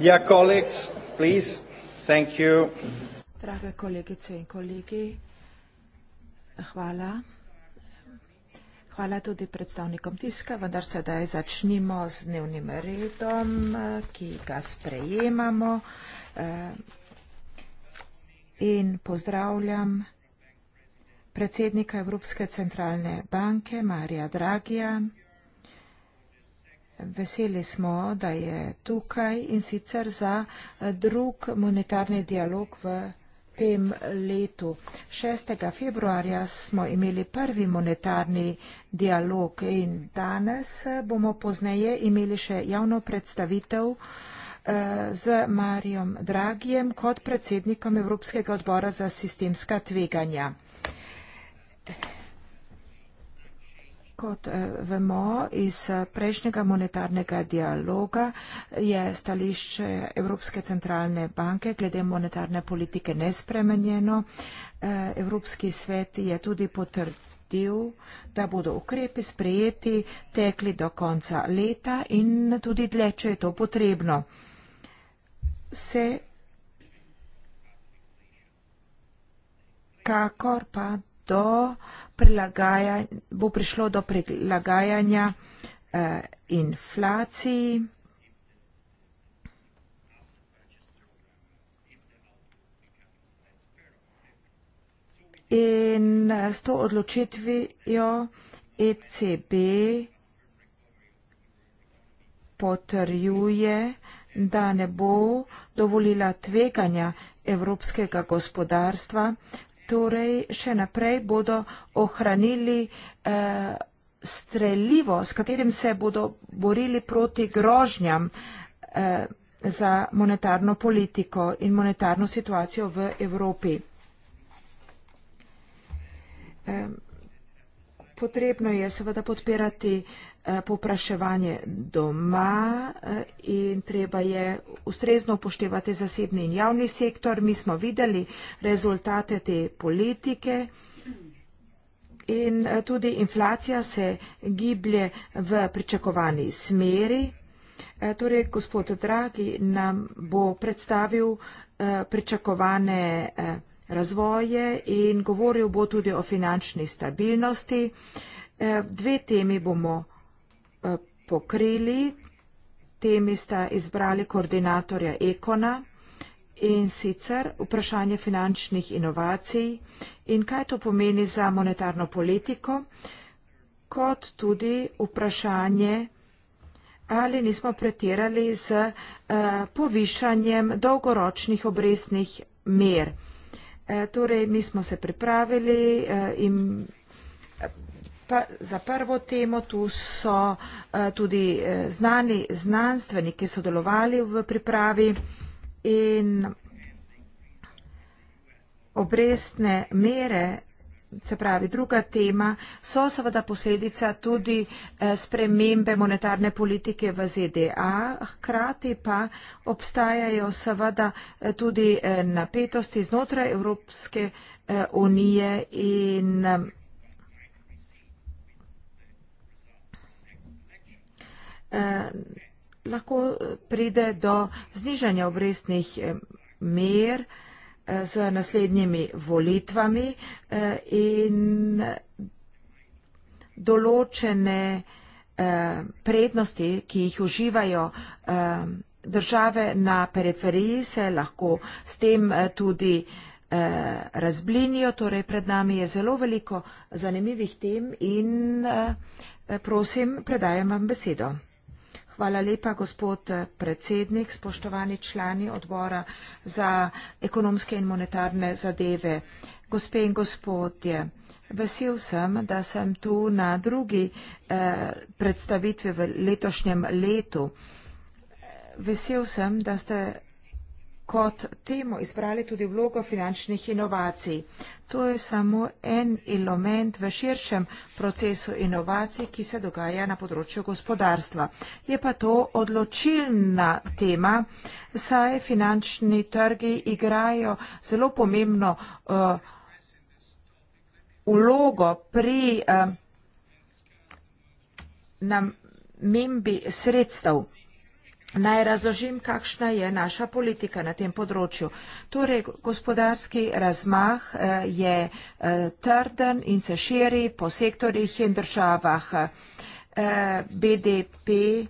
Yeah, colleagues, please. Thank you. Drage kolegice in kolegi, hvala. Hvala tudi predstavnikom tiska, vendar sedaj začnimo z dnevnim redom, ki ga sprejemamo. In pozdravljam predsednika Evropske centralne banke Marija Dragija. Veseli smo, da je tukaj in sicer za eh, drug monetarni dialog v tem letu. 6. februarja smo imeli prvi monetarni dialog in danes eh, bomo pozneje imeli še javno predstavitev eh, z Marijom Dragijem kot predsednikom Evropskega odbora za sistemska tveganja. Kot eh, vemo iz eh, prejšnjega monetarnega dialoga je stališče Evropske centralne banke glede monetarne politike nespremenjeno. Eh, Evropski svet je tudi potrdil, da bodo ukrepi sprejeti tekli do konca leta in tudi dlje, če je to potrebno. Vse kakor pa do bo prišlo do prilagajanja eh, inflaciji. In eh, s to odločitvijo ECB potrjuje, da ne bo dovolila tveganja evropskega gospodarstva, torej še naprej bodo ohranili eh, streljivo, s katerim se bodo borili proti grožnjam eh, za monetarno politiko in monetarno situacijo v Evropi. Eh, potrebno je seveda podpirati eh, Eh, povpraševanje doma eh, in treba je ustrezno upoštevati zasebni in javni sektor. Mi smo videli rezultate te politike in eh, tudi inflacija se giblje v pričakovani smeri. Torej, gospod Dragi nam bo predstavil pričakovane razvoje in govoril bo tudi o finančni stabilnosti. Dve temi bomo Eh, pokrili, temi sta izbrali koordinatorja Ekona in sicer vprašanje finančnih inovacij in kaj to pomeni za monetarno politiko, kot tudi vprašanje, ali nismo pretirali z eh, povišanjem dolgoročnih obrestnih mer. Eh, torej, mi smo se pripravili in za prvo temo tu so eh, tudi eh, znani znanstveniki sodelovali v pripravi in obrestne mere, se pravi druga tema, so seveda posledica tudi eh, spremembe monetarne politike v ZDA, hkrati pa obstajajo seveda tudi napetosti znotraj Evropske unije in Eh, lahko pride do znižanja obrestnih eh, mer eh, z naslednjimi volitvami in določene prednosti, ki jih uživajo države na periferiji, se lahko s tem tudi razblinijo. Torej, pred nami je zelo veliko zanimivih tem in prosim, predajam vam besedo. Hvala lepa, gospod eh, predsednik, spoštovani člani odbora za ekonomske in monetarne zadeve. Gospe in gospodje, vesel sem, da sem tu na drugi eh, predstavitvi v letošnjem letu. Vesel sem, da ste kot temo izbrali tudi vlogo finančnih inovacij. To je samo en element v širšem procesu inovacij, ki se dogaja na področju gospodarstva. Je pa to odločilna tema, saj finančni trgi igrajo zelo pomembno uh, vlogo pri uh, namembi sredstev. Naj razložim, kakšna je naša politika na tem področju. Torej, gospodarski razmah eh, je eh, trden in se širi po sektorjih in državah. Eh, BDP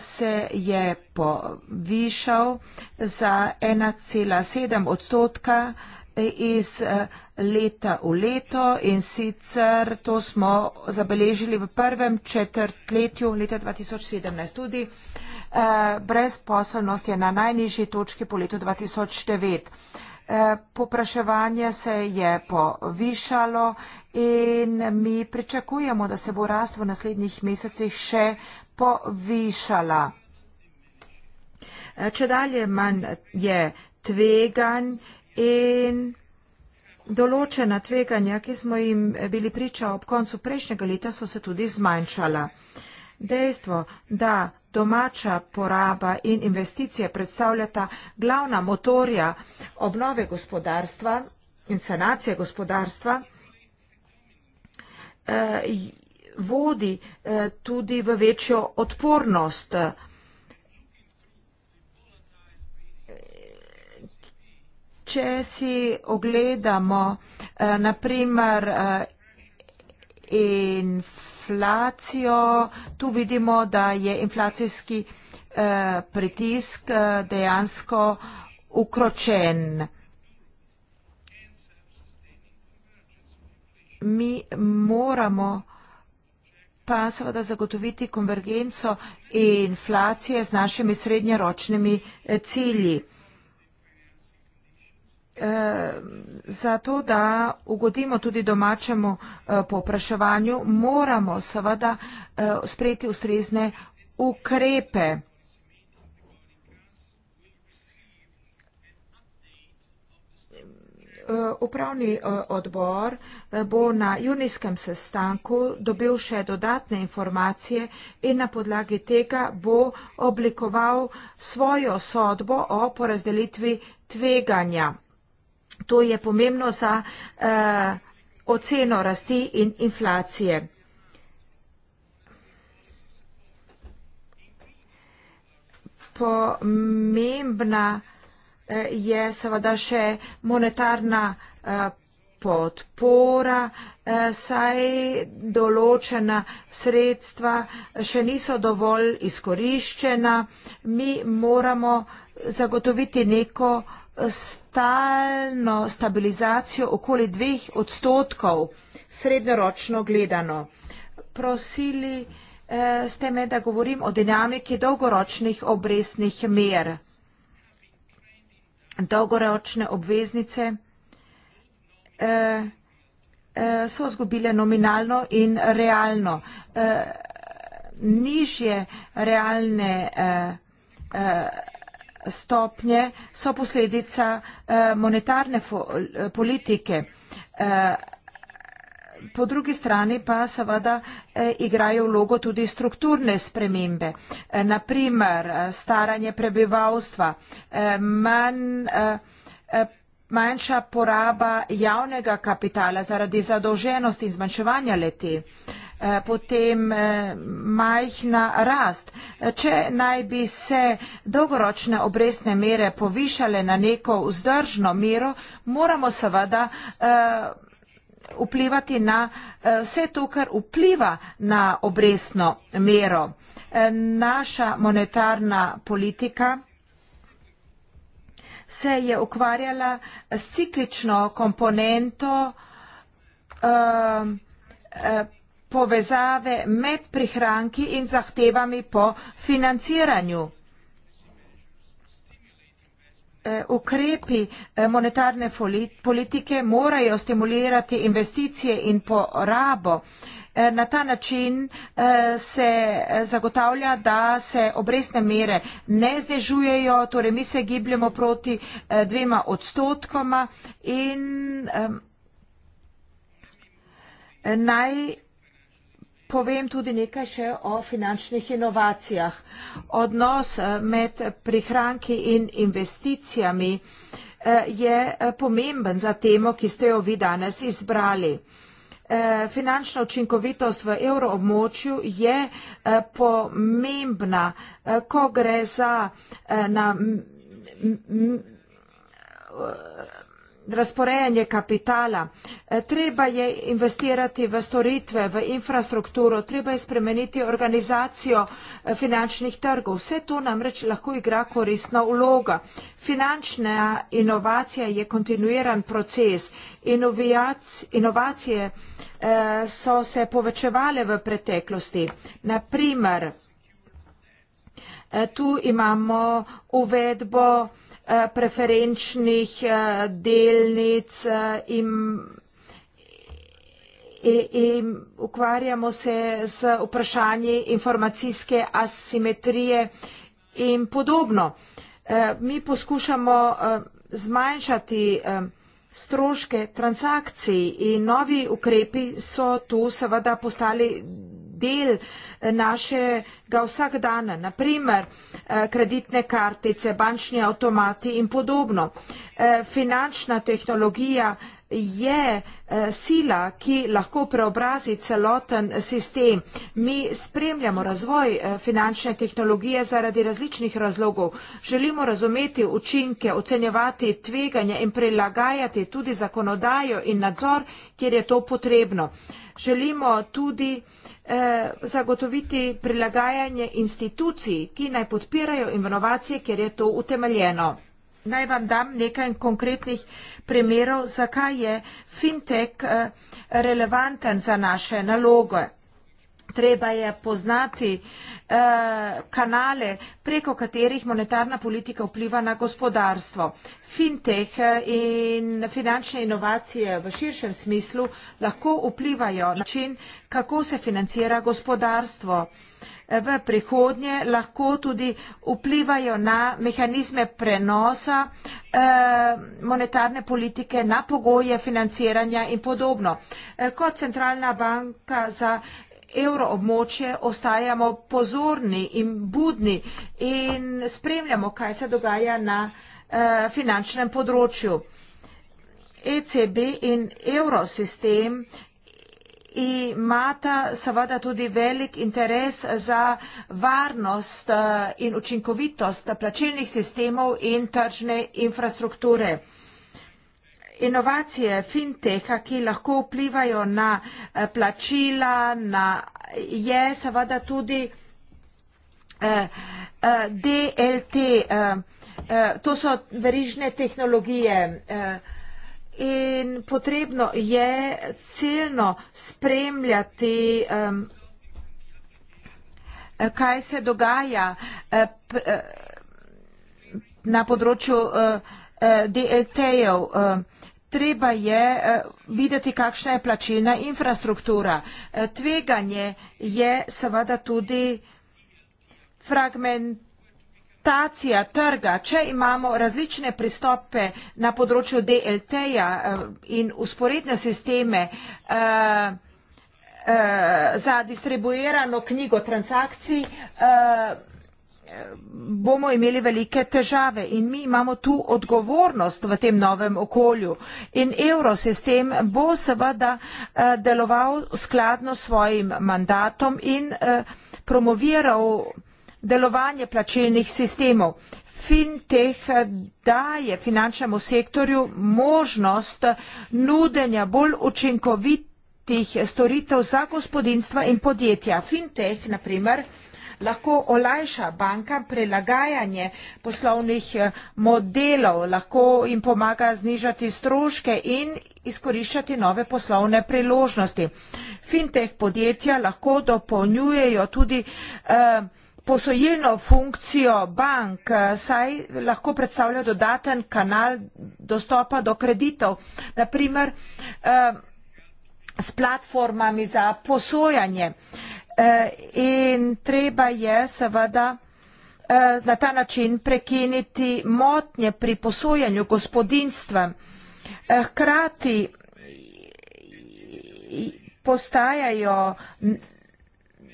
se je povišal za 1,7 odstotka iz leta v leto in sicer to smo zabeležili v prvem četrtletju leta 2017. Tudi Eh, brezposelnost je na najnižji točki po letu 2009. Eh, popraševanje se je povišalo in mi pričakujemo, da se bo rast v naslednjih mesecih še povišala. Eh, Če dalje manj je tveganj in določena tveganja, ki smo jim bili priča ob koncu prejšnjega leta, so se tudi zmanjšala. Dejstvo, da domača poraba in investicije predstavljata glavna motorja obnove gospodarstva in sanacije gospodarstva, eh, vodi eh, tudi v večjo odpornost. Če si ogledamo eh, naprimer inflacijo, inflacijo. Tu vidimo, da je inflacijski eh, pritisk eh, dejansko ukročen. Mi moramo pa seveda zagotoviti konvergenco inflacije z našimi srednjeročnimi eh, cilji. Eh, zato, da ugodimo tudi domačemu eh, popraševanju, moramo seveda eh, sprejeti ustrezne ukrepe. Upravni odbor bo na junijskem sestanku dobil še dodatne informacije in na podlagi tega bo oblikoval svojo sodbo o porazdelitvi tveganja. To je pomembno za uh, oceno rasti in inflacije. Pomembna uh, je seveda še monetarna uh, podpora, uh, saj določena sredstva še niso dovolj izkoriščena. Mi moramo zagotoviti neko uh, stalno stabilizacijo okoli dveh odstotkov, srednjeročno gledano. Prosili eh, ste me, da govorim o dinamiki dolgoročnih obrestnih mer. Dolgoročne obveznice eh, eh, so zgubile nominalno in realno. Nižje realne obveznice stopnje so posledica eh, monetarne eh, politike. Eh, po drugi strani pa seveda igrajo vlogo tudi strukturne spremembe, naprimer staranje prebivalstva, manj, manjša poraba javnega kapitala zaradi zadolženosti in zmanjševanja leti. Eh, potem eh, majhna rast. Če naj bi se dolgoročne obrestne mere povišale na neko vzdržno mero, moramo seveda eh, vplivati na vse to, kar vpliva na obrestno mero. Naša monetarna politika se je ukvarjala s ciklično komponento uh, uh, povezave med prihranki in zahtevami po financiranju. E, ukrepi e, monetarne politike morajo stimulirati investicije in porabo. E, na ta način se zagotavlja, da se obrestne mere ne znižujejo, torej mi se gibljamo proti dvema odstotkoma in naj povem tudi nekaj še o finančnih inovacijah. Odnos eh, med prihranki in investicijami eh, je eh, pomemben za temo, ki ste jo vi danes izbrali. Finančna učinkovitost v evroobmočju je pomembna, ko gre za na razporejanje kapitala. Eh, treba je investirati v storitve, v infrastrukturo, treba je spremeniti organizacijo eh, finančnih trgov. Vse to namreč lahko igra koristna vloga. Finančna inovacija je kontinuiran proces. Inovacije eh, so se povečevale v preteklosti. Naprimer, tu imamo uvedbo Eh, preferenčnih eh, delnic eh, in, in ukvarjamo se z vprašanji informacijske asimetrije in podobno. Mi poskušamo zmanjšati stroške transakcij in novi ukrepi so tu seveda postali del eh, našega vsakdana, naprimer eh, kreditne kartice, bančni avtomati in podobno. Eh, finančna tehnologija je sila, ki lahko preobrazi celoten sistem. Mi spremljamo razvoj finančne tehnologije zaradi različnih razlogov. Želimo razumeti učinke, ocenjevati tveganje in prilagajati tudi zakonodajo in nadzor, kjer je to potrebno. Želimo tudi uh, Eh, zagotoviti prilagajanje institucij, ki naj podpirajo inovacije, kjer je to utemeljeno. Naj vam dam nekaj konkretnih primerov, zakaj je fintech eh, relevanten za naše naloge treba je poznati eh, kanale, preko katerih monetarna politika vpliva na gospodarstvo. Fintech eh, in finančne inovacije v širšem smislu lahko vplivajo na način, kako se financira gospodarstvo. Eh, v prihodnje lahko tudi vplivajo na mehanizme prenosa monetarne politike, na pogoje financiranja in podobno. Kot centralna banka za evroobmočje, ostajamo pozorni in budni in spremljamo, kaj se dogaja na eh, finančnem področju. ECB in evrosistem imata seveda tudi velik interes za varnost eh, in učinkovitost plačilnih sistemov in tržne infrastrukture inovacije finteha, ki lahko vplivajo na eh, plačila, na, je seveda tudi eh, eh, DLT. Eh, eh, to so verižne tehnologije. Eh, In potrebno je celno spremljati, eh, eh, kaj se dogaja na področju DLT-jev treba je eh, videti, kakšna je plačilna infrastruktura. Eh, tveganje je seveda tudi fragment Stacija trga, če imamo različne pristope na področju DLT-ja eh, in usporedne sisteme za distribuirano knjigo transakcij, bomo imeli velike težave in mi imamo tu odgovornost v tem novem okolju. In evrosistem bo seveda eh, deloval skladno s svojim mandatom in eh, promoviral delovanje plačilnih sistemov. Fintech eh, daje finančnemu sektorju možnost nudenja bolj učinkovitih storitev za gospodinstva in podjetja. Fintech, naprimer, lahko olajša bankam prilagajanje poslovnih eh, modelov, lahko jim pomaga znižati stroške in izkoriščati nove poslovne priložnosti. Fintech podjetja lahko dopolnjujejo tudi eh, posojilno funkcijo bank, eh, saj lahko predstavlja dodaten kanal dostopa do kreditov, naprimer eh, s platformami za posojanje. Eh, Eh, in treba je seveda eh, na ta način prekiniti motnje pri posojanju gospodinstva. Eh, hkrati postajajo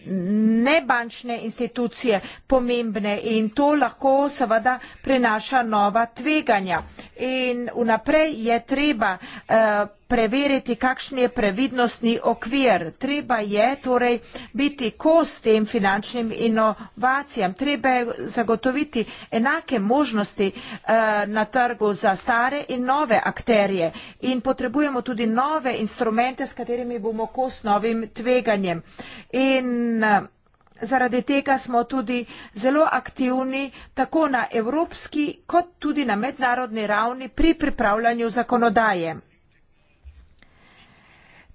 nebančne institucije pomembne in to lahko seveda prinaša nova tveganja. In vnaprej je treba eh, preveriti, kakšen je previdnostni okvir. Treba je torej biti kos tem finančnim inovacijam. Treba je zagotoviti enake možnosti eh, na trgu za stare in nove akterje. In potrebujemo tudi nove instrumente, s katerimi bomo kos novim tveganjem. In, eh, Zaradi tega smo tudi zelo aktivni tako na evropski kot tudi na mednarodni ravni pri pripravljanju zakonodaje.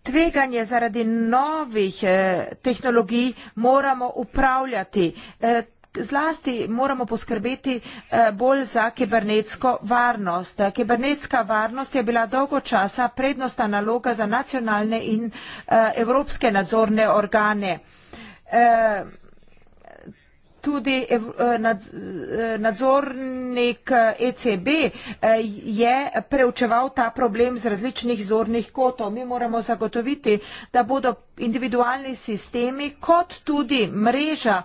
Tveganje zaradi novih eh, tehnologij moramo upravljati. Eh, Zlasti moramo poskrbeti eh, bolj za kibernetsko varnost. Eh, kibernetska varnost je bila dolgo časa prednostna naloga za nacionalne in eh, evropske nadzorne organe tudi eh, eh, nadzornik ECB eh, e je preučeval ta problem z različnih zornih kotov. Mi moramo zagotoviti, da bodo individualni sistemi kot tudi mreža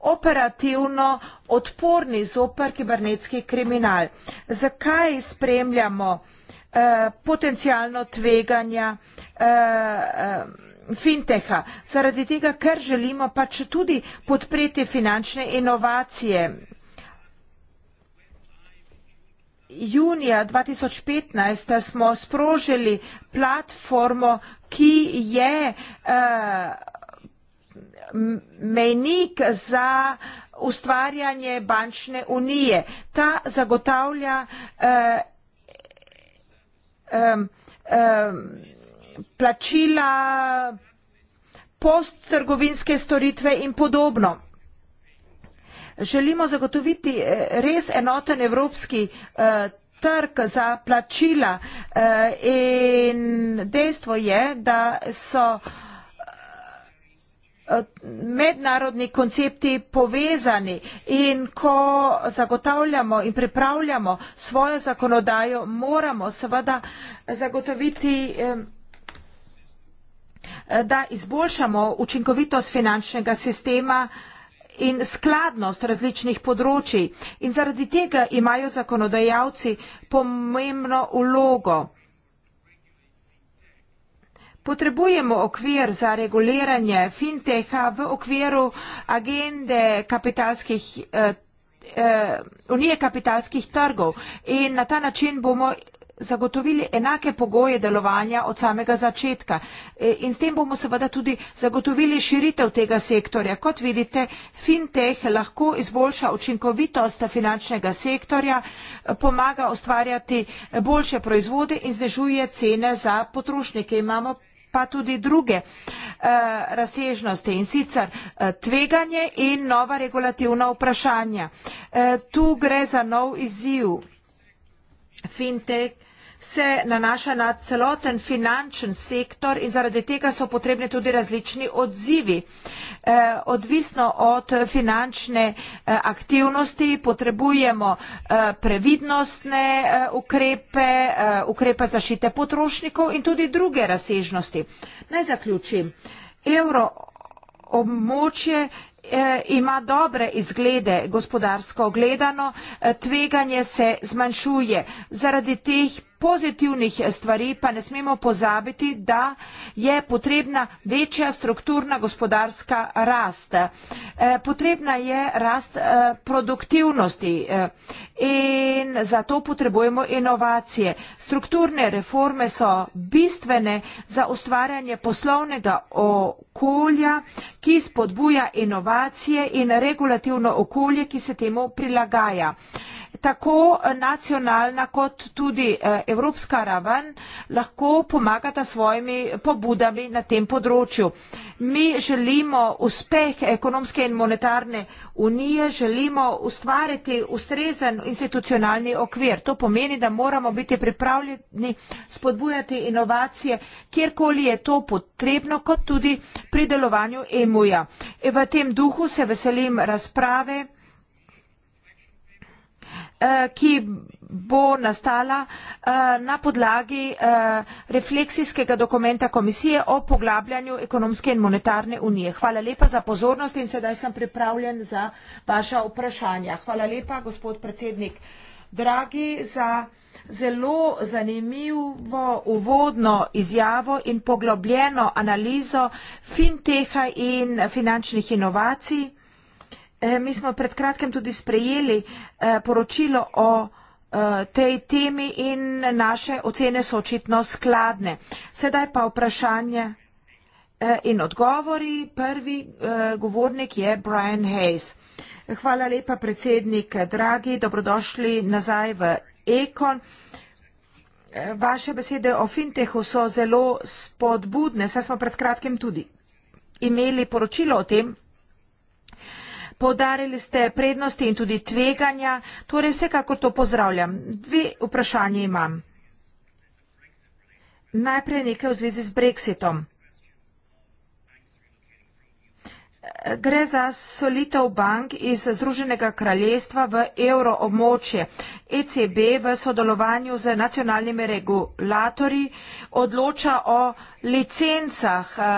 operativno odporni zoper kibernetski kriminal. Zakaj spremljamo potencijalno tveganja finteha, zaradi tega, ker želimo pač tudi podpreti finančne inovacije. Junija 2015 smo sprožili platformo, ki je uh, mejnik za ustvarjanje bančne unije. Ta zagotavlja uh, um, um, plačila, posttrgovinske storitve in podobno. Želimo zagotoviti eh, res enoten evropski eh, trg za plačila eh, in dejstvo je, da so eh, mednarodni koncepti povezani in ko zagotavljamo in pripravljamo svojo zakonodajo, moramo seveda zagotoviti eh, Eh, da izboljšamo učinkovitost finančnega sistema in skladnost različnih področji. In zaradi tega imajo zakonodajalci pomembno ulogo. Potrebujemo okvir za reguliranje finteha v okviru agende kapitalskih, eh, eh, unije kapitalskih trgov in na ta način bomo zagotovili enake pogoje delovanja od samega začetka. E, in s tem bomo seveda tudi zagotovili širitev tega sektorja. Kot vidite, FinTech lahko izboljša učinkovitost finančnega sektorja, pomaga ustvarjati boljše proizvode in znižuje cene za potrošnike. Imamo pa tudi druge e, razsežnosti in sicer e, tveganje in nova regulativna vprašanja. Tu gre za nov izziv. FinTech se nanaša na celoten finančen sektor in zaradi tega so potrebni tudi različni odzivi. Eh, odvisno od finančne eh, aktivnosti potrebujemo eh, previdnostne ukrepe, ukrepe zašite potrošnikov in tudi druge razsežnosti. Naj zaključim. Evro območje ima dobre izglede gospodarsko gledano, tveganje se zmanjšuje. Zaradi teh pozitivnih eh, stvari pa ne smemo pozabiti, da je potrebna večja strukturna gospodarska rast. Eh, potrebna je rast eh, produktivnosti in zato potrebujemo inovacije. Strukturne reforme so bistvene za ustvarjanje poslovnega okolja, ki spodbuja inovacije in regulativno okolje, ki se temu prilagaja tako nacionalna kot tudi eh, evropska raven lahko pomagata svojimi pobudami na tem področju. Mi želimo uspeh ekonomske in monetarne unije, želimo ustvariti ustrezen institucionalni okvir. To pomeni, da moramo biti pripravljeni spodbujati inovacije, kjerkoli je to potrebno, kot tudi pri delovanju EMU-ja. E v tem duhu se veselim razprave. Eh, ki bo nastala eh, na podlagi eh, refleksijskega dokumenta komisije o poglabljanju ekonomske in monetarne unije. Hvala lepa za pozornost in sedaj sem pripravljen za vaša vprašanja. Hvala lepa, gospod predsednik. Dragi, za zelo zanimivo uvodno izjavo in poglobljeno analizo finteha in finančnih inovacij. Eh, mi smo pred kratkem tudi sprejeli eh, poročilo o eh, tej temi in naše ocene so očitno skladne. Sedaj pa vprašanje in odgovori. Prvi govornik je Brian Hayes. Hvala lepa, predsednik Dragi, dobrodošli nazaj v Ekon. Vaše besede o fintehu so zelo spodbudne, saj smo pred kratkem tudi imeli poročilo o tem, poudarili ste prednosti in tudi tveganja, torej vsekakor to pozdravljam. Dve vprašanje imam. Najprej nekaj v zvezi z Brexitom. Gre za solitev bank iz Združenega kraljestva v euroobmočje. ECB v sodelovanju z nacionalnimi regulatorji odloča o licencah eh,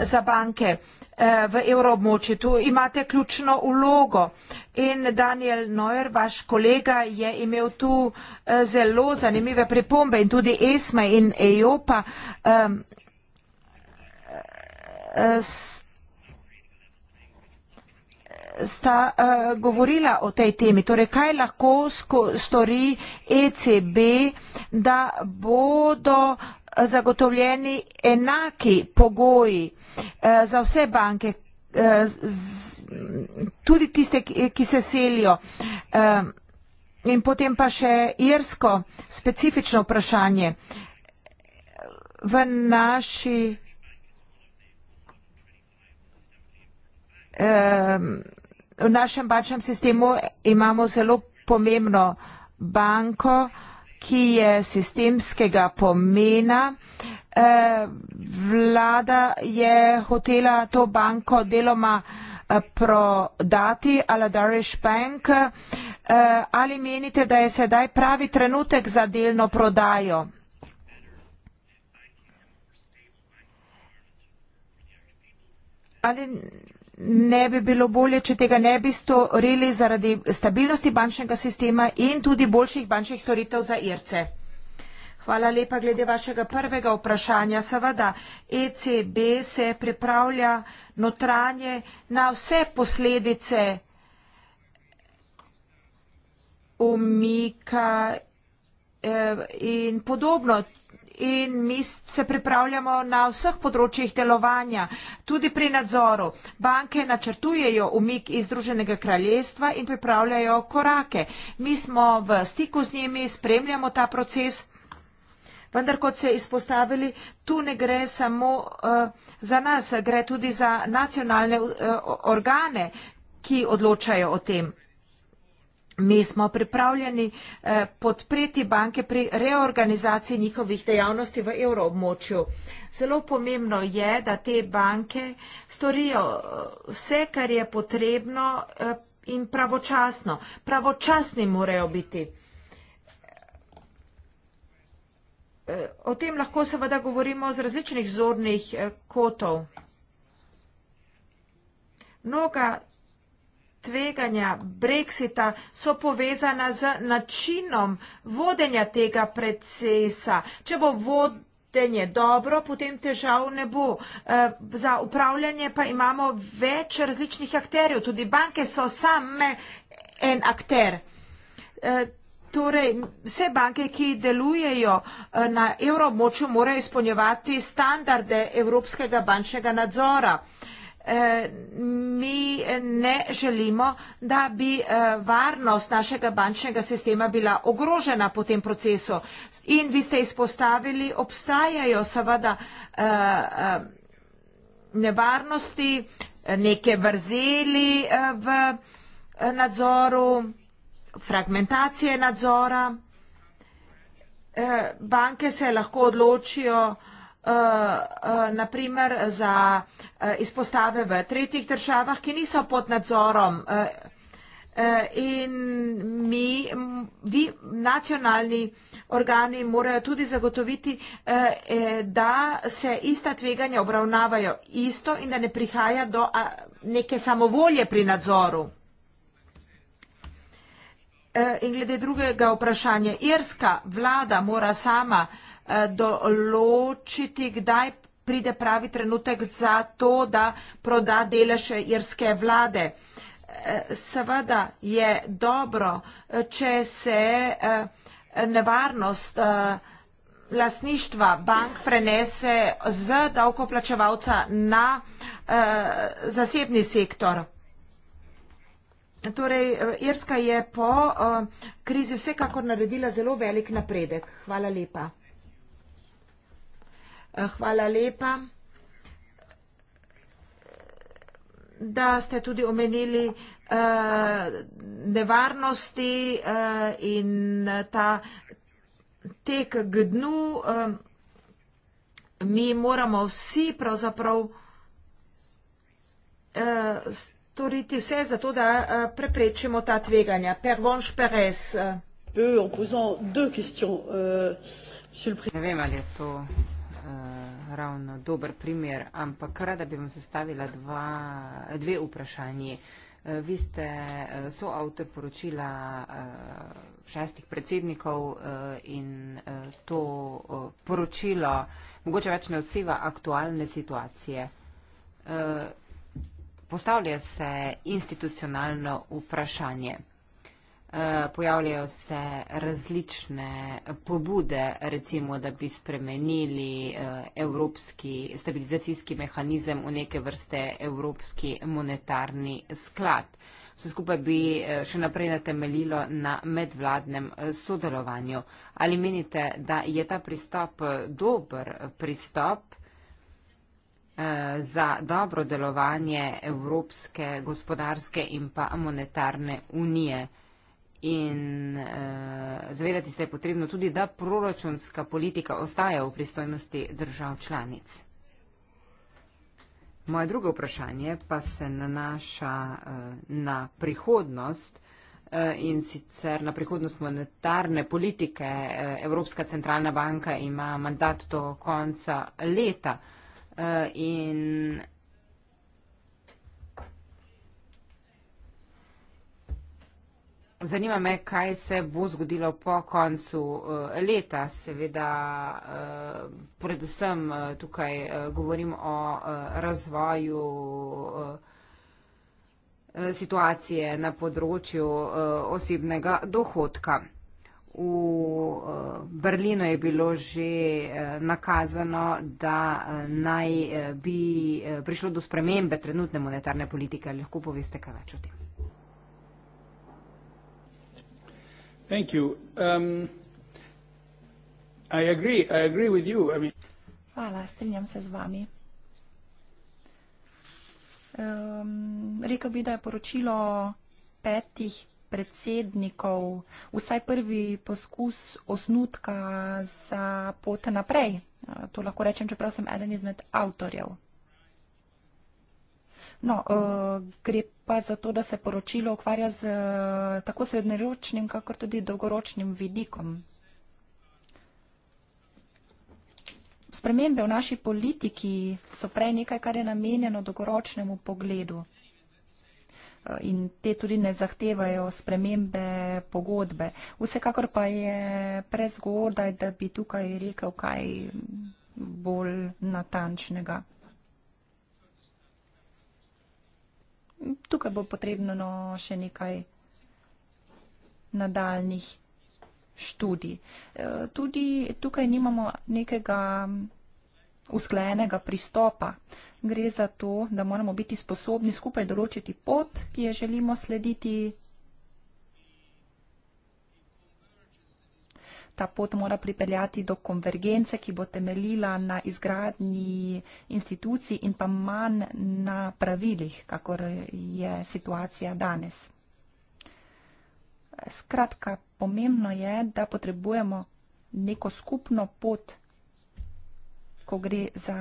za banke. Eh, v evroobmočju. Tu imate ključno vlogo in Daniel Neuer, vaš kolega, je imel tu eh, zelo zanimive pripombe in tudi ESME in EIOPA um, ehm, eh, sta uh, govorila o tej temi. Torej, kaj lahko sko, stori ECB, da bodo zagotovljeni enaki pogoji eh, za vse banke, eh, tudi tiste, ki se selijo. Eh, in potem pa še irsko specifično vprašanje. V naši v našem bančnem sistemu imamo zelo pomembno banko, ki je sistemskega pomena. Eh, vlada je hotela to banko deloma eh, prodati Aladariš Bank. Eh, ali menite, da je sedaj pravi trenutek za delno prodajo? Ali ne bi bilo bolje, če tega ne bi storili zaradi stabilnosti bančnega sistema in tudi boljših bančnih storitev za Irce. Hvala lepa glede vašega prvega vprašanja. Seveda ECB se pripravlja notranje na vse posledice umika eh, in podobno in mi se pripravljamo na vseh področjih delovanja, tudi pri nadzoru. Banke načrtujejo umik iz Združenega kraljestva in pripravljajo korake. Mi smo v stiku z njimi, spremljamo ta proces. Vendar, kot ste izpostavili, tu ne gre samo uh, za nas, gre tudi za nacionalne uh, organe, ki odločajo o tem. Mi smo pripravljeni eh, podpreti banke pri reorganizaciji njihovih dejavnosti v evroobmočju. Zelo pomembno je, da te banke storijo eh, vse, kar je potrebno eh, in pravočasno. Pravočasni morajo biti. Eh, o tem lahko seveda govorimo z različnih zornih eh, kotov. Mnoga tveganja brexita so povezana z načinom vodenja tega procesa. Če bo vodenje dobro, potem težav ne bo. Eh, za upravljanje pa imamo več različnih akterjev, tudi banke so same en akter. Eh, torej, vse banke, ki delujejo eh, na evroobmočju, morajo izpolnjevati standarde evropskega bančnega nadzora. Uh, Eh, mi ne želimo, da bi eh, varnost našega bančnega sistema bila ogrožena po tem procesu. In vi ste izpostavili, obstajajo seveda eh, nevarnosti, neke vrzeli v nadzoru, fragmentacije nadzora. Banke se lahko odločijo, da uh, eh, uh, eh, naprimer za uh, izpostave v tretjih državah, ki niso pod nadzorom. Uh, In mi, vi, nacionalni organi, morajo tudi zagotoviti, da se ista tveganja obravnavajo isto in da ne prihaja do neke samovolje pri nadzoru. In glede drugega vprašanja, irska vlada mora sama Eh, določiti, kdaj pride pravi trenutek za to, da proda delež irske vlade. Eh, seveda je dobro, če se eh, nevarnost lastništva bank prenese z davkoplačevalca na zasebni sektor. Torej, Irska je po krizi vsekakor naredila zelo velik napredek. Hvala lepa. Eh, hvala lepa. Da ste tudi omenili eh, nevarnosti eh, in ta tek k dnu. Mi moramo vsi pravzaprav storiti vse za to, da preprečimo ta tveganja. Pervonš Perez. Euh, euh, ne vem, ali je to Eh, ravno dober primer, ampak rada bi vam zastavila dva, dve vprašanji. Eh, vi ste eh, soavtor poročila šestih predsednikov in to poročilo mogoče več ne odseva aktualne situacije. Postavlja se institucionalno vprašanje. Eh, pojavljajo se različne pobude, recimo, da bi spremenili eh, evropski stabilizacijski mehanizem v neke vrste evropski monetarni sklad. Vse skupaj bi eh, še naprej natemeljilo na medvladnem sodelovanju. Ali menite, da je ta pristop dober pristop za dobro delovanje Evropske gospodarske in pa monetarne unije? in uh, zavedati se je potrebno tudi, da proračunska politika ostaja v pristojnosti držav članic. Moje drugo vprašanje pa se nanaša uh, na prihodnost uh, in sicer na prihodnost monetarne politike. Uh, Evropska centralna banka ima mandat do konca leta uh, in Zanima me, kaj se bo zgodilo po koncu eh, leta. Seveda, eh, predvsem eh, tukaj govorim o razvoju situacije na področju osebnega dohodka. V Berlino je bilo že nakazano, da naj bi prišlo do spremembe trenutne monetarne politike. Lahko poveste kaj več o tem? Thank you. Um, I agree. I agree with you. I mean... Hvala, strinjam se z vami. Um, rekel bi, da je poročilo petih predsednikov vsaj prvi poskus osnutka za pot naprej. Uh, to lahko rečem, čeprav sem eden izmed avtorjev. No, uh, gre pa zato, da se poročilo ukvarja z eh, tako srednjeročnim, kakor tudi dolgoročnim vidikom. Spremembe v naši politiki so prej nekaj, kar je namenjeno dolgoročnemu pogledu eh, in te tudi ne zahtevajo spremembe pogodbe. Vsekakor pa je prezgodaj, da bi tukaj rekel kaj bolj natančnega. tukaj bo potrebno no, še nekaj nadaljnih študij. E, tudi tukaj nimamo nekega usklajenega pristopa. Gre za to, da moramo biti sposobni skupaj določiti pot, ki jo želimo slediti, ta pot mora pripeljati do konvergence, ki bo temeljila na izgradnji institucij in pa manj na pravilih, kakor je situacija danes. Skratka, pomembno je, da potrebujemo neko skupno pot, ko gre za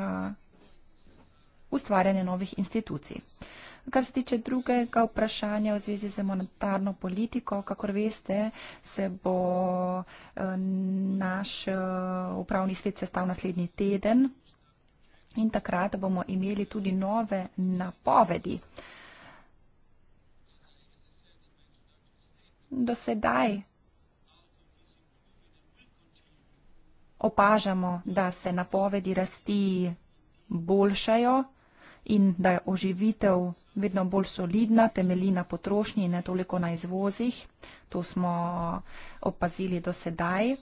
ustvarjanje novih institucij. Kar se tiče drugega vprašanja v zvezi z monetarno politiko, kakor veste, se bo eh, naš eh, upravni svet sestav naslednji teden in takrat bomo imeli tudi nove napovedi. Do sedaj opažamo, da se napovedi rasti boljšajo in da je oživitev vedno bolj solidna, temelji na potrošnji in ne toliko na izvozih. To smo opazili do sedaj.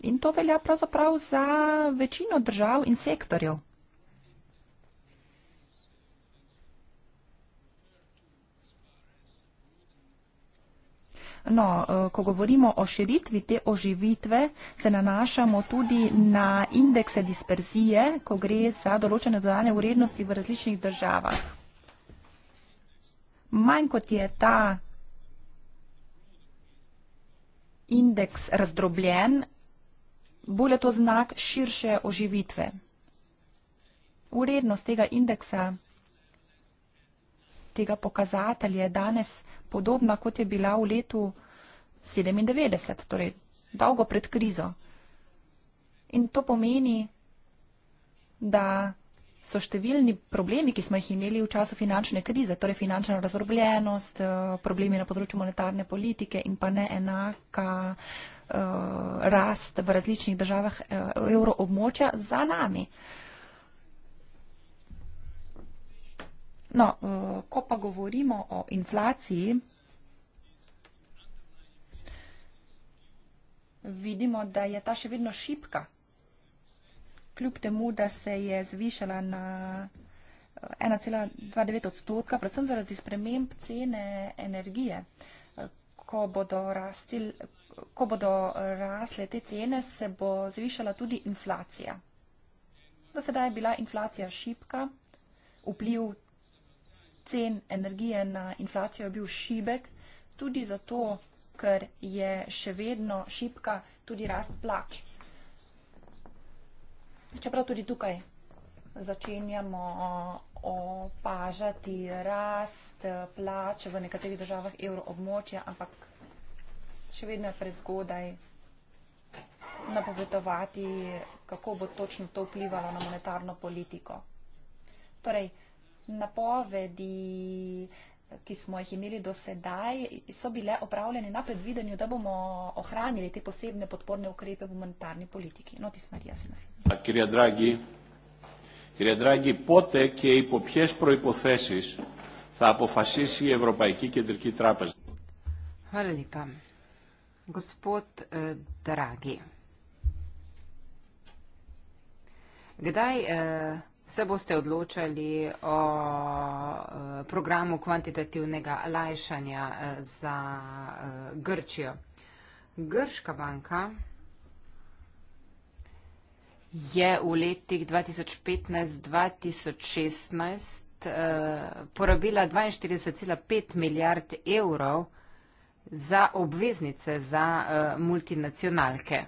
In to velja pravzaprav za večino držav in sektorjev. No, eh, ko govorimo o širitvi te oživitve, se nanašamo tudi na indekse disperzije, ko gre za določene dodane vrednosti v različnih državah. Manj kot je ta indeks razdrobljen, bolj je to znak širše oživitve. Vrednost tega indeksa tega pokazatelja je danes podobna, kot je bila v letu 97, torej dolgo pred krizo. In to pomeni, da so številni problemi, ki smo jih imeli v času finančne krize, torej finančna razrobljenost, eh, problemi na področju monetarne politike in pa neenaka uh, rast v različnih državah uh, evroobmočja za nami. Uh, No, eh, ko pa govorimo o inflaciji, vidimo, da je ta še vedno šipka, kljub temu, da se je zvišala na 1,29 eh, odstotka, predvsem zaradi sprememb cene energije. Eh, ko bodo, rastil, ko bodo rasle te cene, se bo zvišala tudi inflacija. Do sedaj je bila inflacija šipka, vpliv cen energije na inflacijo je bil šibek, tudi zato, ker je še vedno šibka tudi rast plač. Čeprav tudi tukaj začenjamo opažati rast eh, plač v nekaterih državah evroobmočja, ampak še vedno je prezgodaj napovedovati, kako bo točno to vplivalo na monetarno politiko. Torej, napovedi, ki smo jih imeli do sedaj, so bile opravljene na predvidenju, da bomo ohranili te posebne podporne ukrepe v humanitarni politiki. No, ti smarija se nas. Ker je dragi, ker je dragi, pote, ki je po pjes proipoteziš, da apofasiši Evropajki, ki je drki trapez. Hvala lepa. Gospod eh, Dragi, kdaj eh, se boste odločali o eh, programu kvantitativnega lajšanja eh, za eh, Grčijo. Grška banka je v letih 2015-2016 porabila 42,5 milijard evrov za obveznice za multinacionalke.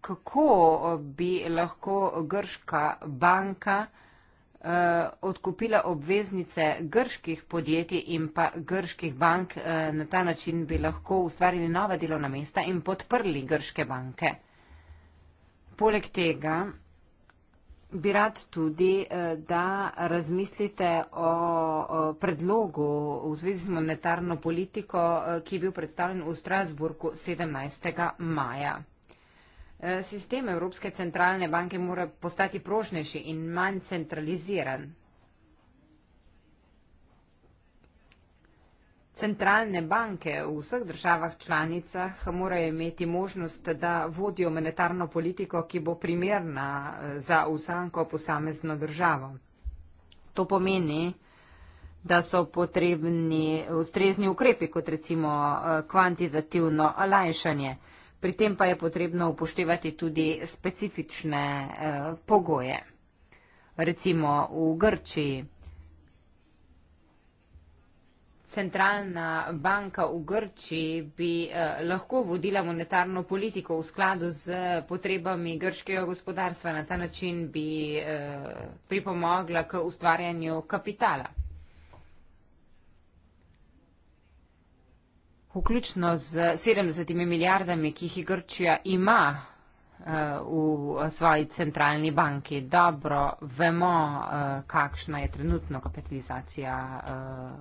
kako bi lahko grška banka eh, odkupila obveznice grških podjetij in pa grških bank. Eh, na ta način bi lahko ustvarili nova delovna mesta in podprli grške banke. Poleg tega bi rad tudi, eh, da razmislite o predlogu v zvezi z monetarno politiko, ki je bil predstavljen v Strasburgu 17. maja. Eh, sistem Evropske centralne banke mora postati prožnejši in manj centraliziran. Centralne banke v vseh državah članicah morajo imeti možnost, da vodijo monetarno politiko, ki bo primerna eh, za vsako posamezno državo. To pomeni, da so potrebni ustrezni ukrepi, kot recimo eh, kvantitativno lajšanje pri tem pa je potrebno upoštevati tudi specifične eh, pogoje. Recimo v Grčiji. Centralna banka v Grčiji bi eh, lahko vodila monetarno politiko v skladu z potrebami grškega gospodarstva. Na ta način bi eh, pripomogla k ustvarjanju kapitala. vključno z 70 milijardami, ki jih Grčija ima eh, v eh, svoji centralni banki. Dobro vemo, eh, kakšna je trenutno kapitalizacija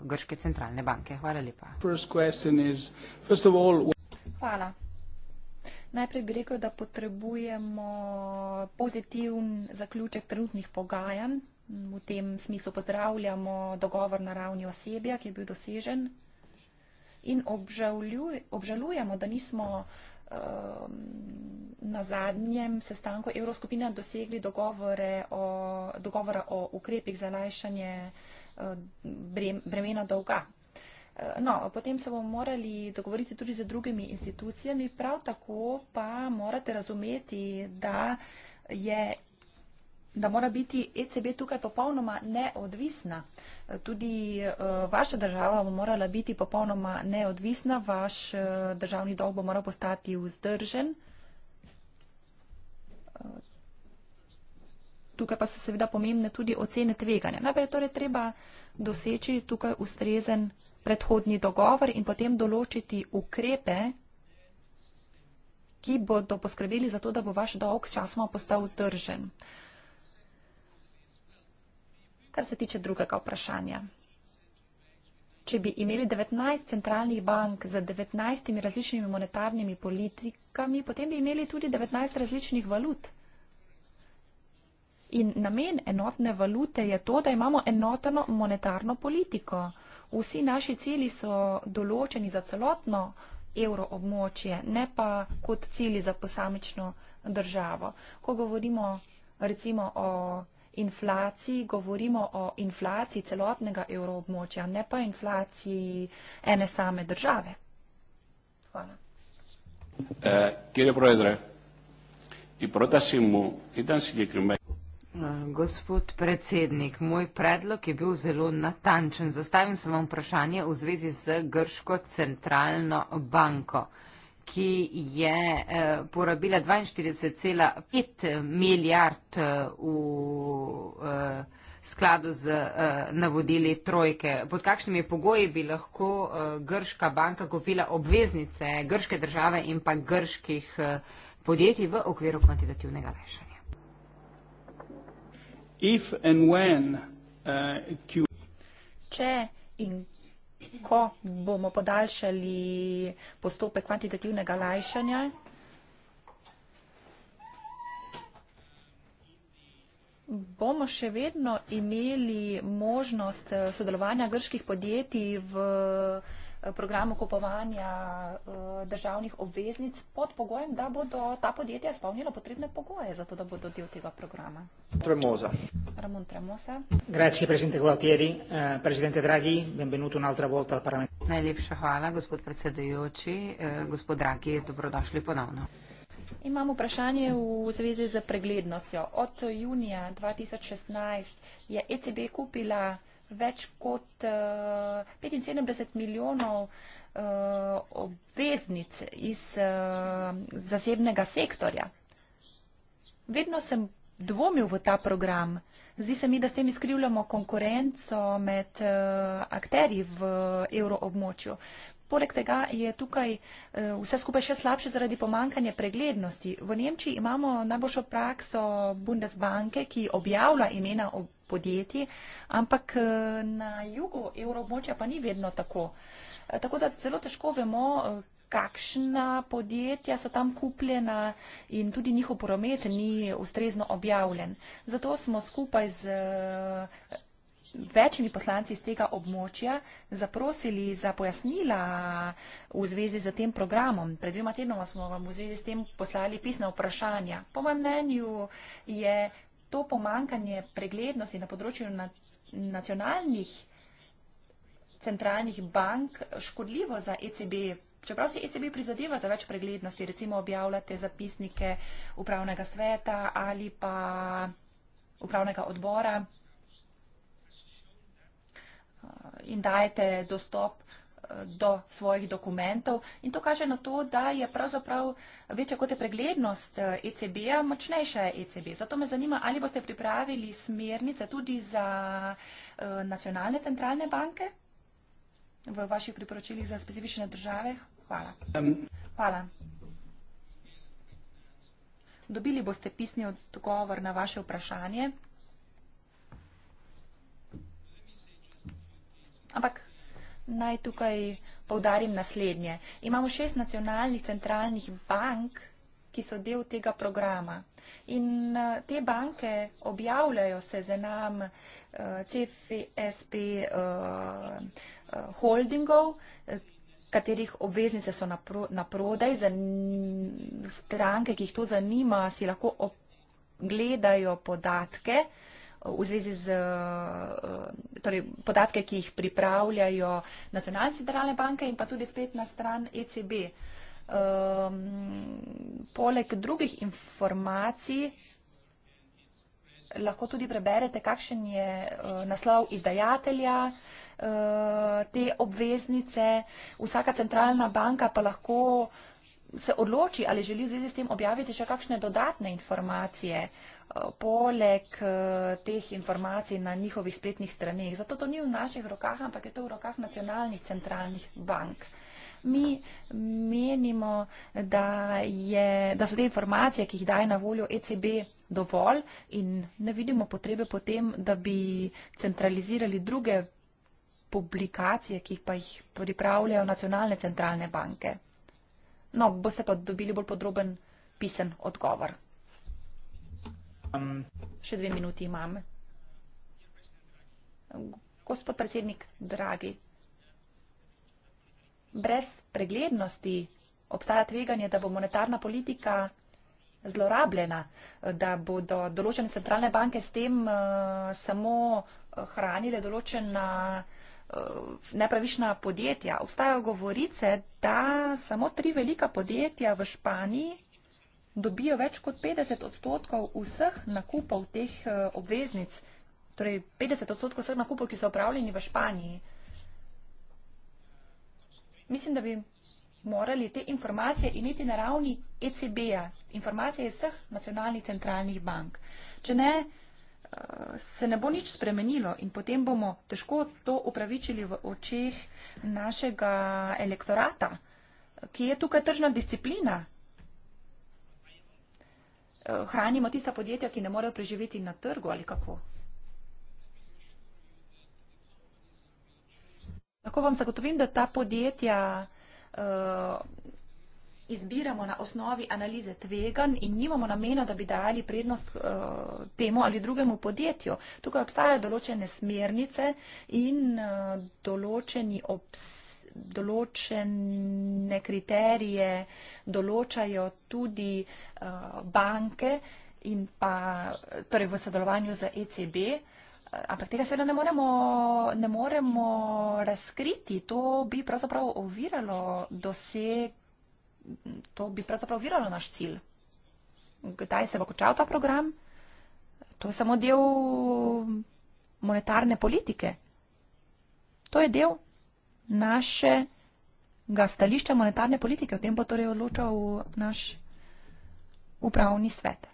Grške centralne banke. Hvala lepa. Hvala. Najprej bi rekel, da potrebujemo pozitiven zaključek trenutnih pogajanj. V tem smislu pozdravljamo dogovor na ravni osebja, ki je bil dosežen in obžalujemo, da nismo ehm, na zadnjem sestanku Evroskupina dosegli dogovora o ukrepih za lajšanje eh, bremena dolga. Eh, no, potem se bomo morali dogovoriti tudi z drugimi institucijami, prav tako pa morate razumeti, da je da mora biti ECB tukaj popolnoma neodvisna. Eh, tudi eh, vaša država bo morala biti popolnoma neodvisna, vaš eh, državni dolg bo moral postati vzdržen. Tukaj pa so seveda pomembne tudi ocene tveganja. Najprej je torej treba doseči tukaj ustrezen predhodni dogovor in potem določiti ukrepe, ki bodo poskrbeli za to, da bo vaš dolg s časoma postal vzdržen. Uh, kar se tiče drugega vprašanja. Če bi imeli 19 centralnih bank z 19 različnimi monetarnimi politikami, potem bi imeli tudi 19 različnih valut. In namen enotne valute je to, da imamo enotno monetarno politiko. Vsi naši cilji so določeni za celotno evro območje, ne pa kot cilji za posamično državo. Ko govorimo recimo o inflaciji govorimo o inflaciji celotnega evroobmočja, ne pa inflaciji ene same države. Hvala. Eh, eh, gospod predsednik, moj predlog je bil zelo natančen. Zastavim se vam vprašanje v zvezi z Grško centralno banko ki je eh, porabila 42,5 milijard eh, v eh, skladu z navodili trojke. Pod kakšnimi pogoji bi lahko grška banka kupila obveznice grške države in pa grških podjetij v okviru kvantitativnega lešanja? Če in ko bomo podaljšali postopek kvantitativnega lajšanja. Bomo še vedno imeli možnost sodelovanja grških podjetij v programu kupovanja eh, državnih obveznic pod pogojem, da bodo ta podjetja spolnila potrebne pogoje za to, da bodo del tega programa. Tremosa. Ramon Tremosa. Grazie, presidente Gualtieri. Eh, presidente Draghi, benvenuto un'altra volta al Parlamento. Najlepša hvala, gospod predsedujoči. Eh, gospod Draghi, dobrodošli ponovno. Imam vprašanje v zvezi z preglednostjo. Od junija 2016 je ECB kupila več kot uh, eh, 75 milijonov uh, obveznic iz uh, zasebnega sektorja. Vedno sem dvomil v ta program. Zdi se mi, da s tem izkrivljamo konkurenco med uh, akteri v evroobmočju. Poleg tega je tukaj uh, vse skupaj še slabše zaradi pomankanja preglednosti. V Nemčiji imamo najboljšo prakso Bundesbanke, ki objavlja imena obveznic podjetij, ampak eh, na jugu evroobmočja pa ni vedno tako. Eh, tako da zelo težko vemo, eh, kakšna podjetja so tam kupljena in tudi njihov promet ni ustrezno objavljen. Zato smo skupaj z večjimi poslanci iz tega območja zaprosili za pojasnila v zvezi z tem programom. Pred dvema tednoma smo vam v zvezi s tem poslali pisna vprašanja. Po mojem mnenju je to pomankanje preglednosti na področju na, nacionalnih centralnih bank škodljivo za ECB? Čeprav si ECB prizadeva za več preglednosti, recimo objavljate zapisnike upravnega sveta ali pa upravnega odbora eh, in dajete dostop do svojih dokumentov in to kaže na to, da je pravzaprav večja kot je preglednost ECB-a, eh, e močnejša je ECB. Zato me zanima, ali boste pripravili smernice tudi za eh, nacionalne centralne banke v vaših priporočilih za specifične države? Hvala. Hvala. Dobili boste pisni odgovor na vaše vprašanje. Ampak naj tukaj povdarim naslednje. Imamo šest nacionalnih centralnih bank, ki so del tega programa. In eh, te banke objavljajo se za nam eh, CFSP eh, holdingov, katerih obveznice so na prodaj. Stranke, ki jih to zanima, si lahko gledajo podatke, ki jih v zvezi z eh, torej, podatke, ki jih pripravljajo nacionalne centralne banke in pa tudi spet na stran ECB. Um, ehm, poleg drugih informacij lahko tudi preberete, kakšen je uh, naslov izdajatelja uh, te obveznice. Vsaka centralna banka pa lahko se odloči, ali želi v zvezi s tem objaviti še kakšne dodatne informacije. Uh, poleg eh, teh informacij na njihovih spletnih straneh. Zato to ni v naših rokah, ampak je to v rokah nacionalnih centralnih bank. Mi menimo, da, je, da so te informacije, ki jih daje na voljo ECB, dovolj in ne vidimo potrebe potem, da bi centralizirali druge publikacije, ki pa jih pripravljajo nacionalne centralne banke. No, boste pa dobili bolj podroben pisen odgovor. Um, Še dve minuti imam. Gospod predsednik, dragi, brez preglednosti obstaja tveganje, da bo monetarna politika zlorabljena, da bodo določene centralne banke s tem uh, samo uh, hranile določena uh, nepravišna podjetja. Obstajajo govorice, da samo tri velika podjetja v Španiji dobijo več kot 50 odstotkov vseh nakupov teh eh, obveznic, torej 50 odstotkov vseh nakupov, ki so opravljeni v Španiji. Mislim, da bi morali te informacije imeti na ravni ECB-a, informacije iz vseh nacionalnih centralnih bank. Če ne, eh, se ne bo nič spremenilo in potem bomo težko to upravičili v očeh našega elektorata, ki je tukaj tržna disciplina, Eh, hranimo tista podjetja, ki ne morejo preživeti na trgu ali kako? Lahko vam zagotovim, da ta podjetja uh, izbiramo na osnovi analize tvegan in nimamo namena, da bi dali prednost uh, temu ali drugemu podjetju. Tukaj obstajajo določene smernice in uh, določeni obsegi določene kriterije določajo tudi eh, banke in pa torej v sodelovanju z ECB. Ampak tega seveda ne moremo, ne moremo razkriti. To bi pravzaprav oviralo doseg, to bi pravzaprav oviralo naš cilj. Kdaj se bo končal ta program? To je samo del monetarne politike. To je del našega stališča monetarne politike, o tem pa torej odločal naš upravni svet.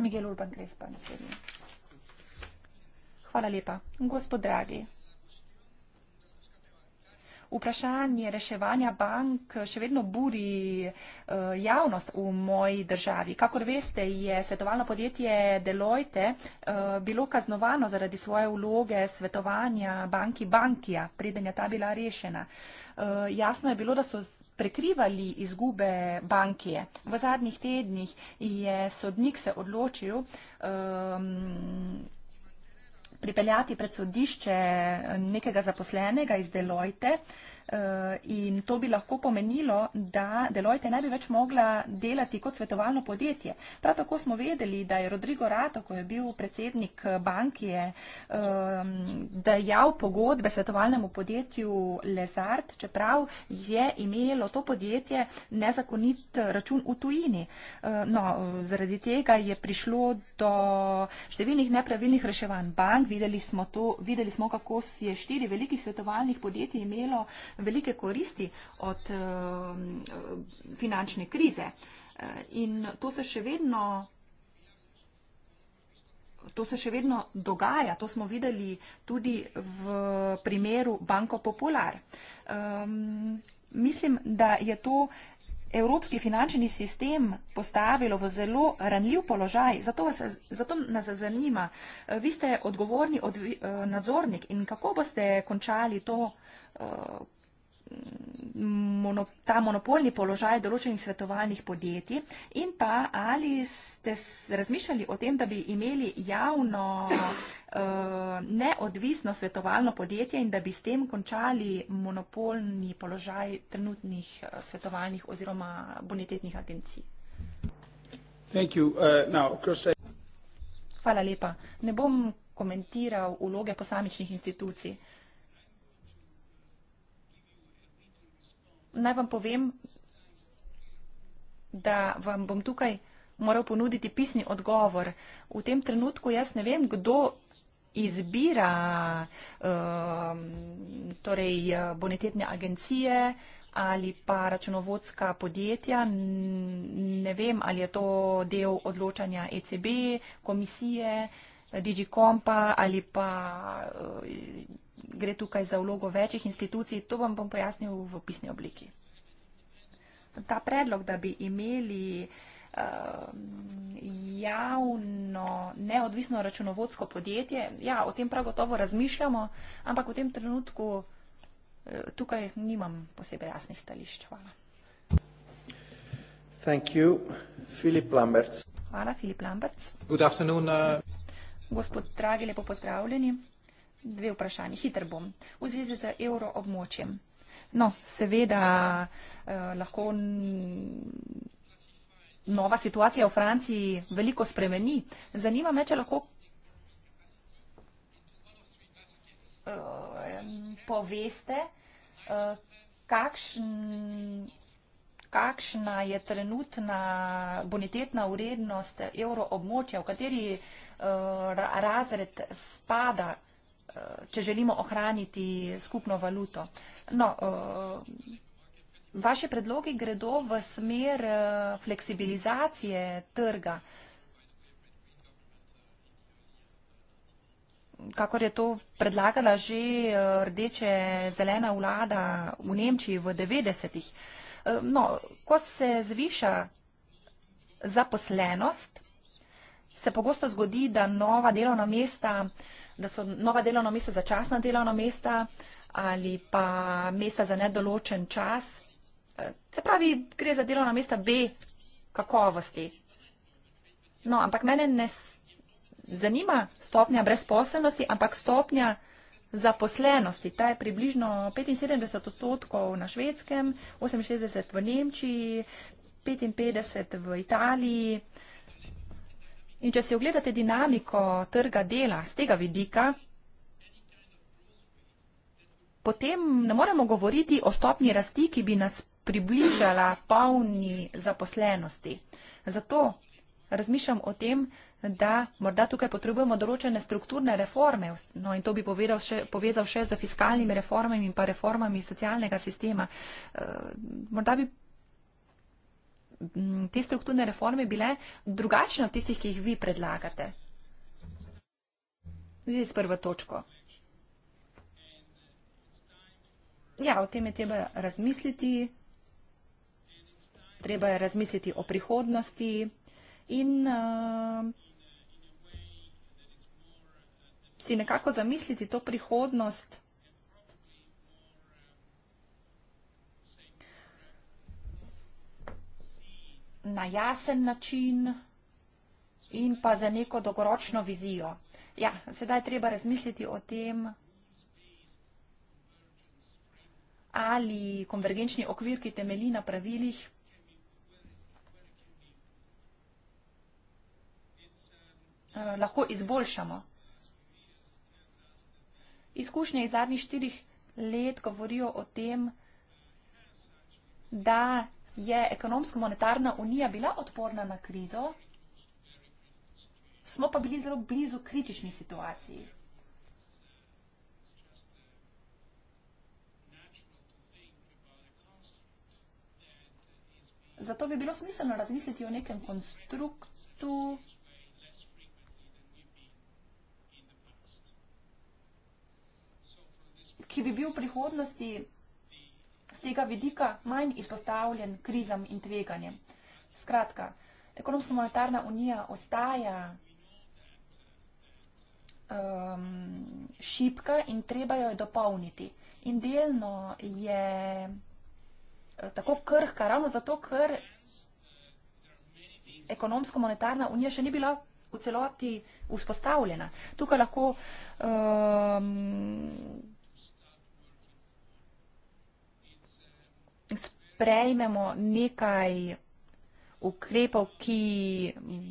Miguel Urban Crespa, naslednji. Hvala lepa. Gospod dragi vprašanje reševanja bank še vedno buri eh, javnost v moji državi. Kakor veste, je svetovalno podjetje Deloitte eh, bilo kaznovano zaradi svoje vloge svetovanja banki Bankija, preden je ta bila rešena. Eh, jasno je bilo, da so prekrivali izgube bankije. V zadnjih tednih je sodnik se odločil, um, pripeljati pred sodišče nekega zaposlenega iz Deloitte, Eh, in to bi lahko pomenilo, da Deloitte ne bi več mogla delati kot svetovalno podjetje. Prav tako smo vedeli, da je Rodrigo Rato, ko je bil predsednik eh, bankije, ehm, dejal pogodbe svetovalnemu podjetju Lezard, čeprav je imelo to podjetje nezakonit eh, račun v tujini. No, zaradi tega je prišlo do številnih nepravilnih reševanj bank. Videli smo, to, videli smo kako je štiri velikih svetovalnih podjetij imelo velike koristi od eh, finančne krize. Eh, in to se še vedno. To se še vedno dogaja, to smo videli tudi v primeru Banko Popular. Um, mislim, da je to evropski finančni sistem postavilo v zelo ranljiv položaj. Zato, vas, zato nas zanima, eh, vi ste odgovorni odvi, nadzornik in kako boste končali to uh, mono, ta monopolni položaj določenih svetovalnih podjetij in pa ali ste razmišljali o tem, da bi imeli javno eh, neodvisno svetovalno podjetje in da bi s tem končali monopolni položaj trenutnih eh, svetovalnih oziroma bonitetnih agencij. Thank you. Uh, now, course, I... Hvala lepa. Ne bom komentiral uloge posamičnih institucij. Uh, naj vam povem, da vam bom tukaj moral ponuditi pisni odgovor. V tem trenutku jaz ne vem, kdo izbira uh, torej eh, bonitetne agencije ali pa računovodska podjetja. Ne vem, ali je to del odločanja ECB, komisije, DigiCompa ali pa. Uh, gre tukaj za vlogo večjih institucij, to vam bom pojasnil v opisni obliki. Ta predlog, da bi imeli eh, javno, neodvisno računovodsko podjetje, ja, o tem prav gotovo razmišljamo, ampak v tem trenutku eh, tukaj nimam posebej jasnih stališč. Hvala. Thank you. Filip Lamberts. Hvala, Filip Lamberts. Good afternoon. Uh... Gospod Dragi, lepo pozdravljeni dve vprašanji, hiter bom. V zvezi z evro območjem. No, seveda eh, lahko nova situacija v Franciji veliko spremeni. Zanima me, če lahko eh, poveste, eh, kakšen, kakšna je trenutna bonitetna urednost evro območja, v kateri eh, razred spada če želimo ohraniti skupno valuto. No, eh, vaše predlogi gredo v smer eh, fleksibilizacije trga. Kakor je to predlagala že eh, rdeče zelena vlada v Nemčiji v 90-ih. No, ko se zviša zaposlenost, se pogosto zgodi, da nova delovna mesta uh, da so nova delovna mesta začasna delovna mesta ali pa mesta za nedoločen čas. Eh, se pravi, gre za delovna mesta B kakovosti. No, ampak mene ne zanima stopnja brezposelnosti, ampak stopnja zaposlenosti. Ta je približno 75 odstotkov na švedskem, 68 v Nemčiji, 55 v Italiji. In če si ogledate dinamiko trga dela z tega vidika, potem ne moremo govoriti o stopni rasti, ki bi nas približala polni zaposlenosti. Zato razmišljam o tem, da morda tukaj potrebujemo določene strukturne reforme no, in to bi povedal še, povezal še z fiskalnimi reformami in pa reformami socialnega sistema. E, morda bi te strukturne reforme bile drugačne od tistih, ki jih vi predlagate? Zdaj s prvo točko. Ja, o tem je treba razmisliti. Treba je razmisliti o prihodnosti in uh, si nekako zamisliti to prihodnost, na jasen način in pa za neko dogoročno vizijo. Ja, sedaj treba razmisliti o tem, ali konvergenčni okvir, ki temelji na pravilih, eh, lahko izboljšamo. Izkušnje iz zadnjih štirih let govorijo o tem, da je ekonomsko-monetarna unija bila odporna na krizo, smo pa bili zelo blizu kritični situaciji. Zato bi bilo smiselno razmisliti o nekem konstruktu, ki bi bil v prihodnosti tega vidika manj izpostavljen krizam in tveganjem. Skratka, ekonomsko-monetarna unija ostaja um, šipka in treba jo je dopolniti. In delno je eh, tako krhka, ravno zato, ker ekonomsko-monetarna unija še ni bila v celoti vzpostavljena. Tukaj lahko um, sprejmemo nekaj ukrepov, ki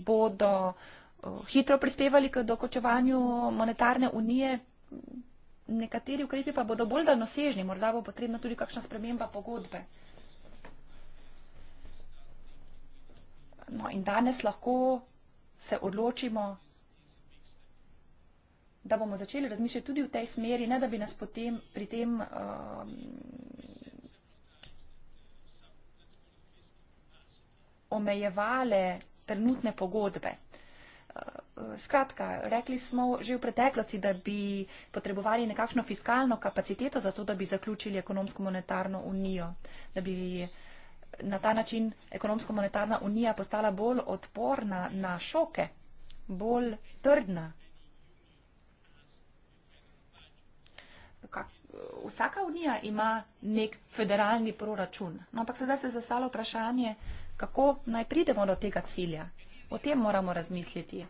bodo eh, hitro prispevali k dokočevanju monetarne unije. Nekateri ukrepi pa bodo bolj danosežni, morda bo potrebna tudi kakšna sprememba pogodbe. No in danes lahko se odločimo, da bomo začeli razmišljati tudi v tej smeri, ne da bi nas potem pri tem uh, omejevale trenutne pogodbe. Eh, eh, skratka, rekli smo že v preteklosti, da bi potrebovali nekakšno fiskalno kapaciteto za to, da bi zaključili ekonomsko-monetarno unijo, da bi na ta način ekonomsko-monetarna unija postala bolj odporna na šoke, bolj trdna. Vsaka unija ima nek federalni proračun. No, ampak sedaj se je zastalo vprašanje, kako naj pridemo do tega cilja. O tem moramo razmisliti.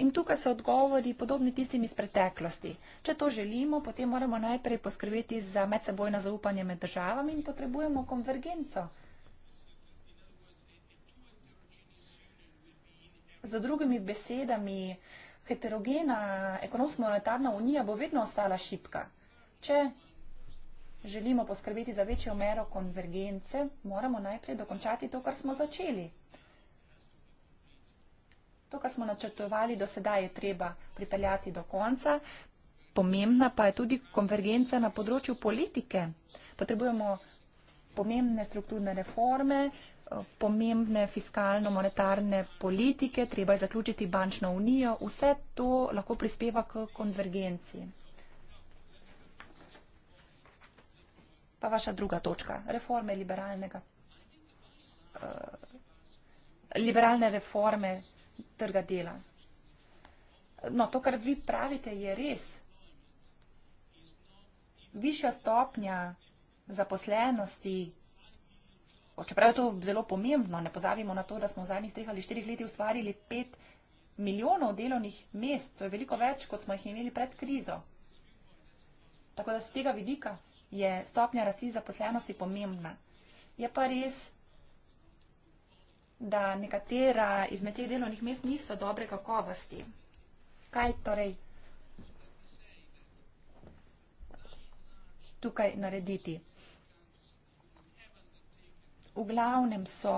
In tukaj so odgovori podobni tistim iz preteklosti. Če to želimo, potem moramo najprej poskrbeti za medsebojno zaupanje med državami in potrebujemo konvergenco. Za drugimi besedami, heterogena ekonomsko-monetarna unija bo vedno ostala šipka. Če želimo poskrbeti za večjo mero konvergence, moramo najprej dokončati to, kar smo začeli. To, kar smo načrtovali do sedaj, je treba pripeljati do konca. Pomembna pa je tudi konvergenca na področju politike. Potrebujemo pomembne strukturne reforme, pomembne fiskalno-monetarne politike, treba je zaključiti bančno unijo. Vse to lahko prispeva k konvergenciji. Pa vaša druga točka, reforme liberalnega, uh, liberalne reforme trga dela. No, to, kar vi pravite, je res. Višja stopnja zaposlenosti, čeprav je to zelo pomembno, ne pozabimo na to, da smo v zadnjih treh ali štirih letih ustvarili pet milijonov delovnih mest, to je veliko več, kot smo jih imeli pred krizo. Tako da z tega vidika je stopnja rasti zaposlenosti pomembna. Je pa res, da nekatera izmed teh delovnih mest niso dobre kakovosti. Kaj torej tukaj narediti? V glavnem so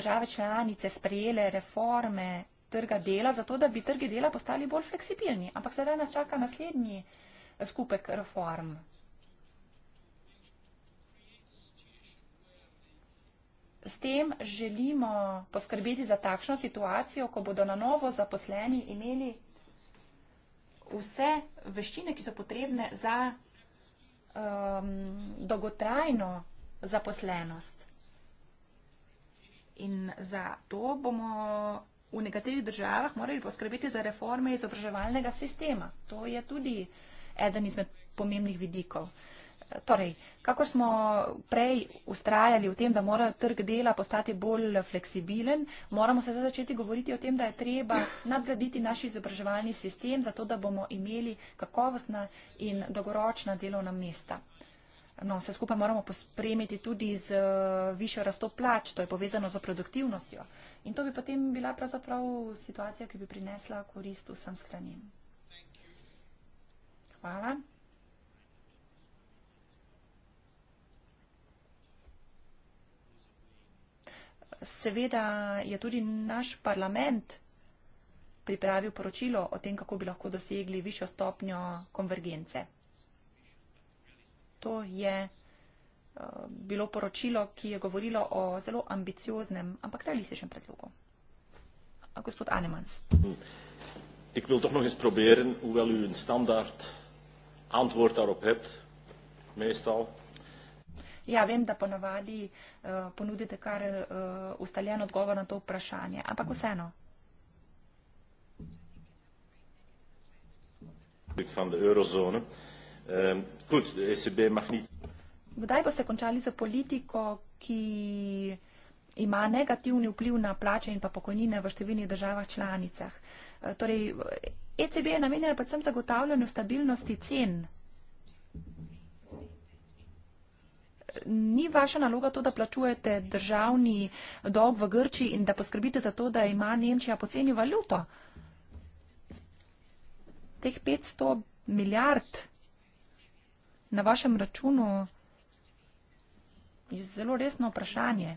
države članice sprejele reforme trga dela, zato da bi trgi dela postali bolj fleksibilni. Ampak sedaj nas čaka naslednji skupek reform. S tem želimo poskrbeti za takšno situacijo, ko bodo na novo zaposleni imeli vse veščine, ki so potrebne za um, dolgotrajno zaposlenost. In za to bomo v nekaterih državah morali poskrbeti za reforme izobraževalnega sistema. To je tudi eden izmed pomembnih vidikov. Torej, kako smo prej ustrajali v tem, da mora trg dela postati bolj fleksibilen, moramo se začeti govoriti o tem, da je treba nadgraditi naš izobraževalni sistem, zato da bomo imeli kakovostna in dolgoročna delovna mesta. No, vse skupaj moramo pospremiti tudi z eh, višjo rasto plač, to je povezano z produktivnostjo. In to bi potem bila pravzaprav situacija, ki bi prinesla korist vsem stranim. Hvala. seveda je tudi naš parlament pripravil poročilo o tem, kako bi lahko dosegli višjo stopnjo konvergence. To je eh, bilo poročilo, ki je govorilo o zelo ambicioznem, ampak realističnem predlogu. Gospod Anemans. Ik wil toch nog eens proberen, hoewel u een standaard antwoord daarop hebt, meestal. Ja, vem, da ponavadi uh, ponudite kar uh, ustaljen odgovor na to vprašanje, ampak vseeno. Ehm, e Kdaj boste končali za politiko, ki ima negativni vpliv na plače in pa pokojnine v številnih državah članicah? Eh, torej, ECB je namenjena predvsem zagotavljanju stabilnosti cen. ni vaša naloga to, da plačujete državni dolg v Grčiji in da poskrbite za to, da ima Nemčija poceni valuto? Teh 500 milijard na vašem računu je zelo resno vprašanje.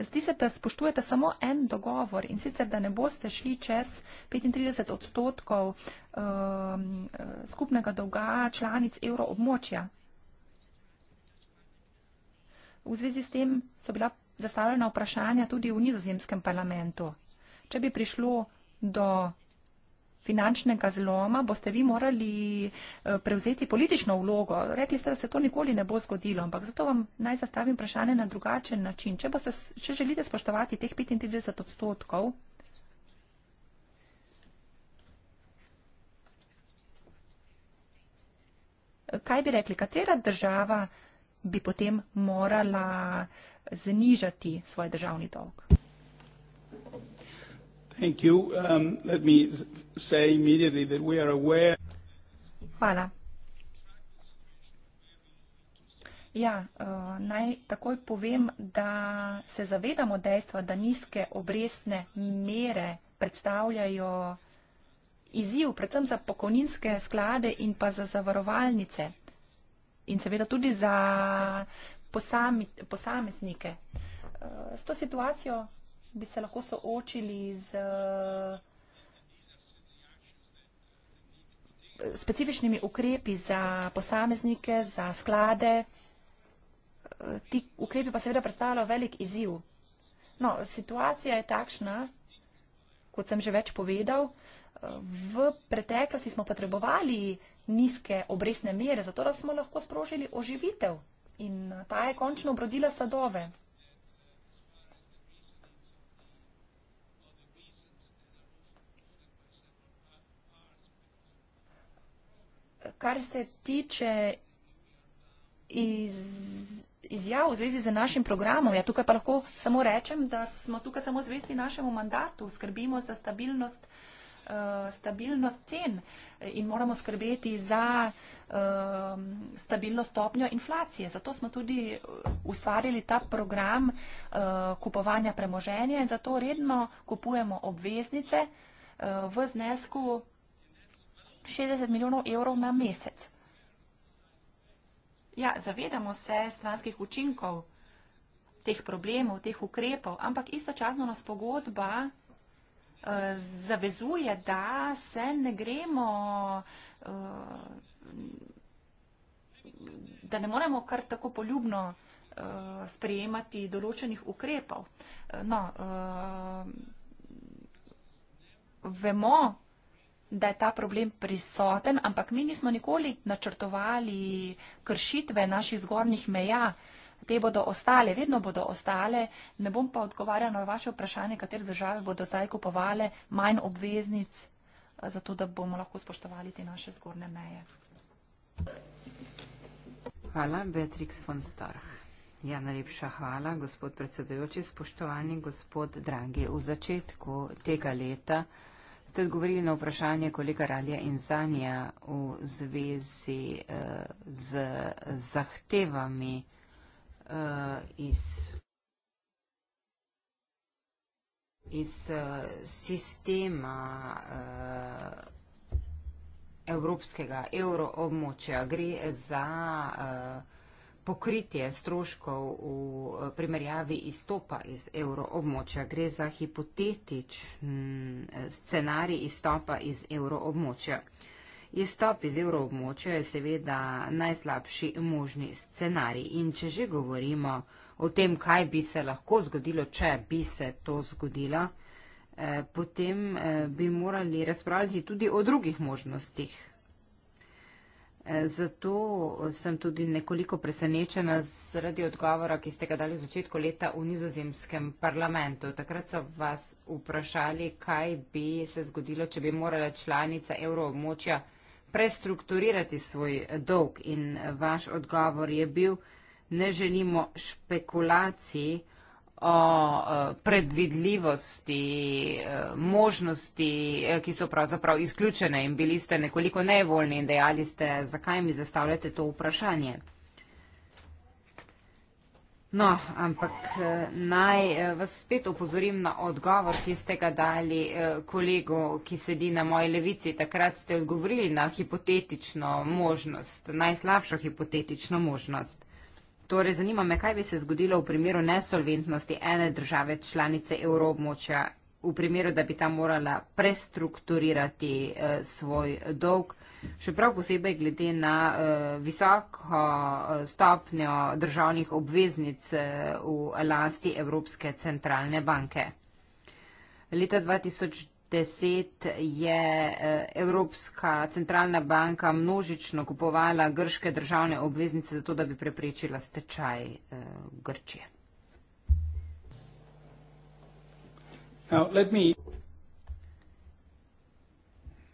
Zdi se, da spoštujete samo en dogovor in sicer, da ne boste šli čez 35 odstotkov um, skupnega dolga članic evroobmočja. V zvezi s tem so bila zastavljena vprašanja tudi v nizozemskem parlamentu. Če bi prišlo do finančnega zloma, boste vi morali eh, prevzeti politično vlogo. Rekli ste, da se to nikoli ne bo zgodilo, ampak zato vam naj zastavim vprašanje na drugačen način. Če, boste, če želite spoštovati teh 35 odstotkov, kaj bi rekli, katera država bi potem morala znižati svoj državni dolg? Thank you. Um, let me Hvala. Ja, eh, naj takoj povem, da se zavedamo dejstva, da nizke obrestne mere predstavljajo izziv predvsem za pokojninske sklade in pa za zavarovalnice in seveda tudi za posameznike. Eh, s to situacijo bi se lahko soočili z. specifičnimi ukrepi za posameznike, za sklade. Ti ukrepi pa seveda predstavljajo velik izziv. No, situacija je takšna, kot sem že več povedal, v preteklosti smo potrebovali nizke obresne mere, zato da smo lahko sprožili oživitev in ta je končno obrodila sadove. kar se tiče iz, izjav v zvezi z našim programom, ja tukaj pa lahko samo rečem, da smo tukaj samo zvesti našemu mandatu, skrbimo za stabilnost, uh, stabilnost cen in moramo skrbeti za uh, eh, stabilnost stopnjo inflacije. Zato smo tudi eh, ustvarili ta program uh, kupovanja premoženja in zato redno kupujemo obveznice uh, v znesku 60 milijonov evrov na mesec. Ja, zavedamo se stranskih učinkov, teh problemov, teh ukrepov, ampak istočasno nas pogodba eh, zavezuje, da se ne gremo, eh, da ne moremo kar tako poljubno eh, sprejemati določenih ukrepov. Eh, no, eh, vemo, da je ta problem prisoten, ampak mi nismo nikoli načrtovali kršitve naših zgornjih meja. Te bodo ostale, vedno bodo ostale. Ne bom pa odgovarjala na vaše vprašanje, katere države bodo zdaj kupovale manj obveznic, eh, zato da bomo lahko spoštovali te naše zgornje meje. Hvala, Beatrix von Storch. Ja, najlepša hvala, gospod predsedujoči, spoštovani gospod Dragi. V začetku tega leta ste odgovorili na vprašanje kolega Ralja in Zanja v zvezi uh, z zahtevami uh, iz, iz uh, sistema uh, evropskega evroobmočja. Gre za uh, pokritje stroškov v eh, primerjavi izstopa iz euroobmočja. Gre za hipotetičen eh, scenarij izstopa iz euroobmočja. Izstop iz evroobmočja je seveda najslabši možni scenarij in če že govorimo o tem, kaj bi se lahko zgodilo, če bi se to zgodilo, eh, potem eh, bi morali razpravljati tudi o drugih možnostih, Zato sem tudi nekoliko presenečena zaradi odgovora, ki ste ga dali v začetku leta v nizozemskem parlamentu. Takrat so vas vprašali, kaj bi se zgodilo, če bi morala članica evroobmočja prestrukturirati svoj dolg. In vaš odgovor je bil, ne želimo špekulacij, o e, predvidljivosti, e, možnosti, e, ki so pravzaprav izključene in bili ste nekoliko nevoljni in dejali ste, zakaj mi zastavljate to vprašanje. No, ampak naj vas spet opozorim na odgovor, ki ste ga dali kolego, ki sedi na moji levici. Takrat ste odgovorili na hipotetično možnost, najslabšo hipotetično možnost. Torej, zanima me, kaj bi se zgodilo v primeru nesolventnosti ene države članice evroobmočja, v primeru, da bi ta morala prestrukturirati eh, svoj dolg, še prav posebej glede na eh, visoko eh, stopnjo državnih obveznic eh, v lasti Evropske centralne banke. Leta deset je eh, Evropska centralna banka množično kupovala grške državne obveznice, zato da bi preprečila stečaj eh, Grčije.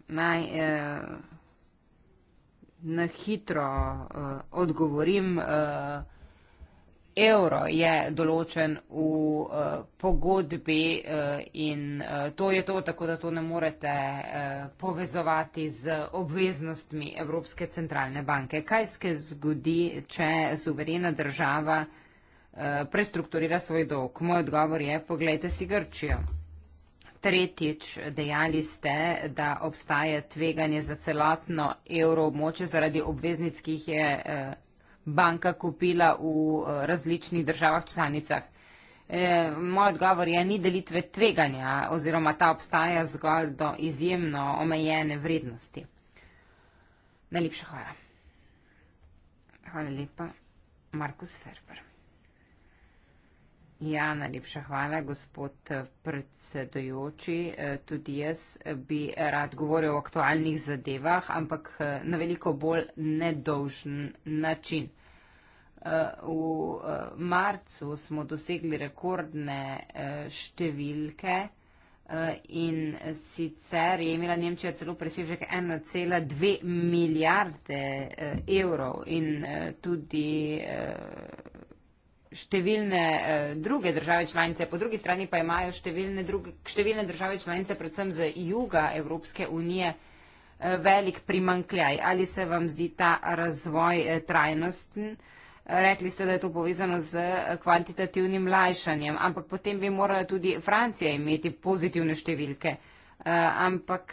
Naj eh, na hitro odgovorim evro je določen v uh, pogodbi uh, in uh, to je to, tako da to ne morete uh, povezovati z obveznostmi Evropske centralne banke. Kaj se zgodi, če suverena država uh, prestrukturira svoj dolg? Moj odgovor je, pogledajte si Grčijo. Tretjič, dejali ste, da obstaja tveganje za celotno evroobmočje zaradi obveznic, ki jih je. Uh, banka kupila v eh, različnih državah članicah. Eh, moj odgovor je, ni delitve tveganja oziroma ta obstaja zgolj do izjemno omejene vrednosti. Najlepša hvala. Hvala lepa, Markus Ferber. Ja, najlepša hvala, gospod eh, predsedojoči. Eh, tudi jaz bi rad govoril o aktualnih zadevah, ampak eh, na veliko bolj nedolžen način. V marcu smo dosegli rekordne številke in sicer je imela Nemčija celo presežek 1,2 milijarde evrov in tudi številne eh, druge države članice, po drugi strani pa imajo številne, druge, številne države članice, predvsem z juga Evropske unije, eh, velik primankljaj. Ali se vam zdi ta razvoj eh, trajnosten? Rekli ste, da je to povezano z kvantitativnim lajšanjem, ampak potem bi morala tudi Francija imeti pozitivne številke. Ampak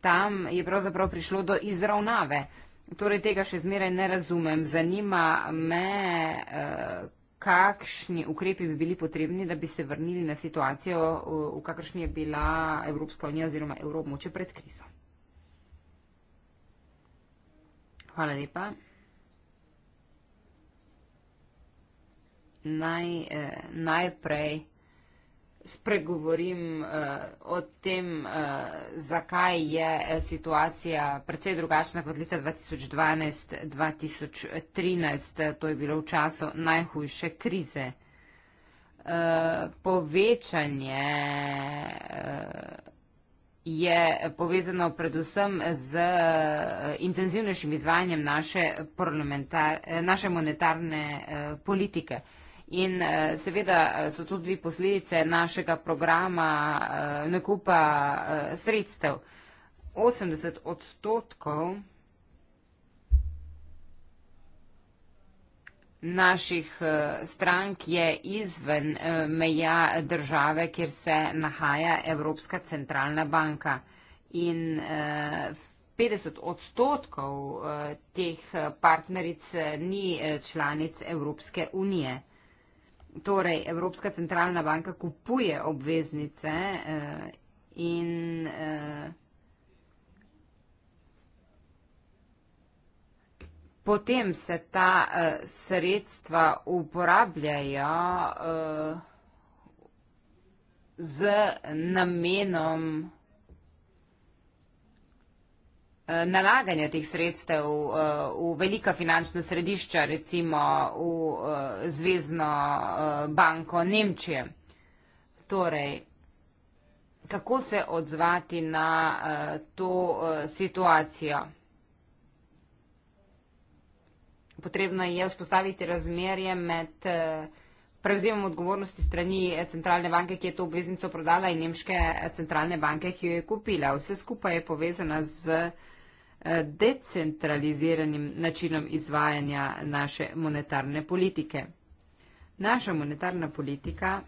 tam je pravzaprav prišlo do izravnave. Torej tega še zmeraj ne razumem. Zanima me, kakšni ukrepi bi bili potrebni, da bi se vrnili na situacijo, v kakršni je bila Evropska unija oziroma Evropmoče pred krizo. Hvala lepa. Naj, eh, najprej spregovorim uh, o tem, uh, zakaj je eh, situacija precej drugačna kot leta 2012-2013. To je bilo v času najhujše krize. Uh, povečanje uh, je povezano predvsem z intenzivnejšim izvajanjem naše, naše monetarne uh, politike. Uh, In eh, seveda eh, so tudi bili posledice našega programa eh, nakupa sredstev. 80 odstotkov naših strank je izven meja države, kjer se nahaja Evropska centralna banka. In 50 odstotkov teh partneric ni članic Evropske unije torej Evropska centralna banka kupuje obveznice eh, in eh, potem se ta eh, sredstva uporabljajo eh, z namenom eh, nalaganje teh sredstev eh, v velika finančna središča, recimo v eh, Zvezno eh, banko Nemčije. Torej, kako se odzvati na to situacijo? Potrebno je vzpostaviti razmerje med prevzemom odgovornosti strani centralne banke, ki je to obveznico prodala in nemške centralne banke, ki jo je kupila. Vse skupaj je povezana z decentraliziranim načinom izvajanja naše monetarne politike. Naša monetarna politika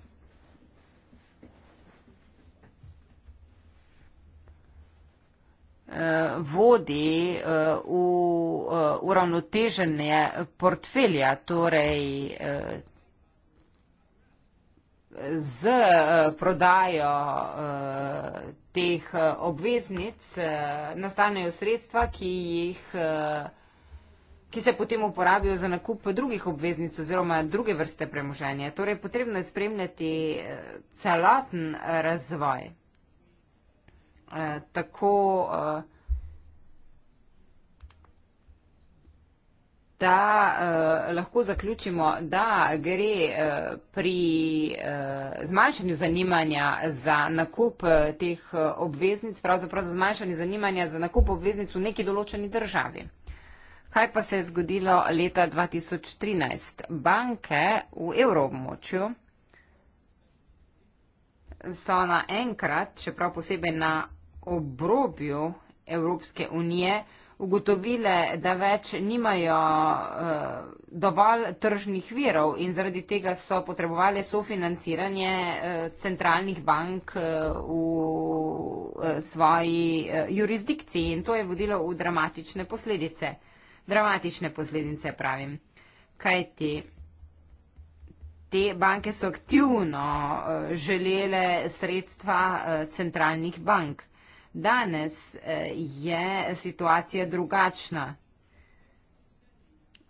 vodi eh, v eh, uravnoteženje portfelja, torej eh, z eh, prodajo eh, teh eh, obveznic nastanejo sredstva, ki, jih, ki se potem uporabijo za nakup drugih obveznic oziroma druge vrste premoženja. Torej, potrebno je spremljati celoten razvoj. Tako da eh, lahko zaključimo, da gre eh, pri eh, zmanjšanju zanimanja za nakup eh, teh eh, obveznic, pravzaprav za zmanjšanje zanimanja za nakup obveznic v neki določeni državi. Kaj pa se je zgodilo leta 2013? Banke v evroobmočju so naenkrat, čeprav posebej na obrobju Evropske unije, eh, ugotovile, da več nimajo uh, dovolj tržnih virov in zaradi tega so potrebovali sofinanciranje uh, centralnih bank uh, v uh, svoji uh, jurisdikciji in to je vodilo v dramatične posledice. Dramatične posledice pravim. Kaj ti? Te banke so aktivno uh, želele sredstva uh, centralnih bank. Danes eh, je situacija drugačna.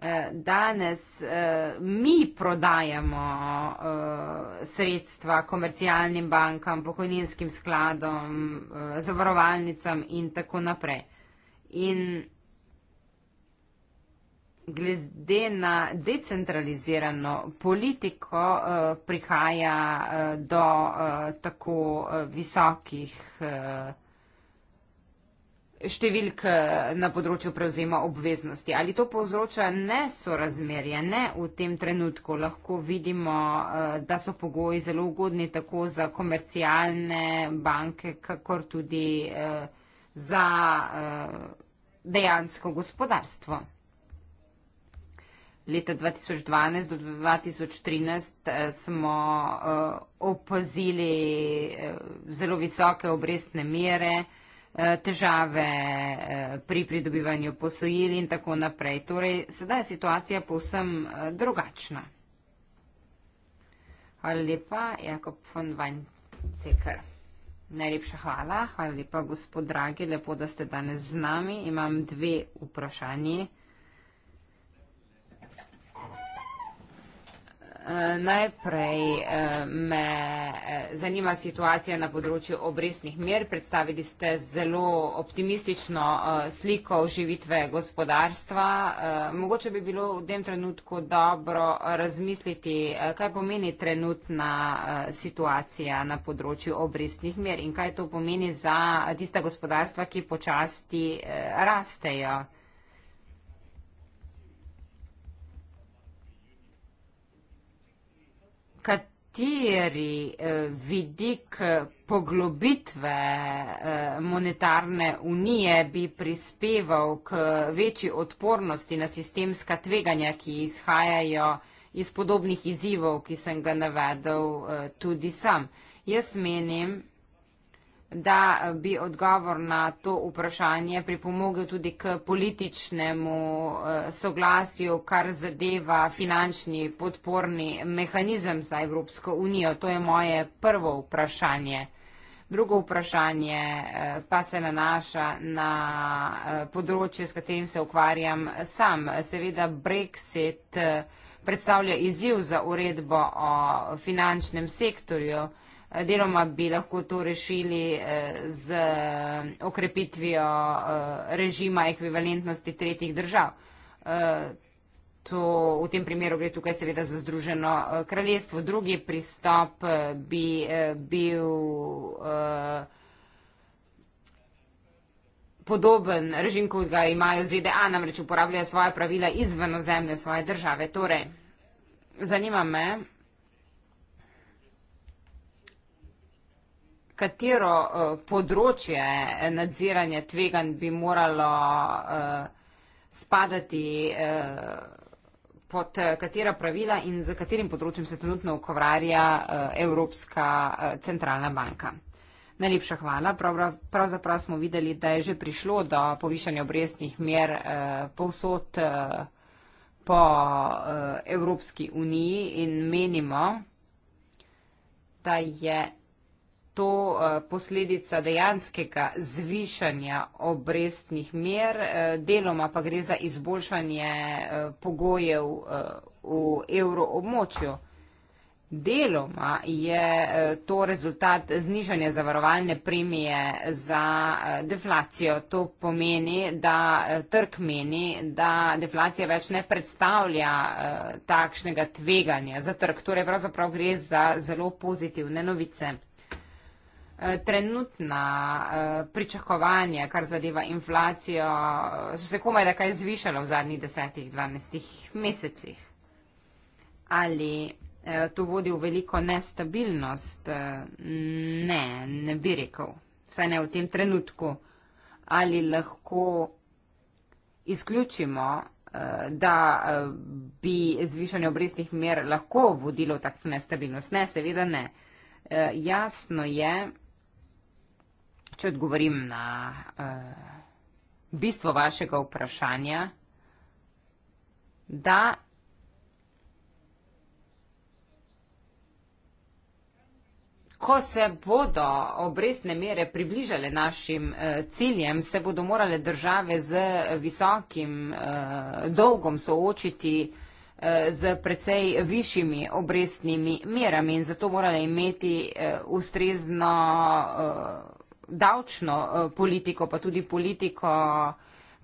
Eh, danes eh, mi prodajamo sredstva komercialnim bankam, pokojninskim skladom, zavarovalnicam in tako naprej. In glede na decentralizirano politiko prihaja do tako visokih številk eh, na področju prevzema obveznosti. Ali to povzroča nesorazmerje? Ne v tem trenutku lahko vidimo, eh, da so pogoji zelo ugodni tako za komercialne banke, kakor tudi eh, za dejansko gospodarstvo. Leta 2012 do 2013 smo opazili zelo visoke obrestne mere, Eh, težave eh, pri pridobivanju posojil in tako naprej. Torej, sedaj je situacija povsem eh, drugačna. Hvala lepa, Jakob von Weinzeker. Najlepša hvala, hvala lepa, gospod Dragi, lepo, da ste danes z nami. Imam dve vprašanje. Najprej eh, me eh, zanima situacija na področju obrestnih mer. Predstavili ste zelo optimistično eh, sliko oživitve gospodarstva. Mogoče bi bilo v tem trenutku dobro razmisliti, kaj pomeni trenutna situacija na področju obrestnih mer in kaj to pomeni za tista gospodarstva, ki počasti rastejo. kateri eh, vidik eh, poglobitve eh, monetarne unije bi prispeval k večji odpornosti na sistemska tveganja, ki izhajajo iz podobnih izzivov, ki sem ga navedel tudi sam. Jaz menim, da bi odgovor na to vprašanje pripomogel tudi k političnemu eh, soglasju, kar zadeva finančni podporni mehanizem za Evropsko unijo. To je moje prvo vprašanje. Drugo vprašanje eh, pa se nanaša na eh, področje, s katerim se ukvarjam sam. Seveda Brexit predstavlja izziv za uredbo o finančnem sektorju. Deloma bi lahko to rešili eh, z eh, okrepitvijo eh, režima ekvivalentnosti tretjih držav. To v tem primeru gre tukaj seveda za Združeno kraljestvo. Drugi pristop bi bil podoben režim, kot ga imajo ZDA, namreč uporabljajo svoje pravila izven ozemlja svoje države. Torej, zanima me, katero eh, področje nadziranja tvegan bi moralo eh, spadati eh, pod katera pravila in za katerim področjem se trenutno ukvarja Evropska centralna banka. Najlepša hvala. Pravzaprav smo videli, da je že prišlo do povišanja obrestnih mer povsod po Evropski uniji in menimo, da je to eh, posledica dejanskega zvišanja obrestnih mer, eh, deloma pa gre za izboljšanje eh, pogojev v evroobmočju. Deloma je to rezultat znižanja zavarovalne premije za deflacijo. To pomeni, da trg meni, da deflacija več ne predstavlja takšnega tveganja za trg. Torej pravzaprav gre za zelo pozitivne novice. Eh, trenutna eh, pričakovanja, kar zadeva inflacijo, eh, so se komaj da kaj zvišala v zadnjih desetih, dvanajstih mesecih. Ali to vodi v veliko nestabilnost? Ne, ne bi rekel. Vsaj ne v tem trenutku. Ali lahko izključimo, da bi zvišanje obrestnih mer lahko vodilo v takšno nestabilnost? Ne, seveda ne. Jasno je, Če odgovorim na uh, bistvo vašega vprašanja, da ko se bodo obrestne mere približale našim uh, ciljem, se bodo morale države z visokim uh, dolgom soočiti z precej višjimi obrestnimi merami in zato morale imeti ustrezno davčno eh, politiko, pa tudi politiko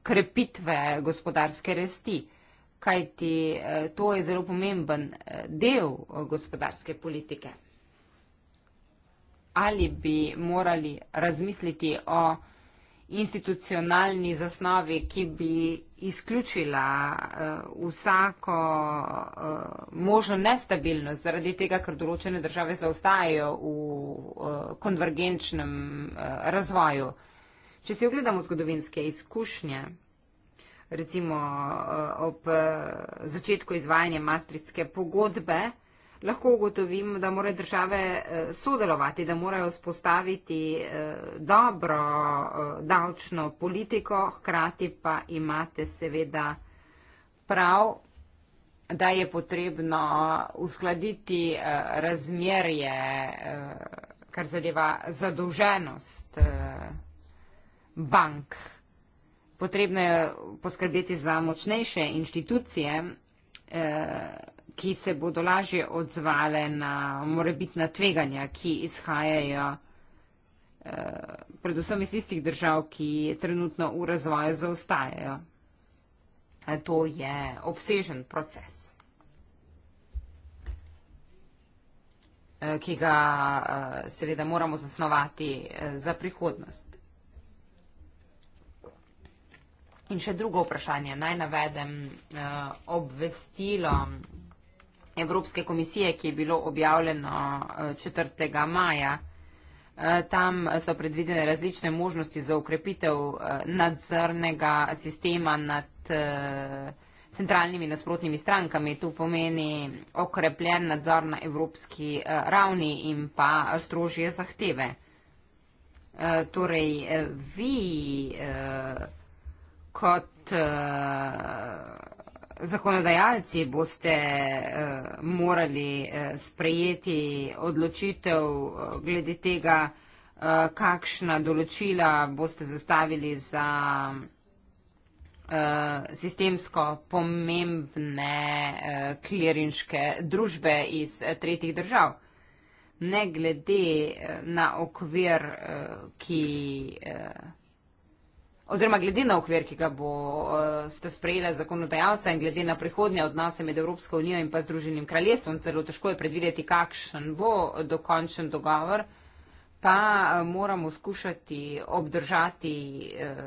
krepitve gospodarske rasti, kajti eh, to je zelo pomemben eh, del gospodarske politike. Ali bi morali razmisliti o institucionalni zasnovi, ki bi izključila uh, vsako uh, možno nestabilnost zaradi tega, ker določene države zaostajajo v uh, konvergenčnem uh, razvoju. Če si ogledamo zgodovinske izkušnje, recimo uh, ob uh, začetku izvajanja Maastrichtske pogodbe, uh, lahko ugotovimo, da morajo države eh, sodelovati, da morajo spostaviti eh, dobro eh, davčno politiko, hkrati pa imate seveda prav, da je potrebno uskladiti razmerje, kar zadeva zadolženost bank. Potrebno je poskrbeti za močnejše inštitucije ki se bodo lažje odzvale na morebitna tveganja, ki izhajajo eh, predvsem iz tistih držav, ki trenutno v razvoju zaostajajo. To je obsežen proces, eh, ki ga eh, seveda moramo zasnovati za prihodnost. In še drugo vprašanje. Naj navedem obvestilo Evropske komisije, ki je bilo objavljeno 4. Eh, maja. Eh, tam so predvidene različne možnosti za ukrepitev eh, nadzornega sistema nad centralnimi nasprotnimi strankami. To pomeni okrepljen nadzor na evropski ravni in pa strožje zahteve. Torej, vi kot zakonodajalci boste uh, morali uh, sprejeti odločitev uh, glede tega, uh, kakšna določila boste zastavili za uh, sistemsko pomembne uh, kliriške družbe iz uh, tretjih držav. Ne glede uh, na okvir, uh, ki. Uh, oziroma glede na okvir, ki ga boste eh, uh, sprejeli zakonodajalca in glede na prihodnje odnose med Evropsko unijo in pa Združenim kraljestvom, zelo težko je predvideti, kakšen bo dokončen dogovor, pa uh, moramo skušati obdržati uh,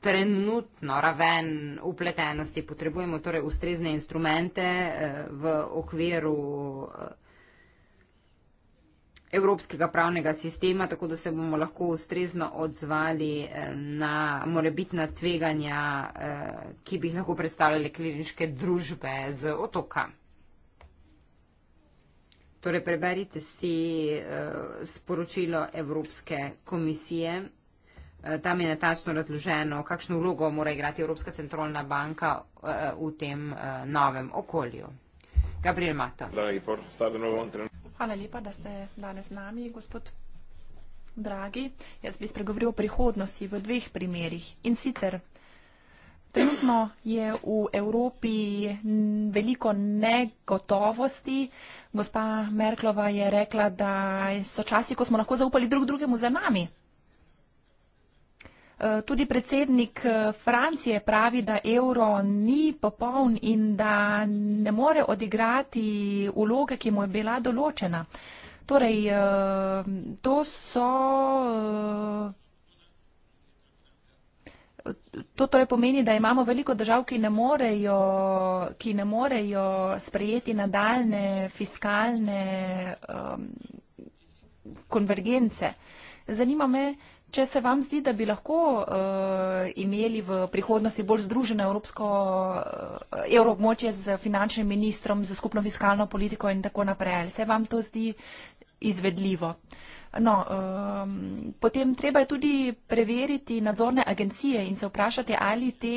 trenutno raven upletenosti. Potrebujemo torej ustrezne instrumente uh, v okviru. Uh, evropskega pravnega sistema, tako da se bomo lahko ustrezno odzvali eh, na morebitna tveganja, eh, ki bi jih lahko predstavljale kliniške družbe z otoka. Torej, preberite si eh, sporočilo Evropske komisije. Tam je natačno razloženo, kakšno vlogo mora igrati Evropska centralna banka v tem novem okolju. Gabriel Mato. Hvala, Igor. Stavljeno v on trenutku. Hvala lepa, da ste danes z nami, gospod Dragi. Jaz bi spregovoril o prihodnosti v dveh primerjih. In sicer, trenutno je v Evropi veliko negotovosti. Gospa Merklova je rekla, da so časi, ko smo lahko zaupali drug drugemu za nami. Eh, tudi predsednik eh, Francije pravi, da evro ni popoln in da ne more odigrati uloge, ki mu je bila določena. Torej, eh, to so. To torej pomeni, da imamo veliko držav, ki ne morejo, ki ne morejo sprejeti nadaljne fiskalne um, konvergence. Zanima me, Če se vam zdi, da bi lahko uh, imeli v prihodnosti bolj združeno evropsko uh, evroobmočje z finančnim ministrom, z skupno fiskalno politiko in tako naprej, se vam to zdi izvedljivo? No, um, potem treba je tudi preveriti nadzorne agencije in se vprašati, ali te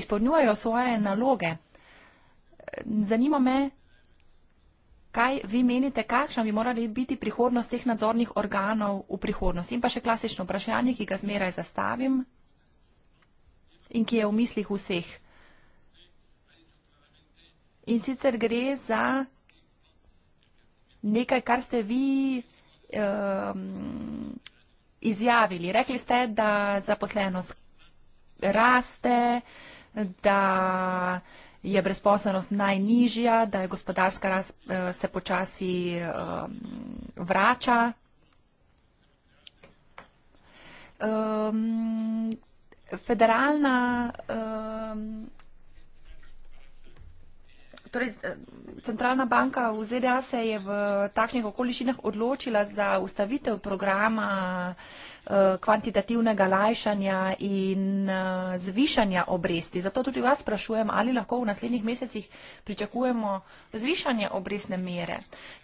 izpolnjujejo svoje naloge. Zanima me, Kaj vi menite, kakšna bi morala biti prihodnost teh nadzornih organov v prihodnosti? In pa še klasično vprašanje, ki ga zmeraj zastavim in ki je v mislih vseh. In sicer gre za nekaj, kar ste vi um, izjavili. Rekli ste, da zaposlenost raste, da je brezposobnost najnižja, da je gospodarska rast eh, se počasi ehm, vrača. Ehm, federalna, ehm, torej eh, centralna banka v ZDA se je v takšnih okoliščinah odločila za ustavitev programa Eh, kvantitativnega lajšanja in eh, zvišanja obresti. Zato tudi vas sprašujem, ali lahko v naslednjih mesecih pričakujemo zvišanje obrestne mere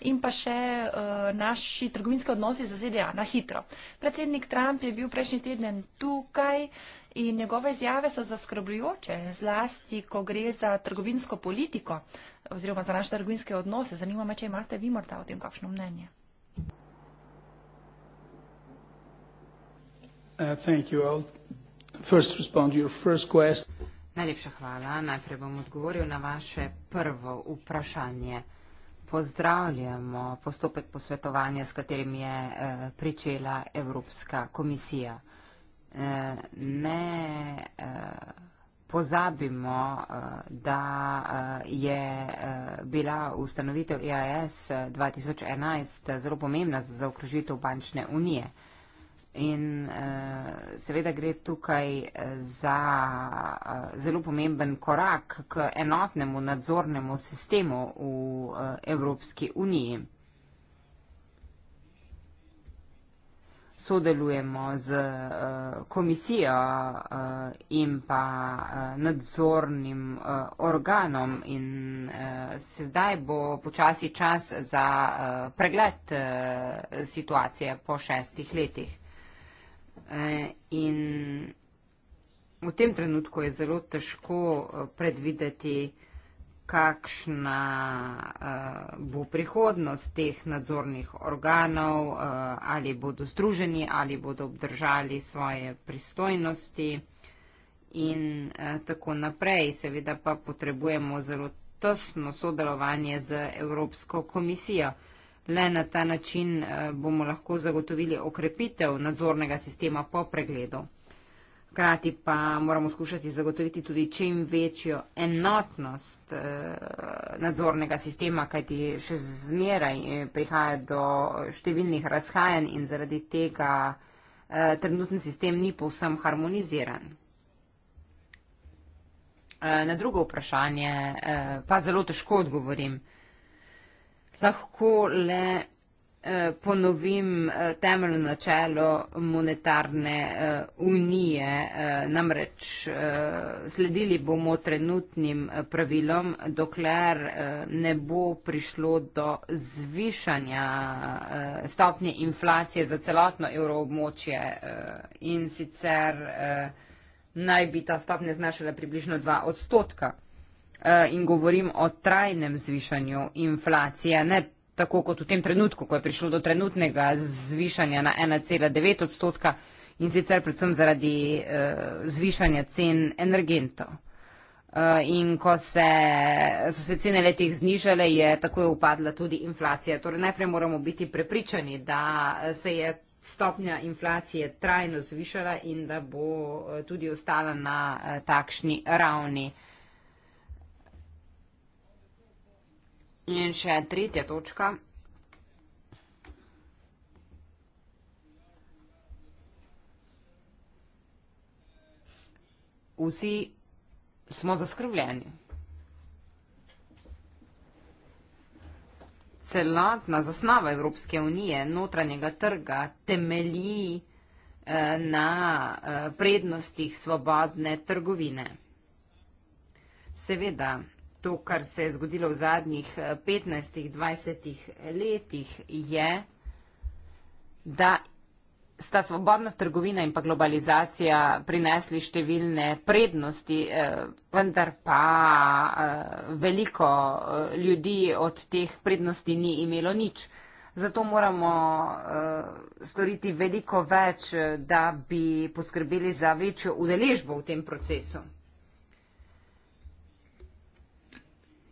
in pa še eh, naši trgovinski odnosi z ZDA na hitro. Predsednik Trump je bil prejšnji teden tukaj. In njegove izjave so zaskrbljujoče, zlasti, ko gre za trgovinsko politiko oziroma za naše trgovinske odnose. Zanima me, če imate vi morda o tem kakšno mnenje. Uh, thank you. I'll first respond to your first question. Najlepša hvala. Najprej bom odgovoril na vaše prvo vprašanje. Pozdravljamo postopek posvetovanja, s katerim je uh, pričela Evropska komisija. Uh, ne pozabimo, da je bila ustanovitev EAS 2011 zelo pomembna za okrožitev bančne unije. In uh, seveda gre tukaj eh, za uh, zelo pomemben korak k enotnemu nadzornemu sistemu v uh, Evropski uniji. Sodelujemo z uh, komisijo uh, in pa uh, nadzornim uh, organom in uh, sedaj bo počasi čas za uh, pregled uh, situacije po šestih letih. Eh, in v tem trenutku je zelo težko eh, predvideti, kakšna eh, bo prihodnost teh nadzornih organov, ali bodo združeni, ali bodo obdržali svoje pristojnosti in tako naprej. Seveda pa potrebujemo zelo tesno sodelovanje z Evropsko komisijo. Le na ta način eh, bomo lahko zagotovili okrepitev nadzornega sistema po pregledu. Hkrati pa moramo skušati zagotoviti tudi čim večjo enotnost eh, nadzornega sistema, kajti še zmeraj eh, prihaja do številnih razhajanj in zaradi tega trenutni sistem ni povsem harmoniziran. Na drugo vprašanje pa zelo težko odgovorim lahko le eh, ponovim eh, temeljno načelo monetarne eh, unije, namreč sledili bomo trenutnim pravilom, dokler ne bo prišlo do zvišanja stopnje inflacije za celotno evroobmočje in sicer naj bi ta stopnja znašala približno 2 odstotka. Eh, in govorim o trajnem zvišanju inflacije, ne tako kot v tem trenutku, ko je prišlo do trenutnega zvišanja na 1,9 odstotka in sicer predvsem zaradi uh, zvišanja cen energentov. Uh, in ko se, so se cene letih znižale, je takoj upadla tudi inflacija. Torej najprej moramo biti prepričani, da se je stopnja inflacije trajno zvišala in da bo tudi ostala na uh, takšni ravni. Uh, In še tretja točka. Vsi smo zaskrbljeni. Celotna zasnava Evropske unije, notranjega trga, temelji eh, na eh, prednostih svobodne trgovine. Seveda to, kar se je zgodilo v zadnjih 15-20 eh, letih, je, da sta svobodna trgovina in pa globalizacija prinesli številne prednosti, eh, vendar pa eh, veliko ljudi od teh prednosti ni imelo nič. Zato moramo storiti veliko več, da bi poskrbeli za večjo udeležbo v tem procesu.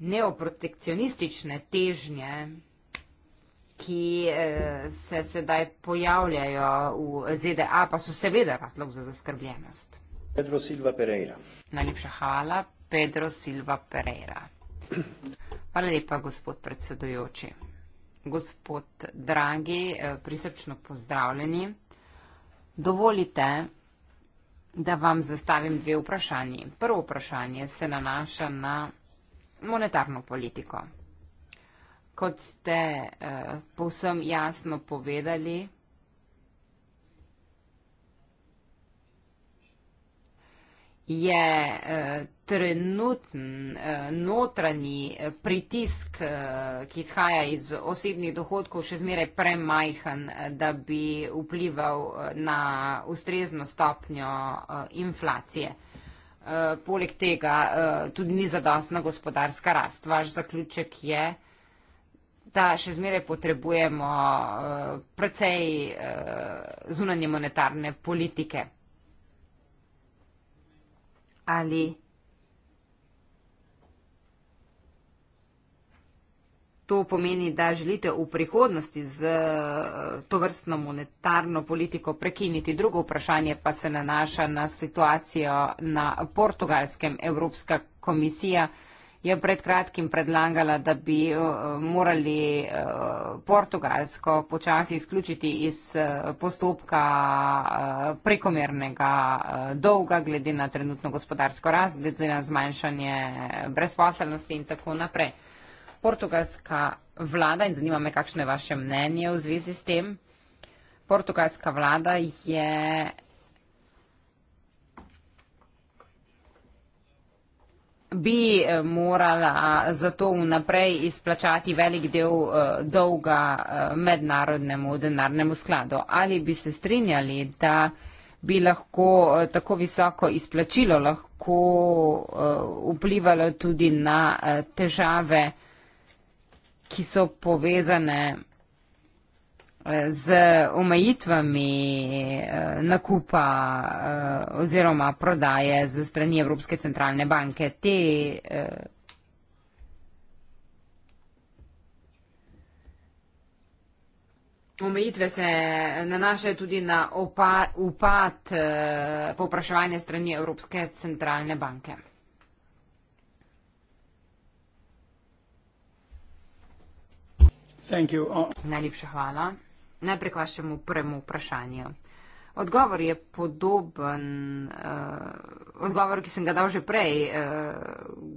neoprotekcionistične težnje, ki eh, se sedaj pojavljajo v ZDA, pa so seveda razlog za zaskrbljenost. Pedro Silva Pereira. Najlepša hvala, Pedro Silva Pereira. Hvala lepa, gospod predsedujoči. Gospod dragi, eh, prisrčno pozdravljeni. Dovolite, da vam zastavim dve vprašanje. Prvo vprašanje se nanaša na monetarno politiko. Kot ste eh, povsem jasno povedali, je eh, trenutn eh, notranji pritisk, ki izhaja iz osebnih dohodkov, še zmeraj premajhen, da bi vplival na ustrezno stopnjo inflacije. Eh, poleg tega eh, tudi ni zadostna gospodarska rast. Vaš zaključek je, da še zmeraj potrebujemo eh, precej zunanje monetarne politike. Ali? To pomeni, da želite v prihodnosti z eh, to vrstno monetarno politiko prekiniti. Drugo vprašanje pa se nanaša na situacijo na portugalskem. Evropska komisija je pred kratkim predlagala, da bi eh, morali eh, portugalsko počasi izključiti iz postopka prekomernega dolga, glede na trenutno gospodarsko rast, glede na zmanjšanje brezposelnosti in tako naprej portugalska vlada in zanima me, kakšno je vaše mnenje v zvezi s tem. Portugalska vlada je. bi eh, morala zato vnaprej izplačati velik del uh, dolga uh, mednarodnemu denarnemu skladu. Ali bi se strinjali, da bi lahko uh, tako visoko izplačilo lahko uh, vplivalo tudi na uh, težave uh, ki so povezane eh, z omejitvami eh, nakupa eh, oziroma prodaje z strani Evropske centralne banke. Te omejitve se nanašajo tudi na upad popraševanja strani Evropske centralne banke. Oh. Najlepša hvala. Najprej k vašemu prvemu vprašanju. Odgovor je podoben uh, eh, odgovoru, ki sem ga dal že prej. Uh,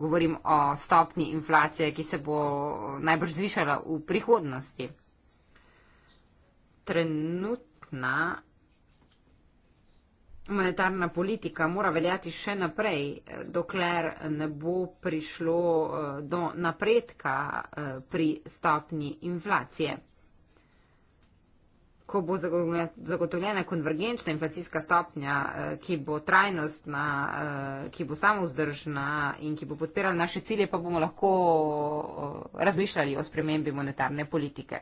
govorim o stopni inflacije, ki se bo najbrž zvišala v prihodnosti. Trenutna Monetarna politika mora veljati še naprej, dokler ne bo prišlo eh, do napredka eh, pri stopni inflacije. Ko bo zagotovljena konvergenčna inflacijska stopnja, eh, ki bo trajnostna, ki bo samozdržna in ki bo podpirala naše cilje, pa bomo lahko razmišljali o spremembi monetarne politike.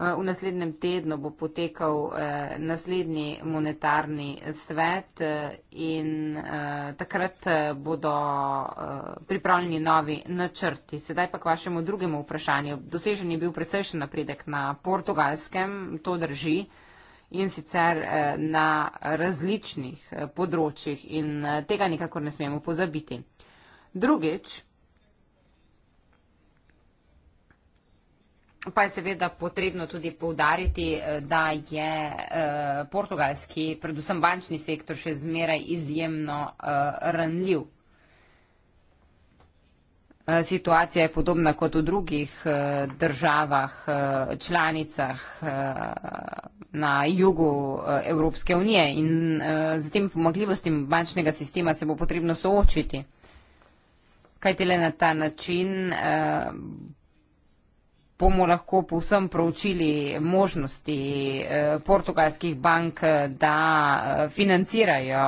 Eh, v naslednjem tednu bo potekal eh, naslednji monetarni svet eh, in takrat bodo pripravljeni novi načrti. Sedaj pa k vašemu drugemu vprašanju. Dosežen je bil precejšen napredek na portugalskem, to drži in sicer na različnih področjih in tega nikakor ne smemo pozabiti. Drugič, Pa je seveda potrebno tudi povdariti, eh, da je eh, portugalski, predvsem bančni sektor, še zmeraj izjemno eh, ranljiv. Situacija je podobna kot v drugih državah, članicah na jugu Evropske unije in z tem pomagljivostim bančnega sistema se bo potrebno soočiti. Kaj tele na ta način bomo lahko povsem proučili možnosti eh, portugalskih bank, eh, da eh, financirajo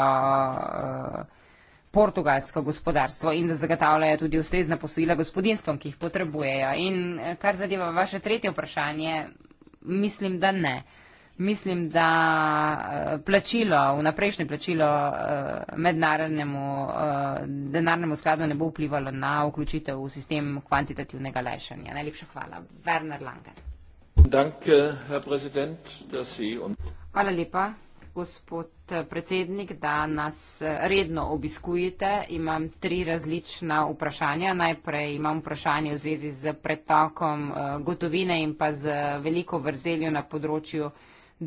portugalsko gospodarstvo in da zagotavljajo tudi ustrezna posojila gospodinstvom, ki jih potrebujejo. In kar zadeva vaše tretje vprašanje, mislim, da ne mislim, da eh, plačilo, vnaprejšnje plačilo eh, mednarodnemu eh, denarnemu skladu ne bo vplivalo na vključitev v sistem kvantitativnega lajšanja. Najlepša hvala. Werner Langer. Danke, Herr Präsident, dass Sie und Hvala lepa, gospod predsednik, da nas redno obiskujete. Imam tri različna vprašanja. Najprej imam vprašanje v zvezi z pretokom gotovine in pa z veliko vrzeljo na področju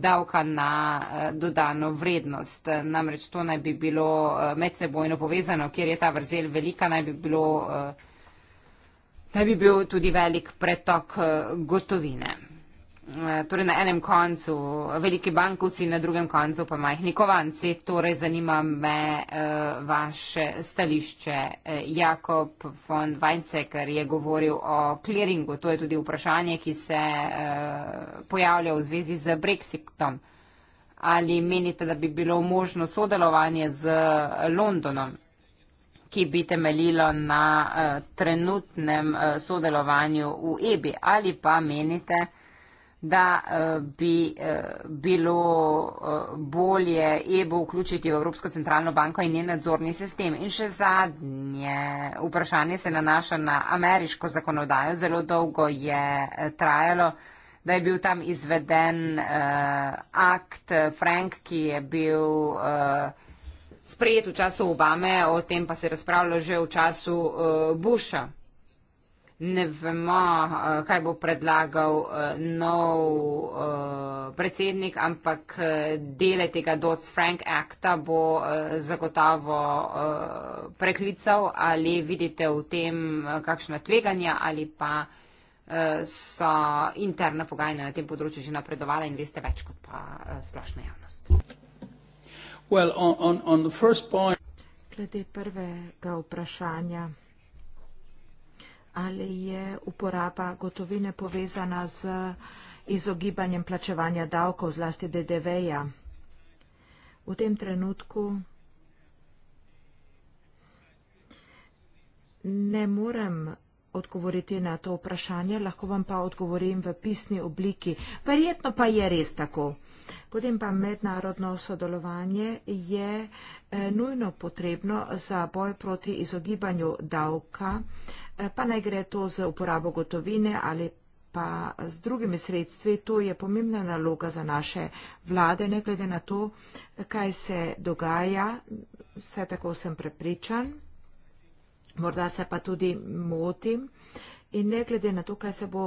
davka na eh, dodano vrednost. Namreč to naj bi bilo eh, medsebojno povezano, kjer je ta vrzel velika, naj bi bilo. Eh, naj bi bil tudi velik pretok gotovine. Eh, torej na enem koncu veliki bankovci in na drugem koncu pa majhni kovanci. Torej zanima me uh, vaše stališče. Eh, Jakob von Weizsäcker je govoril o clearingu. To je tudi vprašanje, ki se uh, pojavlja v zvezi z Brexitom. Ali menite, da bi bilo možno sodelovanje z Londonom? ki bi temeljilo na uh, trenutnem uh, sodelovanju v EBI ali pa menite, uh, da eh, bi eh, bilo eh, bolje EBO vključiti v Evropsko centralno banko in njen nadzorni sistem. In še zadnje vprašanje se nanaša na ameriško zakonodajo. Zelo dolgo je trajalo, da je bil tam izveden akt Frank, ki je bil sprejet v času Obame, o tem pa se je razpravljalo že v času Busha ne vemo, eh, kaj bo predlagal eh, nov eh, predsednik, ampak dele tega Dodd-Frank akta bo zagotavo preklical ali vidite v tem kakšna tveganja ali pa so interna pogajanja na tem področju že napredovala in veste več kot pa splošna javnost. Well, on, on, on Glede prvega vprašanja ali je uporaba gotovine povezana z izogibanjem plačevanja davkov, zlasti DDV-ja. V tem trenutku ne morem odgovoriti na to vprašanje, lahko vam pa odgovorim v pisni obliki. Verjetno pa je res tako. Potem pa mednarodno sodelovanje je eh, nujno potrebno za boj proti izogibanju davka. Eh, pa naj gre to z uporabo gotovine ali pa z drugimi sredstvi. To je pomembna naloga za naše vlade, ne glede na to, kaj se dogaja. Vse tako sem prepričan. Morda se pa tudi motim. In ne glede na to, kaj se bo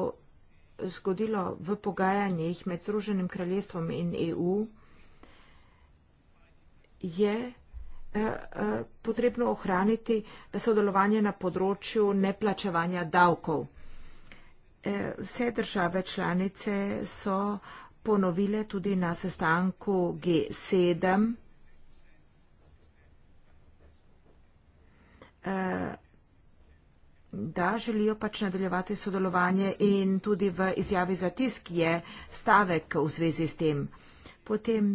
zgodilo v pogajanjih med Združenim kraljestvom in EU, je Eh, eh, potrebno ohraniti sodelovanje na področju neplačevanja davkov. Eh, vse države članice so ponovile tudi na sestanku G7, da želijo pač nadaljevati sodelovanje in tudi v izjavi za tisk je stavek v zvezi s tem. Potem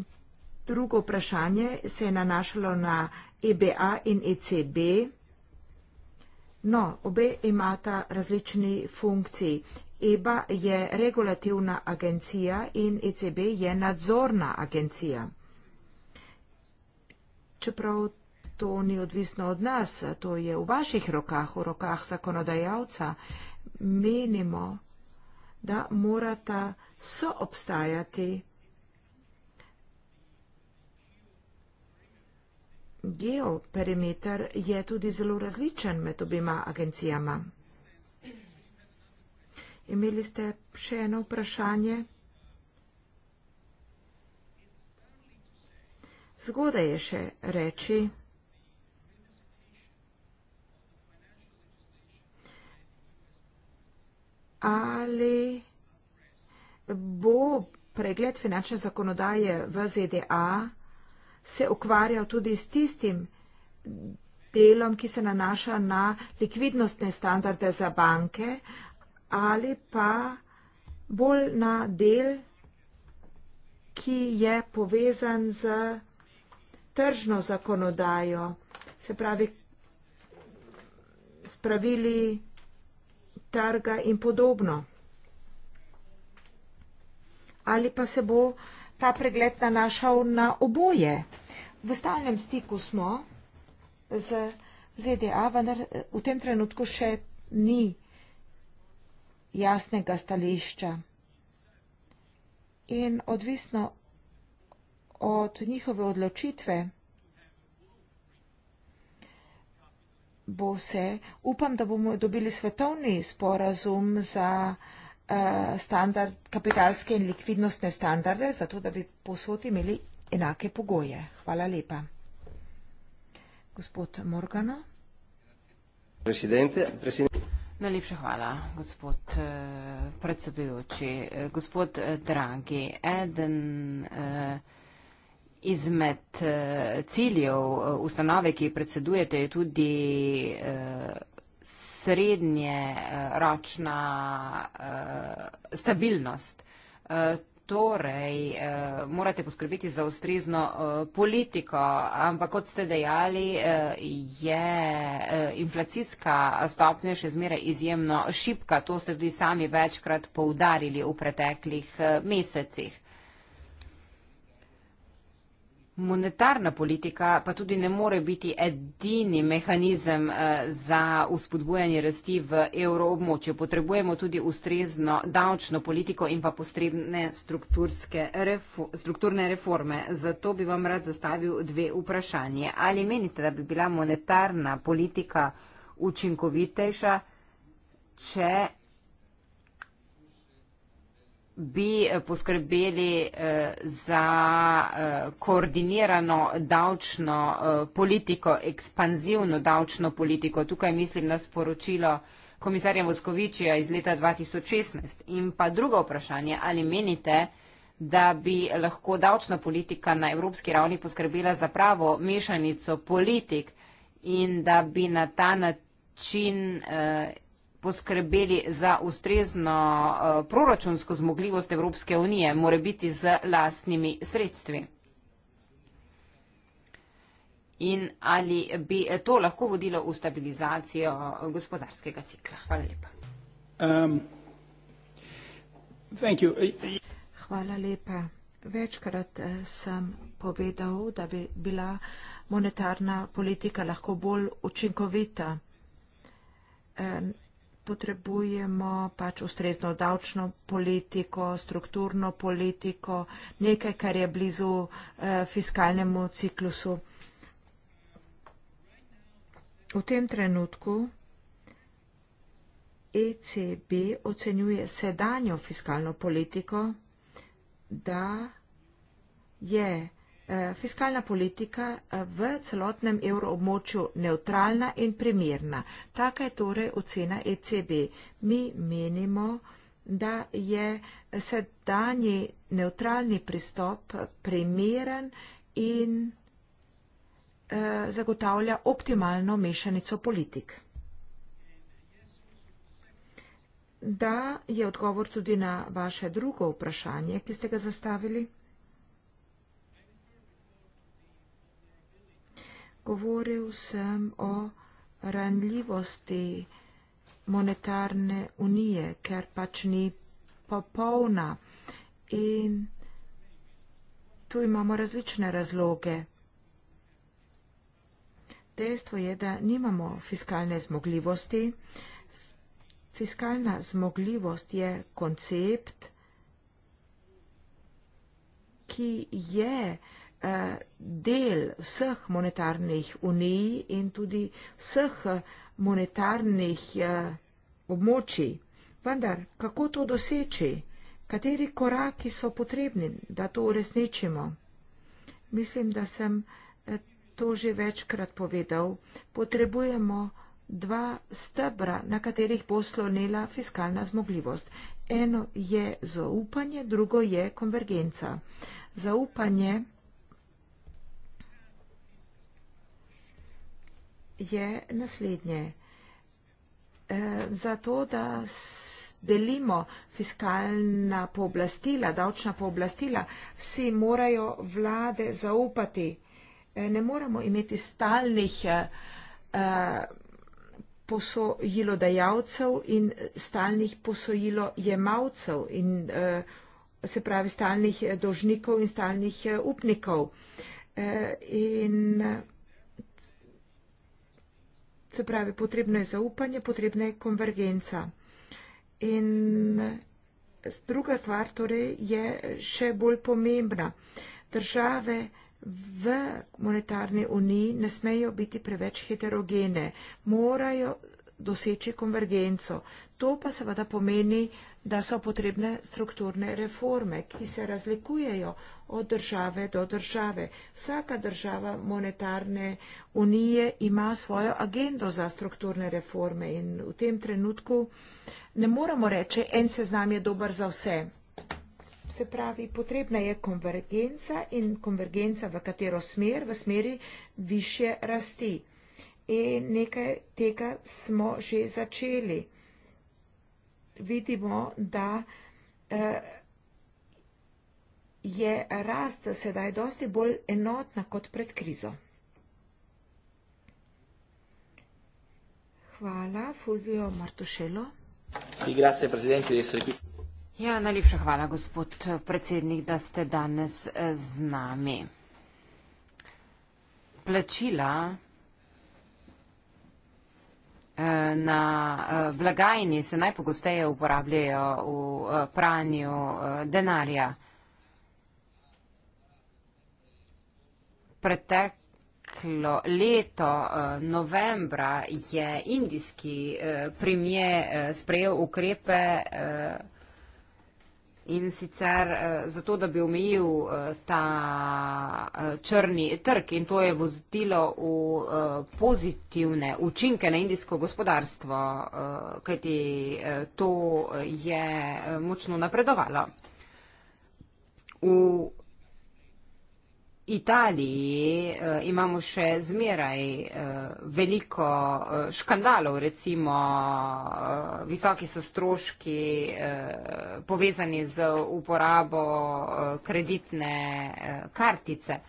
Drugo vprašanje se je nanašalo na EBA in ECB. No, obe imata različni funkciji. EBA je regulativna agencija in ECB je nadzorna agencija. Čeprav to ni odvisno od nas, to je v vaših rokah, v rokah zakonodajalca, menimo, da morata soobstajati vsega. geoperimeter je tudi zelo različen med obima agencijama. Imeli ste še eno vprašanje? Zgodaj je še reči, ali bo pregled finančne zakonodaje v ZDA se ukvarjal tudi s tistim delom, ki se nanaša na likvidnostne standarde za banke ali pa bolj na del, ki je povezan z tržno zakonodajo, se pravi s pravili trga in podobno. Ali pa se bo ta pregled nanašal na oboje. V stalnem stiku smo z ZDA, vendar eh, v tem trenutku še ni jasnega stališča. In odvisno od njihove odločitve bo se, upam, da bomo dobili svetovni sporazum za Eh, standard, kapitalske in likvidnostne standarde, zato da bi posod imeli enake pogoje. Hvala lepa. Gospod Morgano. Presidente, presidente. Najlepša hvala, gospod eh, predsedujoči. Eh, gospod Dragi, eden izmed ciljev ustanove, ki predsedujete, je tudi srednje eh, ročna uh, stabilnost. Uh, torej, uh, morate poskrbeti za ustrezno uh, politiko, ampak kot ste dejali, uh, je uh, inflacijska stopnja še zmeraj izjemno šipka. To ste tudi sami večkrat poudarili v preteklih uh, mesecih. Monetarna politika pa tudi ne more biti edini mehanizem eh, za uspodbujanje rasti v evroobmočju. Potrebujemo tudi ustrezno davčno politiko in pa postrebne strukturne reforme. Zato bi vam rad zastavil dve vprašanje. Ali menite, da bi bila monetarna politika učinkovitejša, če bi eh, poskrbeli eh, za eh, koordinirano davčno politiko, ekspanzivno davčno politiko. Tukaj mislim na sporočilo komisarja Moskovičija iz leta 2016. In pa drugo vprašanje, ali menite, da bi lahko davčna politika na evropski ravni poskrbela za pravo mešanico politik in da bi na ta način poskrbeli za ustrezno eh, proračunsko zmogljivost Evropske unije, more biti z lastnimi sredstvi. In ali bi to lahko vodilo v stabilizacijo eh, gospodarskega cikla? Hvala lepa. Um, Hvala lepa. Večkrat eh, sem povedal, da bi bila monetarna politika lahko bolj učinkovita potrebujemo pač ustrezno davčno politiko, strukturno politiko, nekaj, kar je blizu eh, fiskalnemu ciklusu. V tem trenutku ECB ocenjuje sedanjo fiskalno politiko, da je Eh, fiskalna politika eh, v celotnem evroobmočju neutralna in primerna. Taka je torej ocena ECB. Mi menimo, da je sedanji neutralni pristop primeren in eh, zagotavlja optimalno mešanico politik. Da je odgovor tudi na vaše drugo vprašanje, ki ste ga zastavili. govoril sem o ranljivosti monetarne unije, ker pač ni popolna. In tu imamo različne razloge. Dejstvo je, da nimamo fiskalne zmogljivosti. Fiskalna zmogljivost je koncept, ki je uh, Eh, del vseh monetarnih uniji in tudi vseh eh, monetarnih eh, območij. Vendar, kako to doseči? Kateri koraki so potrebni, da to uresničimo? Mislim, da sem to že večkrat povedal. Potrebujemo dva stebra, na katerih bo slonila fiskalna zmogljivost. Eno je zaupanje, drugo je konvergenca. Zaupanje je naslednje. Eh, zato, da delimo fiskalna pooblastila, davčna pooblastila, si morajo vlade zaupati. Eh, ne moramo imeti stalnih eh, posojilodajalcev in stalnih posojilojemalcev in se pravi stalnih dožnikov in stalnih upnikov. In Se pravi, potrebno je zaupanje, potrebna je konvergenca. In druga stvar torej, je še bolj pomembna. Države v monetarni uniji ne smejo biti preveč heterogene, morajo doseči konvergenco. To pa seveda pomeni, da so potrebne strukturne reforme, ki se razlikujejo od države do države. Vsaka država monetarne unije ima svojo agendo za strukturne reforme in v tem trenutku ne moremo reči, en seznam je dober za vse. Se pravi, potrebna je konvergenca in konvergenca v katero smer, v smeri više rasti. In nekaj tega smo že začeli vidimo, da eh, je rast sedaj dosti bolj enotna kot pred krizo. Hvala, Fulvio Martušelo. Ja, najlepša hvala, gospod predsednik, da ste danes eh, z nami. Plačila Eh, na eh, blagajni se najpogosteje uporabljajo v eh, pranju denarja. Preteklo leto novembra je indijski premije sprejel ukrepe, in sicer eh, zato, da bi omejil eh, ta eh, črni trg in to je vozitilo v pozitivne učinke na indijsko gospodarstvo, kajti to je močno napredovalo. V Italiji uh, imamo še zmeraj uh, veliko uh, škandalov, recimo uh, visoki so stroški uh, povezani z uporabo uh, kreditne uh, kartice.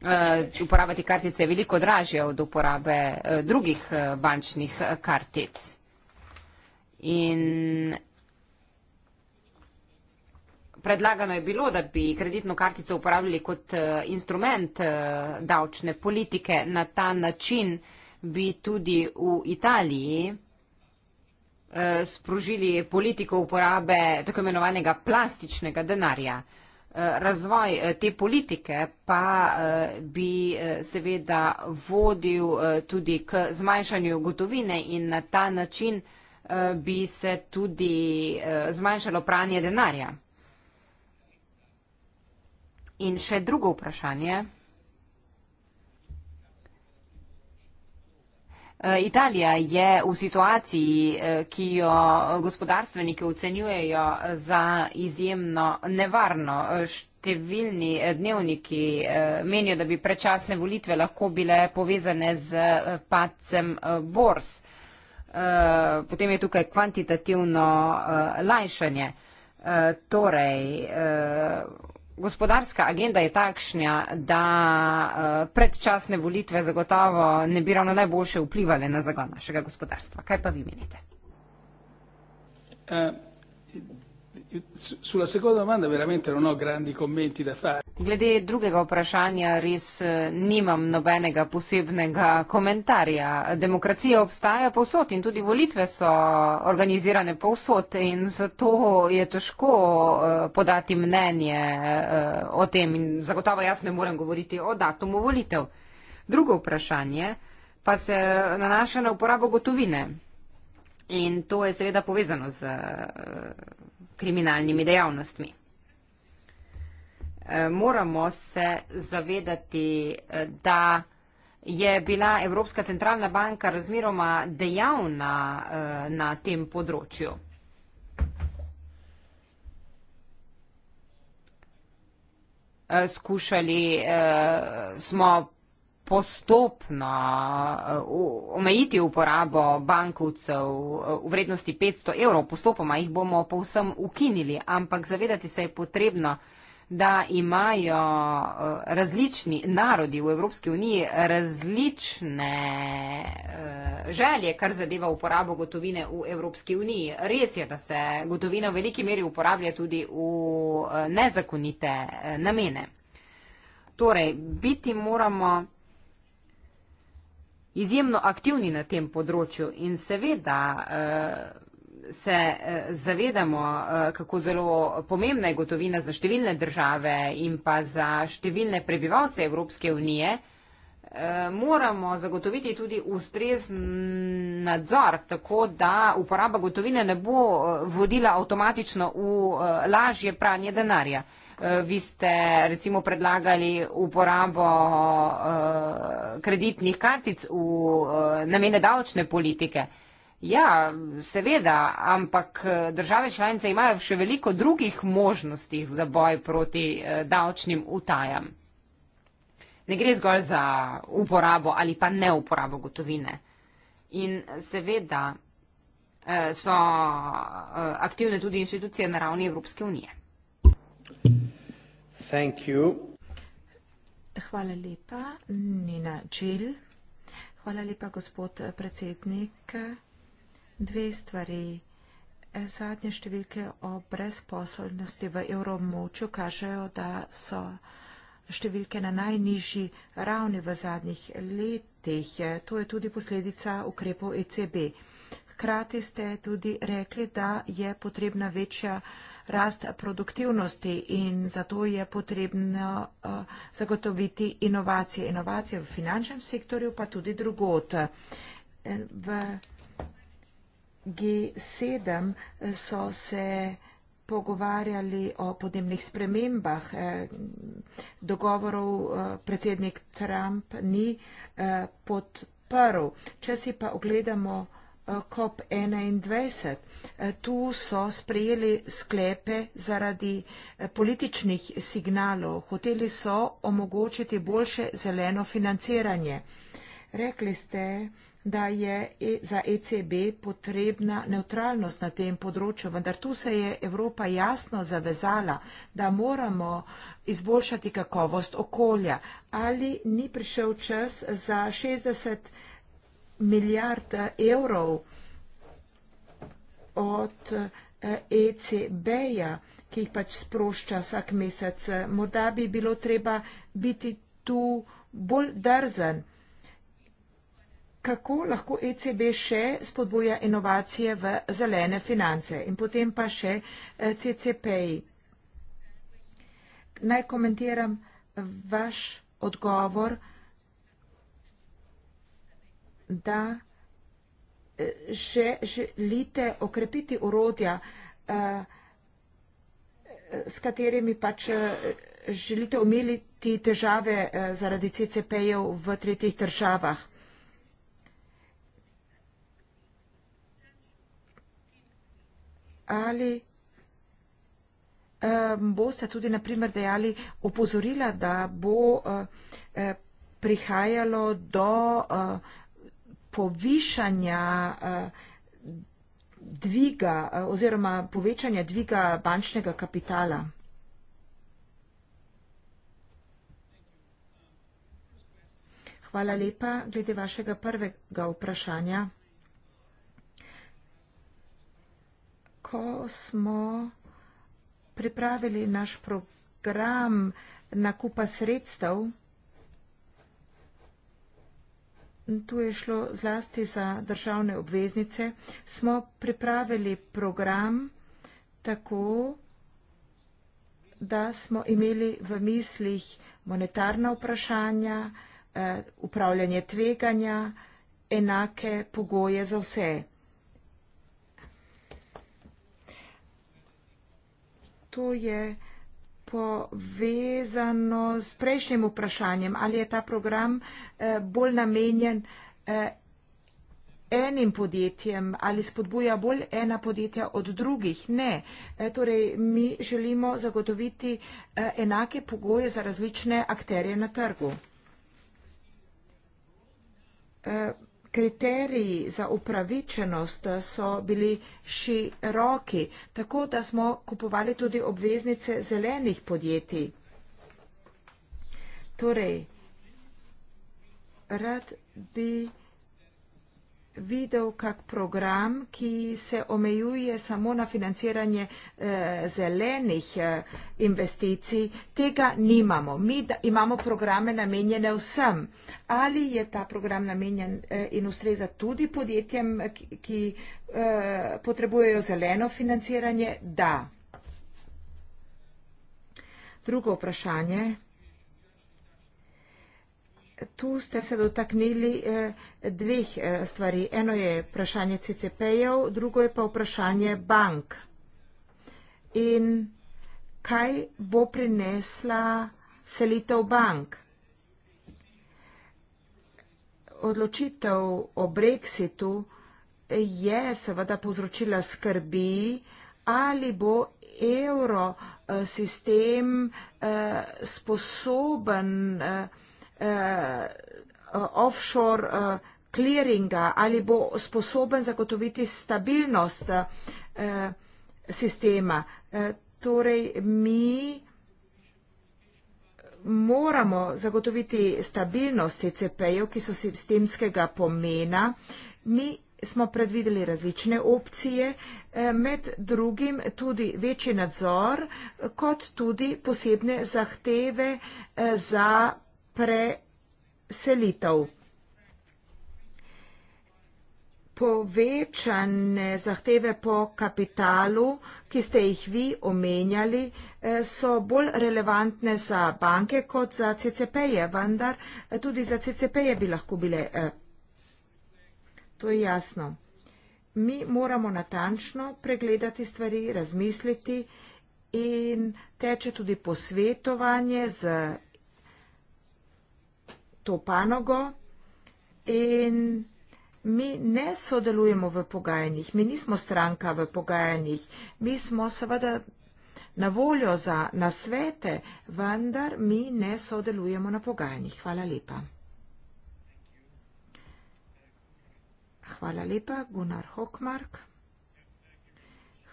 Uh, uporabati kartice je veliko dražje od uporabe uh, drugih uh, bančnih uh, kartic. In predlagano je bilo, da bi kreditno kartico uporabljali kot eh, instrument eh, davčne politike. Na ta način bi tudi v Italiji eh, sprožili politiko uporabe tako imenovanega plastičnega denarja. Razvoj te politike pa bi seveda vodil tudi k zmanjšanju gotovine in na ta način bi se tudi zmanjšalo pranje denarja. In še drugo vprašanje. E, Italija je v situaciji, e, ki jo gospodarstveniki ocenjujejo za izjemno nevarno. Številni dnevniki e, menijo, da bi predčasne volitve lahko bile povezane z padcem bors. Potem je tukaj kvantitativno lajšanje. Torej, gospodarska agenda je takšnja, da eh, predčasne volitve zagotovo ne bi ravno najboljše vplivali na zagon našega gospodarstva. Kaj pa vi menite? Eh, sulla seconda domanda veramente non ho grandi commenti da fare. Glede drugega vprašanja res eh, nimam nobenega posebnega komentarja. Demokracija obstaja povsod in tudi volitve so organizirane povsod in zato je težko eh, podati mnenje eh, o tem in zagotovo jaz ne morem govoriti o datumu volitev. Drugo vprašanje pa se nanaša na uporabo gotovine in to je seveda povezano z kriminalnimi dejavnostmi moramo se zavedati, da je bila Evropska centralna banka razmeroma dejavna eh, na tem področju. Eh, skušali eh, smo postopno omejiti uporabo bankovcev v vrednosti 500 evrov, postopoma jih bomo povsem ukinili, ampak zavedati se je potrebno, da imajo eh, različni narodi v Evropski uniji različne eh, želje, kar zadeva uporabo gotovine v Evropski uniji. Res je, da se gotovina v veliki meri uporablja tudi v eh, nezakonite namene. Torej, biti moramo izjemno aktivni na tem področju in seveda se eh, zavedamo, eh, kako zelo pomembna je gotovina za številne države in pa za številne prebivalce Evropske unije, eh, moramo zagotoviti tudi ustrezn nadzor, tako da uporaba gotovine ne bo vodila avtomatično v lažje pranje denarja. Vi ste recimo predlagali uporabo kreditnih kartic v namene davčne politike. Ja, seveda, ampak eh, države članice imajo še veliko drugih možnosti za boj proti eh, davčnim utajam. Ne gre zgolj za uporabo ali pa ne uporabo gotovine. In seveda eh, so aktivne tudi inštitucije na ravni Evropske unije. Hvala lepa, Nina Čil. Hvala lepa, gospod predsednik dve stvari. E, zadnje številke o brezposobnosti v evromočju kažejo, da so številke na najnižji ravni v zadnjih letih. E, to je tudi posledica ukrepov ECB. Hkrati ste tudi rekli, da je potrebna večja rast produktivnosti in zato je potrebno e, zagotoviti inovacije. Inovacije v finančnem sektorju pa tudi drugot. V G7 eh, so se pogovarjali o podnebnih spremembah. Eh, dogovorov eh, predsednik Trump ni podprl. Če si pa ogledamo COP21, tu so sprejeli sklepe zaradi političnih signalov. Hoteli so omogočiti boljše zeleno financiranje. Rekli ste, da je e, za ECB potrebna neutralnost na tem področju, vendar tu se je Evropa jasno zavezala, da moramo izboljšati kakovost okolja. Ali ni prišel čas za 60 milijard evrov od ECB-ja, eh, e ki jih pač sprošča vsak mesec? Morda bi bilo treba biti tu bolj drzen kako lahko ECB še spodboja inovacije v zelene finance in potem pa še eh, CCP-ji. Naj komentiram vaš odgovor, da še eh, želite okrepiti urodja, eh, s katerimi pač želite omiliti težave zaradi CCP-jev v tretjih državah. ali boste tudi, naprimer, dejali opozorila, da bo eh, eh, prihajalo do eh, povišanja dviga oziroma povečanja dviga bančnega kapitala. Hvala lepa glede vašega prvega vprašanja. ko smo pripravili naš program nakupa sredstev, tu je šlo zlasti za državne obveznice, smo pripravili program tako, da smo imeli v mislih monetarna vprašanja, eh, upravljanje tveganja, enake pogoje za vse. to je povezano s prejšnjim vprašanjem, ali je ta program eh, bolj namenjen eh, enim podjetjem ali spodbuja bolj ena podjetja od drugih. Ne. Eh, torej, mi želimo zagotoviti enake pogoje za različne akterje na trgu kriteriji za upravičenost so bili široki, tako da smo kupovali tudi obveznice zelenih podjetij. Torej, rad bi videl kak program, ki se omejuje samo na financiranje eh, zelenih eh, investicij. Tega nimamo. Mi da, imamo programe namenjene vsem. Ali je ta program namenjen eh, in ustreza tudi podjetjem, ki, ki eh, potrebujejo zeleno financiranje? Da. Drugo vprašanje tu ste se dotaknili eh, dveh eh, stvari. Eno je vprašanje CCP-jev, drugo je pa vprašanje bank. In kaj bo prinesla selitev bank? Odločitev o Brexitu je seveda povzročila skrbi, ali bo evrosistem eh, eh, sposoben eh, uh, offshore uh, clearinga, ali bo sposoben zagotoviti stabilnost uh, sistema. Uh, torej, mi moramo zagotoviti stabilnost CCP-jev, ki so sistemskega pomena. Mi smo predvideli različne opcije, med drugim tudi večji nadzor, kot tudi posebne zahteve za preselitev. Povečane zahteve po kapitalu, ki ste jih vi omenjali, eh, so bolj relevantne za banke kot za CCP-je, vendar eh, tudi za CCP-je bi lahko bile. Eh, to je jasno. Mi moramo natančno pregledati stvari, razmisliti in teče tudi posvetovanje z to panogo in mi ne sodelujemo v pogajanjih, mi nismo stranka v pogajanjih, mi smo seveda na voljo za nasvete, vendar mi ne sodelujemo na pogajanjih. Hvala lepa. Hvala lepa, Gunnar Hokmark.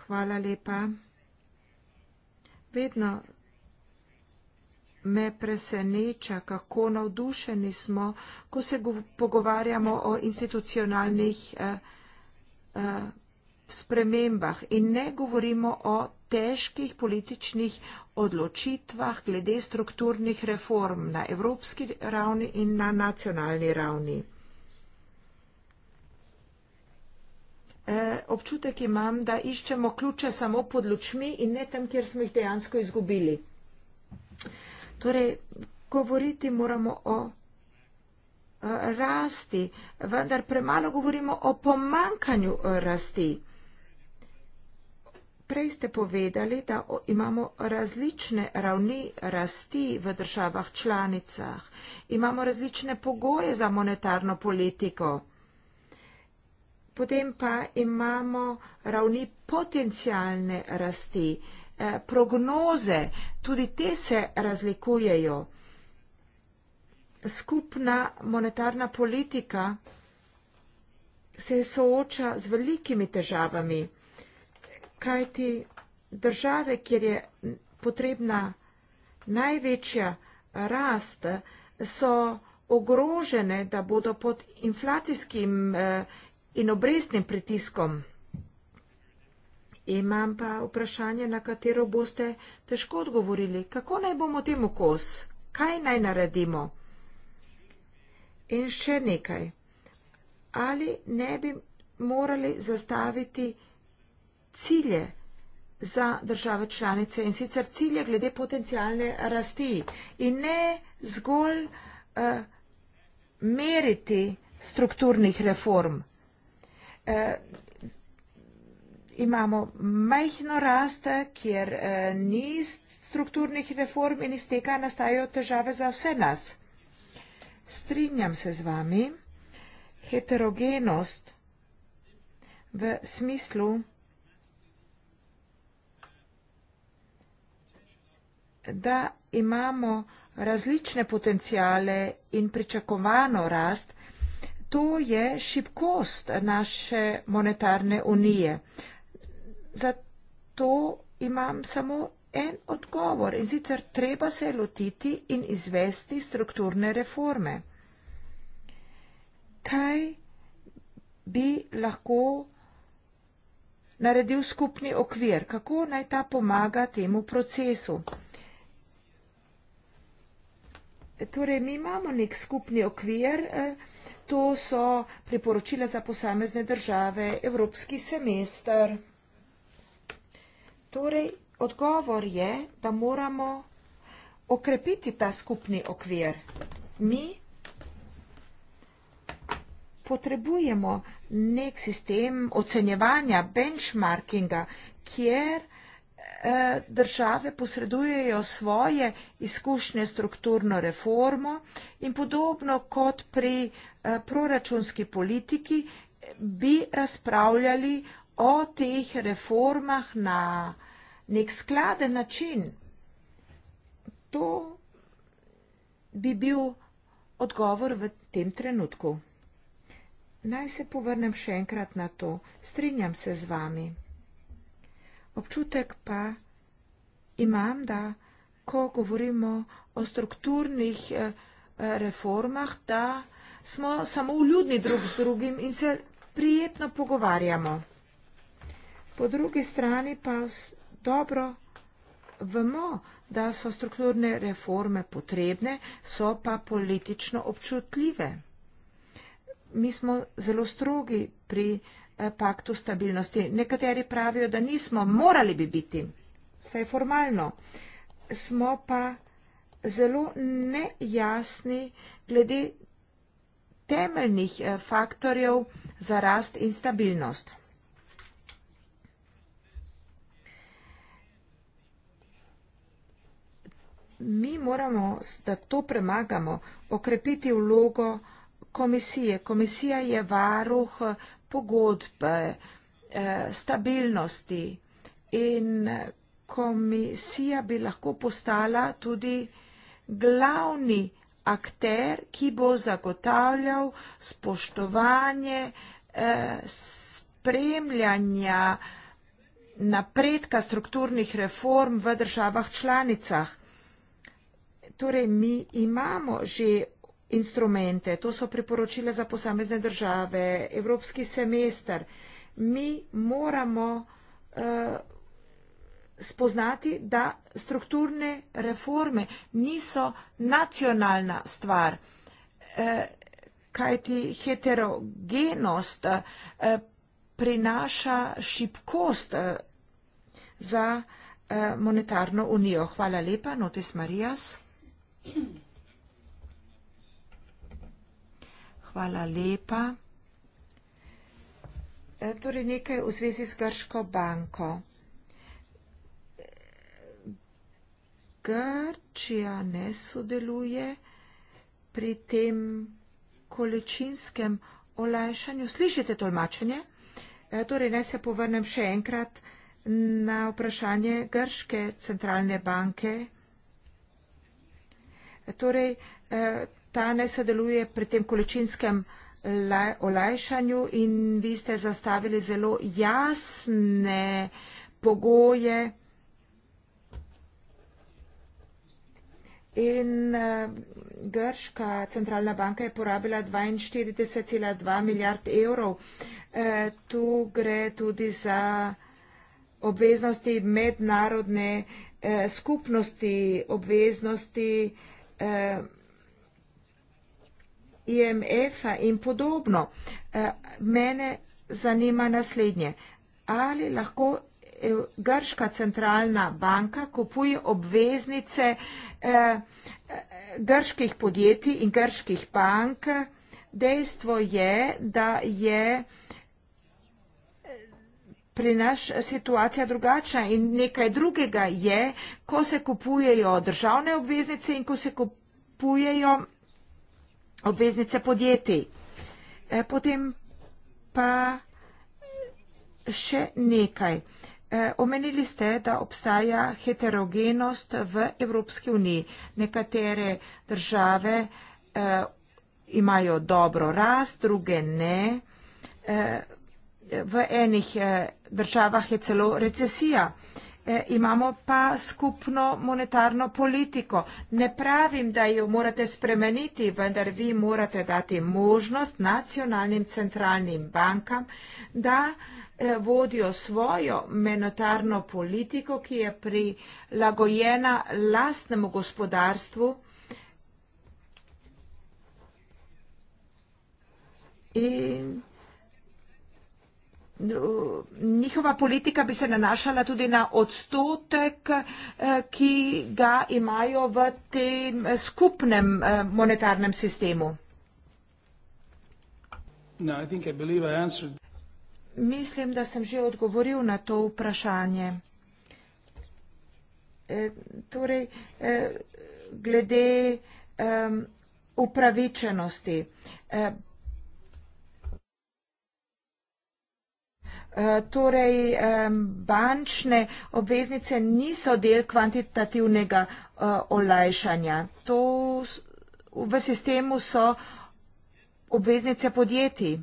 Hvala lepa. Vedno me preseneča, kako navdušeni smo, ko se pogovarjamo o institucionalnih eh, eh, spremembah in ne govorimo o težkih političnih odločitvah glede strukturnih reform na evropski ravni in na nacionalni ravni. Eh, občutek imam, da iščemo ključe samo pod lučmi in ne tam, kjer smo jih dejansko izgubili. Torej, govoriti moramo o eh, rasti, vendar premalo govorimo o pomankanju eh, rasti. Prej ste povedali, da imamo različne ravni rasti v državah članicah, imamo različne pogoje za monetarno politiko, potem pa imamo ravni potencijalne rasti. Uh, Eh, prognoze, tudi te se razlikujejo. Skupna monetarna politika se sooča z velikimi težavami, kajti države, kjer je potrebna največja rast, so ogrožene, da bodo pod inflacijskim eh, in obrestnim pritiskom. Imam pa vprašanje, na katero boste težko odgovorili. Kako naj bomo temu kos? Kaj naj naredimo? In še nekaj. Ali ne bi morali zastaviti cilje za države članice in sicer cilje glede potencijalne rasti in ne zgolj uh, meriti strukturnih reform? Uh, imamo majhno rast, kjer eh, ni strukturnih reform in iz tega nastajajo težave za vse nas. Strinjam se z vami, heterogenost v smislu, da imamo različne potencijale in pričakovano rast, to je šibkost naše monetarne unije zato imam samo en odgovor in sicer treba se lotiti in izvesti strukturne reforme. Kaj bi lahko naredil skupni okvir, kako naj ta pomaga temu procesu? Torej, mi imamo nek skupni okvir, eh, to so priporočila za posamezne države, evropski semester. Torej, odgovor je, da moramo okrepiti ta skupni okvir. Mi potrebujemo nek sistem ocenjevanja, benchmarkinga, kjer eh, države posredujejo svoje izkušnje strukturno reformo in podobno kot pri eh, proračunski politiki bi razpravljali o teh reformah na nek skladen način. To bi bil odgovor v tem trenutku. Naj se povrnem še enkrat na to. Strinjam se z vami. Občutek pa imam, da ko govorimo o strukturnih eh, eh, reformah, da smo samo vljudni drug z drugim in se prijetno pogovarjamo. Po drugi strani pa dobro vemo, da so strukturne reforme potrebne, so pa politično občutljive. Mi smo zelo strogi pri eh, paktu stabilnosti. Nekateri pravijo, da nismo, morali bi biti, saj formalno. Smo pa zelo nejasni glede temeljnih eh, faktorjev za rast in stabilnost. mi moramo, da to premagamo, okrepiti vlogo komisije. Komisija je varuh pogodbe, eh, stabilnosti in komisija bi lahko postala tudi glavni akter, ki bo zagotavljal spoštovanje eh, spremljanja napredka strukturnih reform v državah članicah torej mi imamo že instrumente, to so priporočila za posamezne države, evropski semester. Mi moramo uh, spoznati, da strukturne reforme niso nacionalna stvar, uh, kajti heterogenost uh, prinaša šibkost uh, za uh, monetarno unijo. Hvala lepa, Notis Marijas. Hvala lepa. E, torej nekaj v zvezi s Grško banko. Grčija ne sodeluje pri tem količinskem olajšanju. Slišite tolmačenje? E, torej naj se povrnem še enkrat na vprašanje Grške centralne banke torej eh, ta ne sodeluje pri tem količinskem olajšanju in vi ste zastavili zelo jasne pogoje. In uh, Grška centralna banka je porabila 42,2 milijard evrov. Uh, tu gre tudi za obveznosti mednarodne uh, skupnosti, obveznosti uh, eh, IMF-a in podobno, eh, mene zanima naslednje. Ali lahko eh, Grška centralna banka kupuje obveznice eh, grških podjetij in grških bank? Dejstvo je, da je eh, pri nas situacija drugačna in nekaj drugega je, ko se kupujejo državne obveznice in ko se kupujejo obveznice podjetij. E, potem pa še nekaj. E, omenili ste, da obstaja heterogenost v Evropski uniji. Nekatere države e, imajo dobro rast, druge ne. V enih državah je celo recesija. E, imamo pa skupno monetarno politiko. Ne pravim, da jo morate spremeniti, vendar vi morate dati možnost nacionalnim centralnim bankam, da e, vodijo svojo monetarno politiko, ki je prilagojena lastnemu gospodarstvu. In njihova politika bi se nanašala tudi na odstotek, eh, ki ga imajo v tem skupnem eh, monetarnem sistemu. No, I think, I I Mislim, da sem že odgovoril na to vprašanje. E, torej, e, glede e, upravičenosti. E, Eh, torej bančne obveznice niso del kvantitativnega eh, olajšanja. To v sistemu so obveznice podjetij.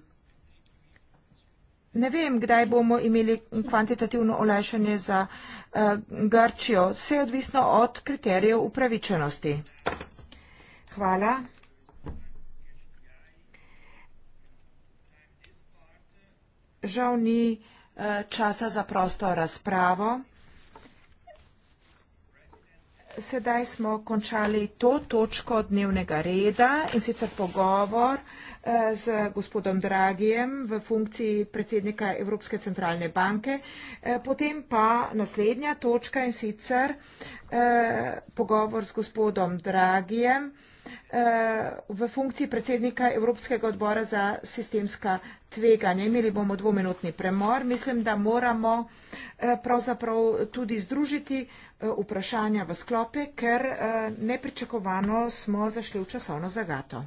Ne vem, kdaj bomo imeli kvantitativno olajšanje za eh, Grčijo. Vse je odvisno od kriterijev upravičenosti. Hvala. žal ni eh, časa za prosto razpravo. Sedaj smo končali to točko dnevnega reda in sicer pogovor eh, z gospodom Dragijem v funkciji predsednika Evropske centralne banke. Eh, potem pa naslednja točka in sicer pogovor z gospodom Dragijem v funkciji predsednika Evropskega odbora za sistemska tveganja. Imeli bomo dvominutni premor. Mislim, da moramo eh, pravzaprav tudi združiti eh, vprašanja v sklope, ker eh, nepričakovano smo zašli v časovno zagato.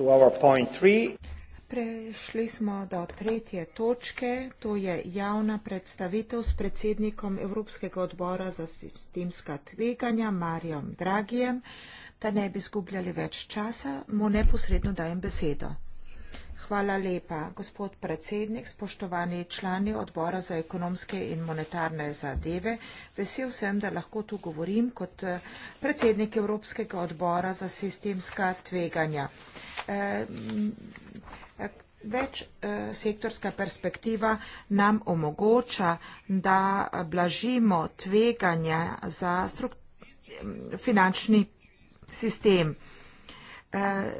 to our point three. Prešli smo do tretje točke, to je javna predstavitev s predsednikom Evropskega odbora za sistemska tveganja Marijom Dragijem, da ne bi zgubljali več časa, mu neposredno dajem besedo. Hvala lepa, gospod predsednik, spoštovani člani odbora za ekonomske in monetarne zadeve. Vesel sem, da lahko tu govorim kot eh, predsednik Evropskega odbora za sistemska tveganja. Ehm, več eh, sektorska perspektiva nam omogoča, da blažimo tveganja za finančni sistem. Ehm,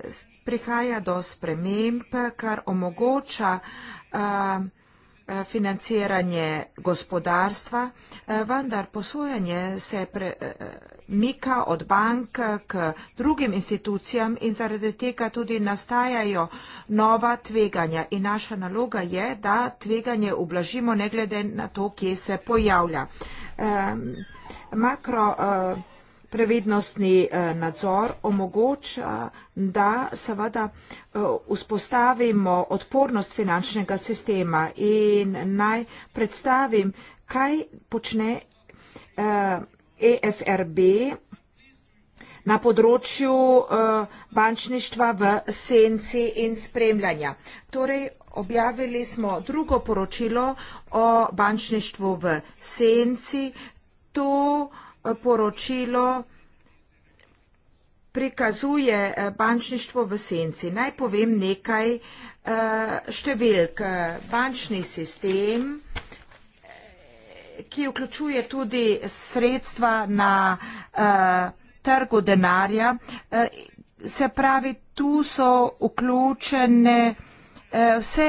prihaja do sprememb, kar omogoča ehm, Eh, financiranje gospodarstva, eh, vendar posojanje se premika eh, od bank k drugim institucijam in zaradi tega tudi nastajajo nova tveganja. In naša naloga je, da tveganje ublažimo, ne glede na to, kje se pojavlja. Makro prevednostni eh, nadzor omogoča, da seveda eh, vzpostavimo odpornost finančnega sistema in naj predstavim, kaj počne ESRB eh, e na področju bančništva v senci in spremljanja. Torej, objavili smo drugo poročilo o bančništvu v senci. To je poročilo prikazuje eh, bančništvo v senci. Naj povem nekaj eh, številk. Bančni sistem, ki vključuje tudi sredstva na eh, trgu denarja, se pravi, tu so vključene vse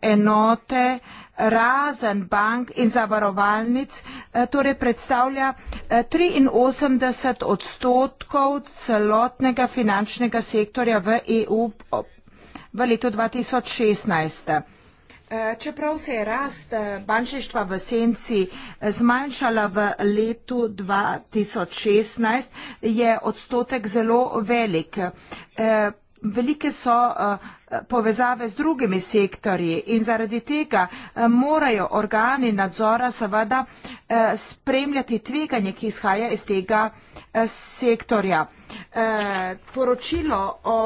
enote, ki so vključene, razen bank in zavarovalnic eh, torej predstavlja 83 eh, odstotkov celotnega finančnega sektorja v EU v letu 2016. Eh, čeprav se je rast bančništva v senci zmanjšala v letu 2016, je odstotek zelo velik. Velike so eh, povezave z drugimi sektorji in zaradi tega eh, morajo organi nadzora seveda eh, spremljati tveganje, ki izhaja iz tega sektorja. Poročilo o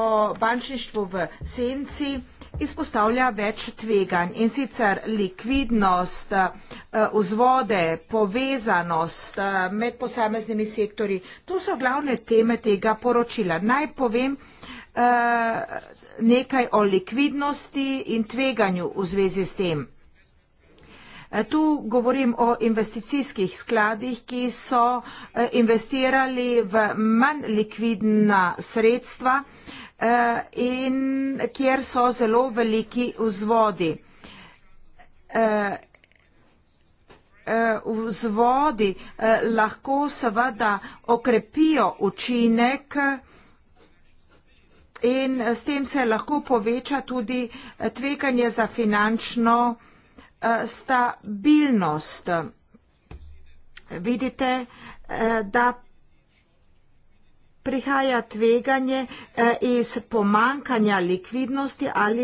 bančništvu v senci izpostavlja več tveganj in sicer likvidnost, vzvode, povezanost med posameznimi sektori. To so glavne teme tega poročila. Naj povem, Eh, nekaj o likvidnosti in tveganju v zvezi s tem. Eh, tu govorim o investicijskih skladih, ki so eh, investirali v manj likvidna sredstva in kjer so zelo veliki vzvodi. Vzvodi lahko seveda okrepijo učinek in eh, s tem se lahko poveča tudi eh, tvekanje za finančno eh, stabilnost. Vidite, da prihaja tveganje iz pomankanja likvidnosti ali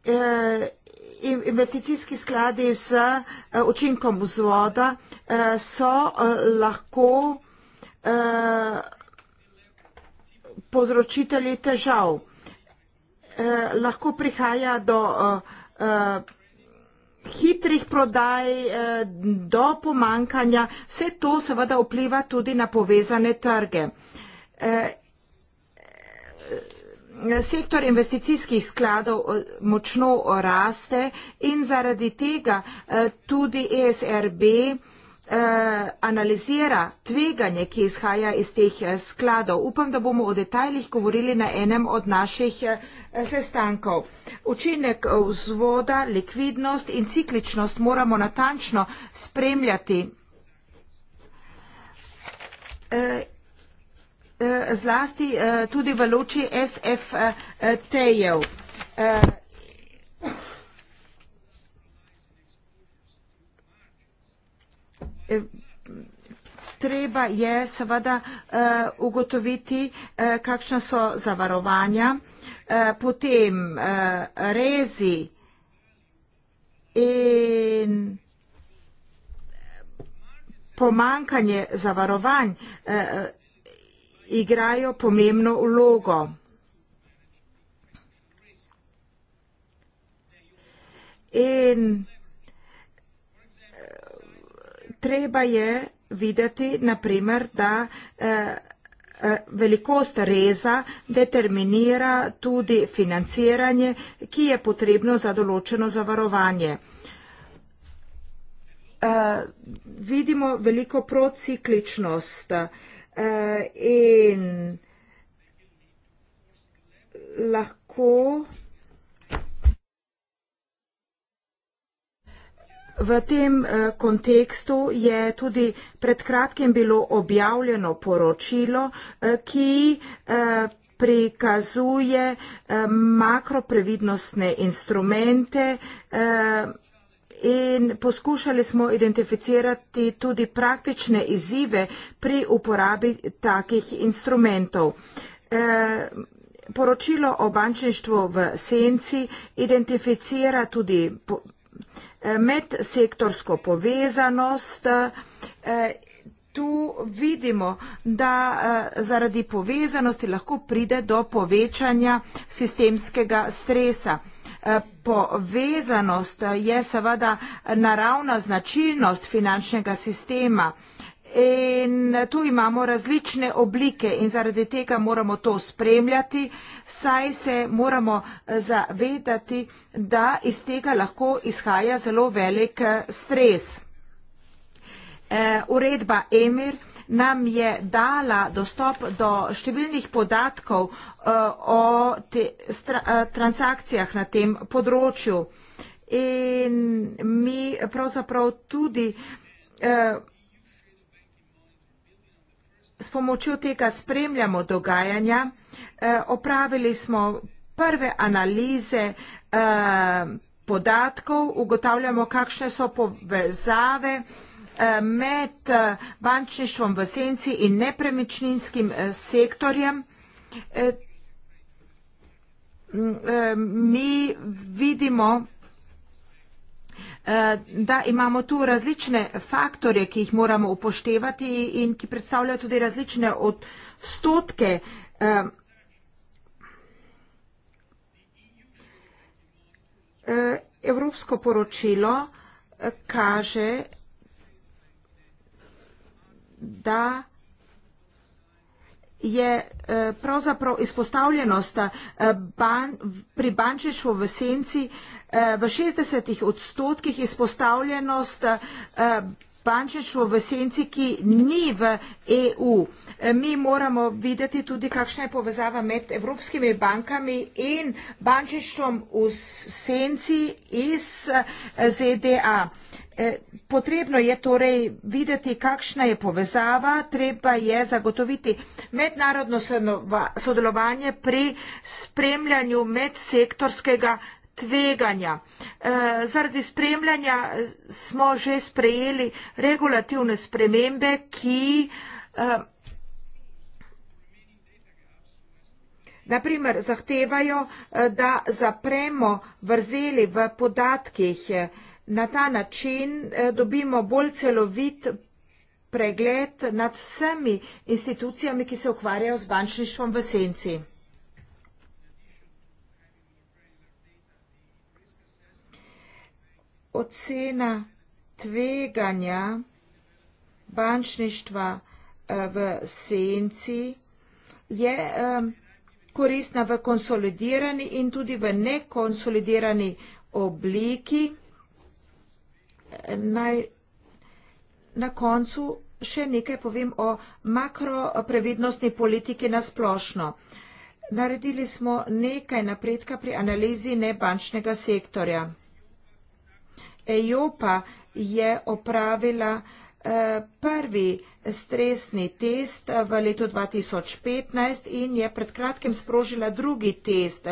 izgleda investicijski skladi z eh, učinkom vzvoda eh, so eh, lahko povzročitelji težav. Lahko prihaja do hitrih prodaj, do pomankanja. Vse to seveda vpliva tudi na povezane trge sektor investicijskih skladov eh, močno raste in zaradi tega eh, tudi ESRB eh, analizira tveganje, ki izhaja iz teh skladov. Upam, da bomo o detaljih govorili na enem od naših sestankov. Učinek vzvoda, likvidnost in cikličnost moramo natančno spremljati. Eh, zlasti eh, tudi v loči SFT-jev. Eh, treba je seveda ugotoviti, kakšna so zavarovanja, potem rezi in pomankanje zavarovanj igrajo pomembno vlogo. In eh, treba je videti, naprimer, da eh, eh, velikost reza determinira tudi financiranje, ki je potrebno za določeno zavarovanje. Vidimo veliko procikličnost. Eh, in lahko v tem eh, kontekstu je tudi pred kratkim bilo objavljeno poročilo, eh, ki prikazuje makroprevidnostne instrumente, in poskušali smo identificirati tudi praktične izzive pri uporabi takih instrumentov. E, poročilo o bančništvu v senci identificira tudi eh, medsektorsko povezanost. E, tu vidimo, da zaradi povezanosti lahko pride do povečanja sistemskega stresa. Eh, povezanost eh, je seveda naravna značilnost finančnega sistema. In eh, tu imamo različne oblike in zaradi tega moramo to spremljati, saj se moramo zavedati, da iz tega lahko izhaja zelo velik stres. Uredba EMIR nam je dala dostop do številnih podatkov eh, o te, stra, eh, transakcijah na tem področju. In mi pravzaprav tudi eh, s pomočjo tega spremljamo dogajanja. Opravili smo prve analize podatkov, ugotavljamo, kakšne so povezave Eh, med eh, bančništvom v senci in nepremičninskim eh, sektorjem. Mi vidimo, da imamo tu različne faktorje, ki jih moramo upoštevati in ki predstavljajo tudi različne odstotke. Evropsko poročilo kaže, da je eh, pravzaprav izpostavljenost eh, ban, pri bančništvu v senci eh, v 60 odstotkih izpostavljenost bančništvu v senci, ki ni v EU. Mi moramo videti tudi, kakšna je povezava med evropskimi bankami in bančništvom v senci iz ZDA. Eh, potrebno je torej videti, kakšna je povezava, treba je zagotoviti mednarodno sodelovanje pri spremljanju medsektorskega tveganja. Eh, zaradi spremljanja smo že sprejeli regulativne spremembe, ki eh, naprimer zahtevajo, da zapremo vrzeli v podatkih. Na ta način eh, dobimo bolj celovit pregled nad vsemi institucijami, ki se ukvarjajo z bančništvom v senci. Ocena tveganja bančništva eh, v senci je eh, koristna v konsolidirani in tudi v nekonsolidirani obliki naj na koncu še nekaj povem o makroprevednostni politiki na splošno. Naredili smo nekaj napredka pri analizi nebančnega sektorja. EIOPA je opravila eh, prvi stresni test eh, v letu 2015 in je pred kratkim sprožila drugi test.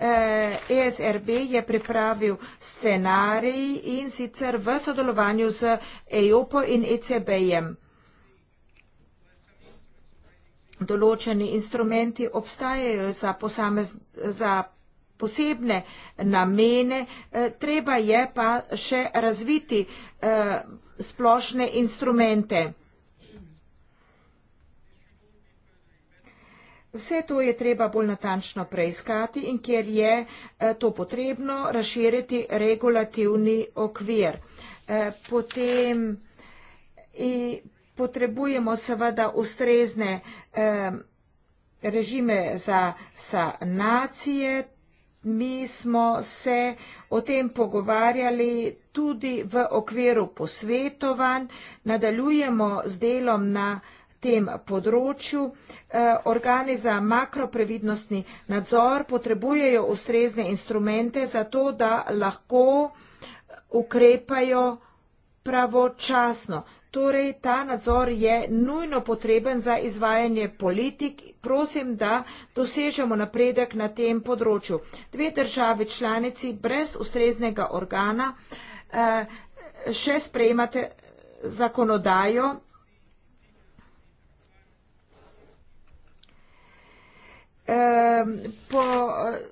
ESRB eh, e je pripravil scenarij in sicer v sodelovanju z EIOPO in ECB-jem. Določeni instrumenti obstajajo za, posamez, za posebne namene, eh, treba je pa še razviti eh, splošne instrumente. Vse to je treba bolj natančno preiskati in kjer je eh, to potrebno, razširiti regulativni okvir. Eh, potem potrebujemo seveda ustrezne eh, režime za sanacije. Mi smo se o tem pogovarjali tudi v okviru posvetovanj. Nadaljujemo z delom na tem področju. Eh, organi za makroprevidnostni nadzor potrebujejo ustrezne instrumente za to, da lahko ukrepajo pravočasno. Torej, ta nadzor je nujno potreben za izvajanje politik. Prosim, da dosežemo napredek na tem področju. Dve države članici brez ustreznega organa eh, še sprejmate zakonodajo Ehm, po,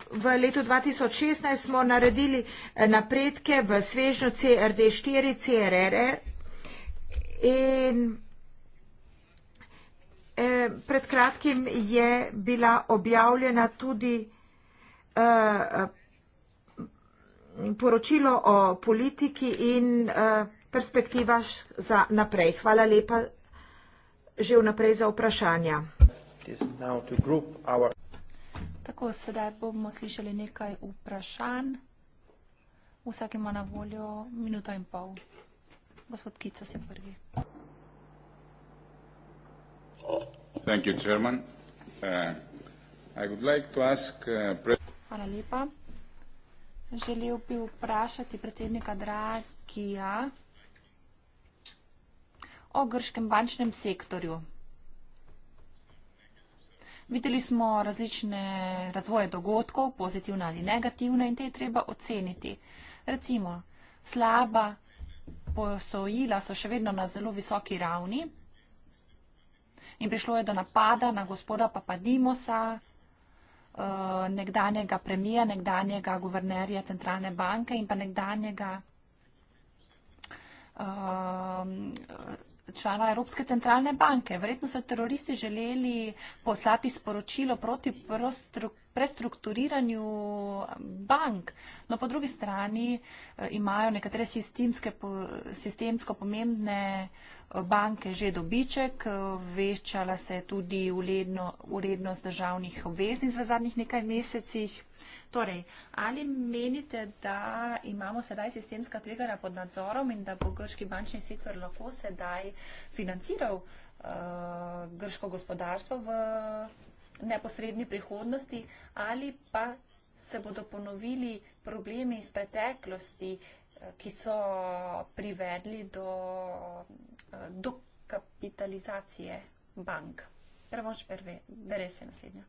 v letu 2016 smo naredili eh, napredke v svežnju CRD4, CRRR in eh, pred kratkim je bila objavljena tudi eh, poročilo o politiki in perspektiva za naprej. Hvala lepa že vnaprej za vprašanja. It is now to group our Tako, sedaj bomo slišali nekaj vprašanj. Vsak ima na voljo minuto in pol. Gospod Kica se prvi. Thank you, chairman. Uh, I would like to ask, uh, Hvala lepa. Želel bi vprašati predsednika Dragija o grškem bančnem sektorju. Videli smo različne razvoje dogodkov, pozitivne ali negativne, in te je treba oceniti. Recimo, slaba posojila so še vedno na zelo visoki ravni in prišlo je do napada na gospoda Papadimosa, eh, nekdanjega premija, nekdanjega guvernerja centralne banke in pa nekdanjega. Eh, člana Evropske centralne banke. Verjetno so teroristi želeli poslati sporočilo proti prostru prestrukturiranju eh, bank. No, po drugi strani eh, imajo nekatere sistemske, sistemsko pomembne eh, banke že dobiček, večala se je tudi uredno, urednost državnih obveznic v zadnjih nekaj mesecih. Torej, ali menite, da imamo sedaj sistemska tveganja pod nadzorom in da bo grški bančni sektor lahko sedaj financiral uh, grško gospodarstvo v neposredni prihodnosti ali pa se bodo ponovili problemi iz preteklosti, eh, ki so privedli do, eh, do kapitalizacije bank. Prvoč prve, bere se naslednja.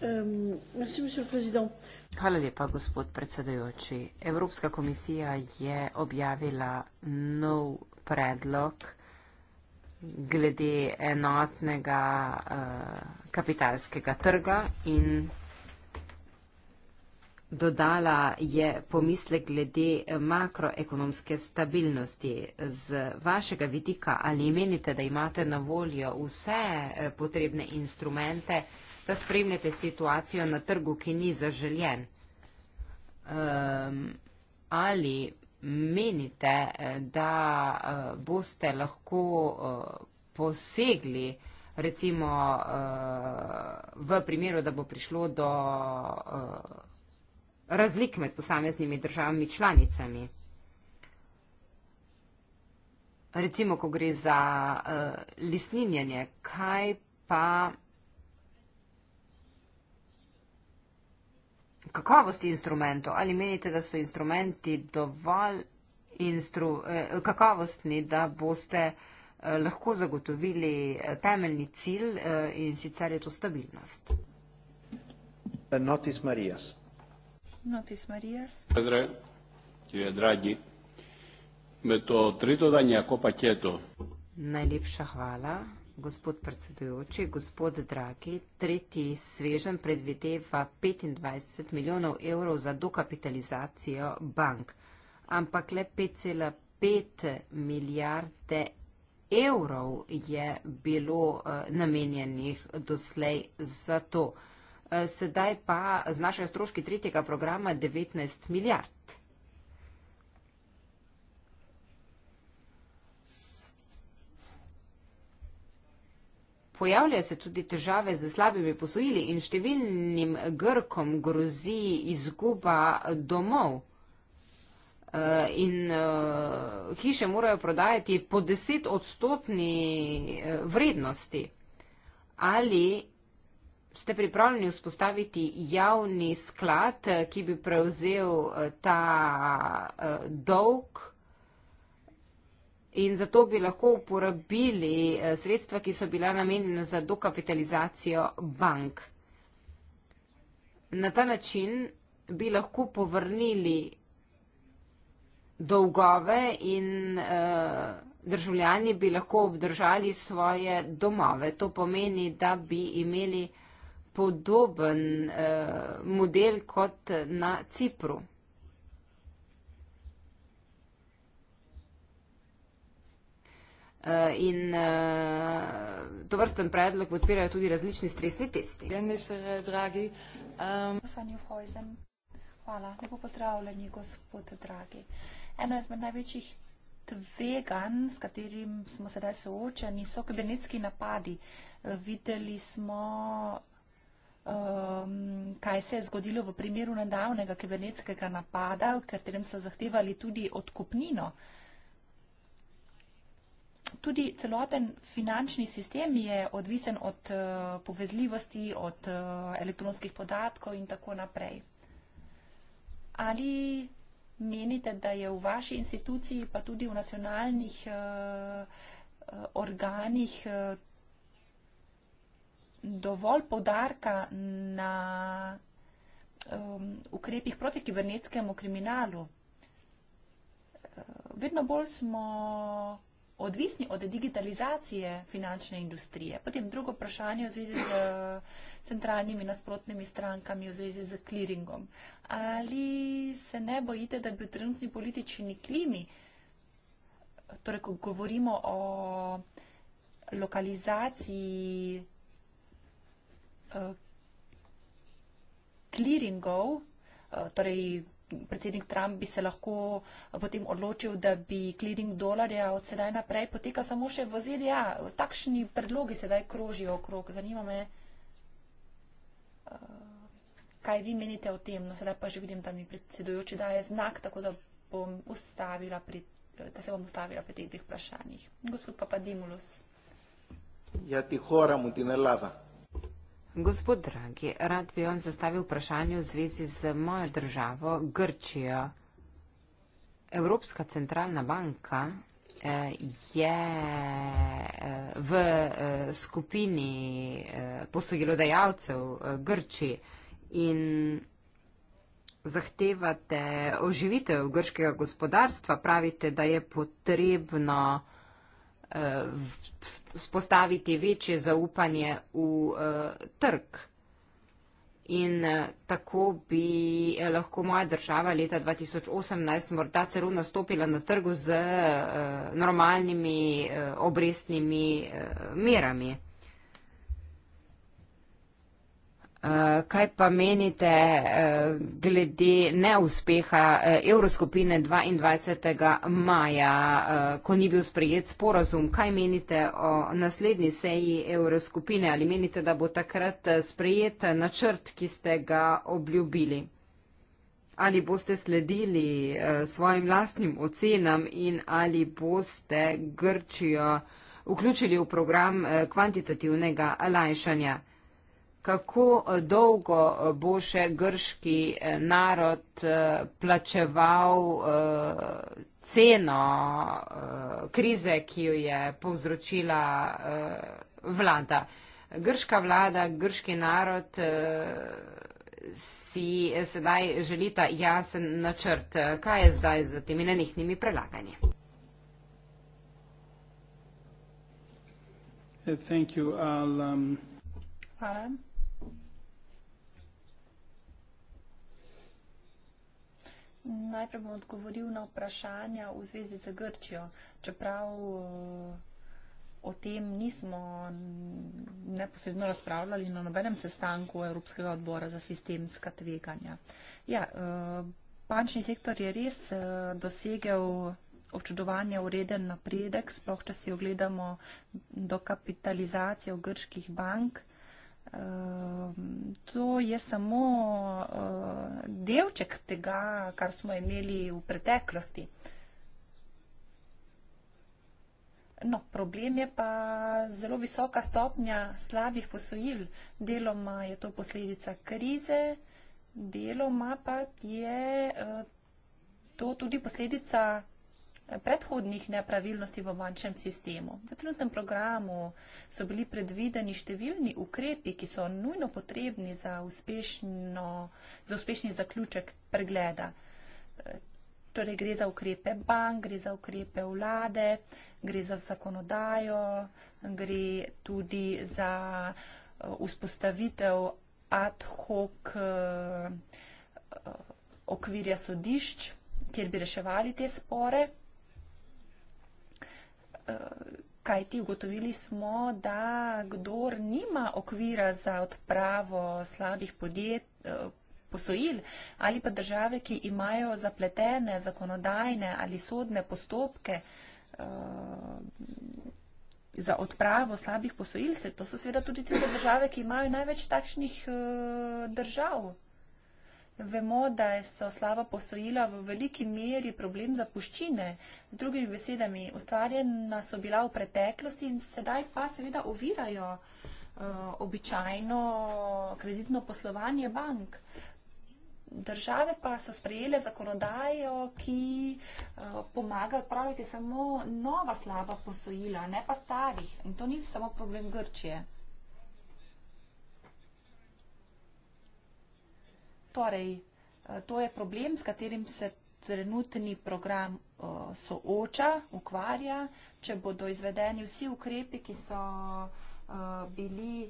Um, Hvala lepa, gospod predsedajoči. Evropska komisija je objavila nov predlog glede enotnega uh, kapitalskega trga in dodala je pomislek glede makroekonomske stabilnosti. Z vašega vidika ali menite, da imate na voljo vse eh, potrebne instrumente, da spremljate situacijo na trgu, ki ni zaželjen? Um, ali menite, da eh, boste lahko eh, posegli, recimo eh, v primeru, da bo prišlo do razlik med posameznimi državami članicami? Recimo, ko gre za uh, lisninjanje, kaj pa kakovosti instrumentov. Ali menite, da so instrumenti dovolj instru, eh, kakovostni, da boste eh, lahko zagotovili eh, temeljni cilj eh, in sicer je to stabilnost? Eh, Notis Marijas. Notis Marijas. Pedre, ki je dragi, me to tri dodanje, ko pa je to. Najlepša hvala gospod predsedujoči, gospod Dragi, tretji svežen predvideva 25 milijonov evrov za dokapitalizacijo bank, ampak le 5,5 milijarde evrov je bilo eh, namenjenih doslej za to. Eh, sedaj pa znašajo stroški tretjega programa 19 milijard. Pojavljajo se tudi težave z slabimi posojili in številnim Grkom grozi izguba domov. Eh, in eh, hiše morajo prodajati po deset odstotni eh, vrednosti. Ali ste pripravljeni vzpostaviti javni sklad, ki bi prevzel ta dolg? in zato bi lahko uporabili eh, sredstva, ki so bila namenjena za dokapitalizacijo bank. Na ta način bi lahko povrnili dolgove in eh, državljani bi lahko obdržali svoje domove. To pomeni, da bi imeli podoben eh, model kot na Cipru. Eh, in uh, eh, to vrsten predlog podpirajo tudi različni stresni testi. Ja, eh, ehm, Hvala, lepo pozdravljeni, gospod Dragi. Eno izmed največjih tvegan, s katerim smo sedaj soočeni, so kibernetski napadi. Videli smo, um, kaj se je zgodilo v primeru nedavnega kibernetskega napada, v katerem so zahtevali tudi odkupnino uh, tudi celoten finančni sistem je odvisen od eh, povezljivosti, od eh, elektronskih podatkov in tako naprej. Ali menite, da je v vaši instituciji, pa tudi v nacionalnih eh, organih dovolj podarka na ukrepih proti kibernetskemu kriminalu? Vedno bolj smo odvisni od digitalizacije finančne industrije. Potem drugo vprašanje v zvezi z eh, centralnimi nasprotnimi strankami, v zvezi z kliringom. Ali se ne bojite, da bi v trenutni politični klimi, torej ko govorimo o lokalizaciji kliringov, eh, eh, torej predsednik Trump bi se lahko eh, potem odločil, da bi clearing dolarja od sedaj naprej poteka samo še v ZDA. Takšni predlogi sedaj krožijo okrog. Zanima me, eh, kaj vi menite o tem. No, sedaj pa že vidim, da mi predsedujoči daje znak, tako da, bom pri, da se bom ustavila pri teh dveh vprašanjih. Gospod Papadimulus. Ja, ti horam, ti ne lava. Gospod Dragi, rad bi vam zastavil vprašanje v zvezi z mojo državo, Grčijo. Evropska centralna banka eh, je eh, v eh, skupini posojilodajalcev Grčiji in zahtevate oživitev grškega gospodarstva, pravite, da je potrebno spostaviti eh, večje zaupanje v eh, trg. In eh, tako bi lahko moja država leta 2018 morda celo nastopila na trgu z normalnimi obrestnimi merami. Eh, kaj pa menite eh, glede neuspeha eh, Evroskupine 22. maja, ko ni bil sprejet sporazum? Kaj menite o naslednji seji Evroskupine? Ali menite, da bo takrat sprejet načrt, ki ste ga obljubili? Ali boste sledili svojim lastnim ocenam in ali boste Grčijo vključili v program kvantitativnega lajšanja? kako eh, dolgo eh, bo še grški eh, narod plačeval ceno krize, ki jo je povzročila vlada. Grška vlada, grški narod si sedaj želita jasen načrt. Kaj je zdaj z temi nenehnimi prelaganji? Um, Hvala. Najprej bom odgovoril na vprašanja v zvezi z Grčijo. Čeprav eh, o tem nismo neposredno razpravljali na nobenem sestanku Evropskega odbora za sistemska tveganja. Ja, eh, bančni sektor je res eh, dosegel občudovanja ureden napredek, sploh če si ogledamo dokapitalizacijo grških bank – Ehm, to je samo eh, delček tega, kar smo imeli v preteklosti. No, problem je pa zelo visoka stopnja slabih posojil. Deloma je to posledica krize, deloma pa je eh, to tudi posledica predhodnih nepravilnosti v bančnem sistemu. V trenutnem programu so bili predvideni številni ukrepi, ki so nujno potrebni za, uspešno, za uspešni zaključek pregleda. Torej gre za ukrepe bank, gre za ukrepe vlade, gre za zakonodajo, gre tudi za uh, vzpostavitev ad hoc uh, okvirja sodišč, kjer bi reševali te spore kajti ugotovili smo, da kdor nima okvira za odpravo slabih podjet, eh, posojil ali pa države, ki imajo zapletene zakonodajne ali sodne postopke eh, za odpravo slabih posojil, se to so seveda tudi tiste države, ki imajo največ takšnih eh, držav. Vemo, da so slaba posojila v veliki meri problem zapuščine. Z drugimi besedami, ustvarjena so bila v preteklosti in sedaj pa seveda ovirajo eh, običajno kreditno poslovanje bank. Države pa so sprejele zakonodajo, ki eh, pomaga odpraviti samo nova slaba posojila, ne pa starih. In to ni samo problem Grčije. Torej, eh, to je problem, s katerim se trenutni program eh, sooča, ukvarja. Če bodo izvedeni vsi ukrepi, ki so eh, bili.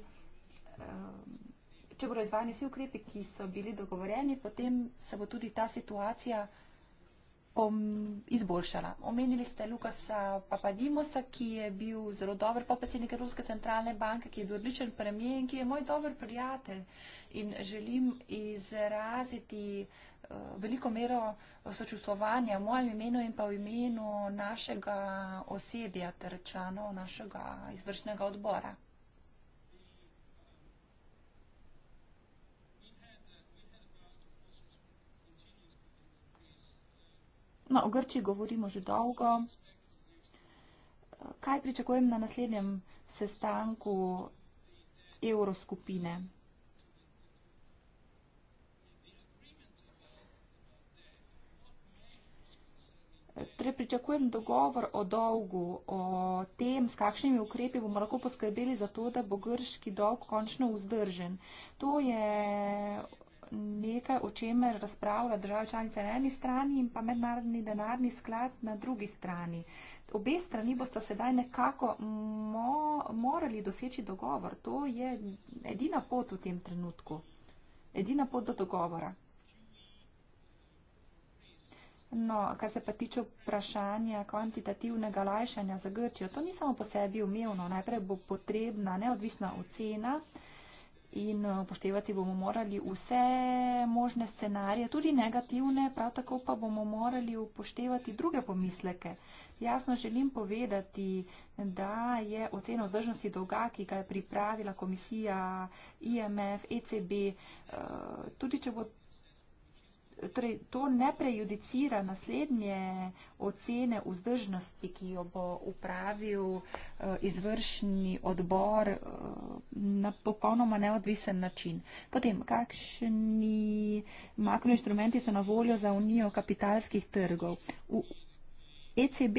Če bodo izvajani vsi ukrepi, ki so bili dogovoreni, potem se bo tudi ta situacija izboljšala. Omenili ste Lukasa Papadimosa, ki je bil zelo dober podpredsednik Evropske centralne banke, ki je bil odličen premijer in ki je moj dober prijatelj. In želim izraziti eh, veliko mero sočustvovanja v mojem imenu in pa v imenu našega osebja, ter članov našega izvršnega odbora. No, o Grčiji govorimo že dolgo. Kaj pričakujem na naslednjem sestanku evroskupine? Torej pričakujem dogovor o dolgu, o tem, s kakšnimi ukrepi bomo lahko poskrbeli za to, da bo grški dolg končno vzdržen. To je nekaj, o čemer razpravlja država članica na eni strani in pa mednarodni denarni sklad na drugi strani. Obe strani boste sedaj nekako mo morali doseči dogovor. To je edina pot v tem trenutku. Edina pot do dogovora. No, kar se pa tiče vprašanja kvantitativnega lajšanja za Grčijo, to ni samo po sebi umevno. Najprej bo potrebna neodvisna ocena in eh, upoštevati bomo morali vse možne scenarije, tudi negativne, prav tako pa bomo morali upoštevati druge pomisleke. Jasno želim povedati, da je ocena vzdržnosti dolga, ki ga je pripravila komisija IMF, ECB, eh, tudi če bo torej to ne prejudicira naslednje ocene vzdržnosti, ki jo bo upravil eh, izvršni odbor eh, na popolnoma neodvisen način. Potem, kakšni makroinstrumenti so na voljo za unijo kapitalskih trgov? V ECB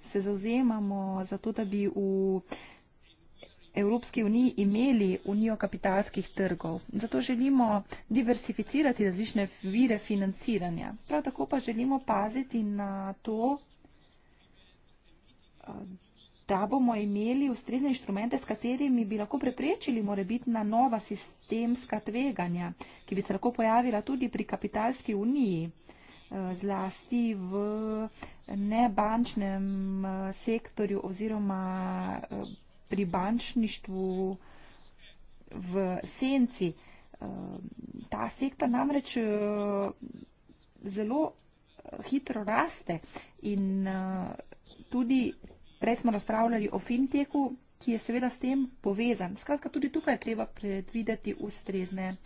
se zauzemamo za to, da bi v Evropski uniji imeli unijo kapitalskih trgov. Zato želimo diversificirati različne vire financiranja. Prav tako pa želimo paziti na to, da bomo imeli ustrezne inštrumente, s katerimi bi lahko preprečili morebitna nova sistemska tveganja, ki bi se lahko pojavila tudi pri kapitalski uniji, zlasti v nebančnem sektorju oziroma pri bančništvu v senci. Eh, ta sektor namreč eh, zelo eh, hitro raste in tudi prej smo razpravljali o fintechu, ki je seveda s tem povezan. Skratka, tudi tukaj je treba predvideti ustrezne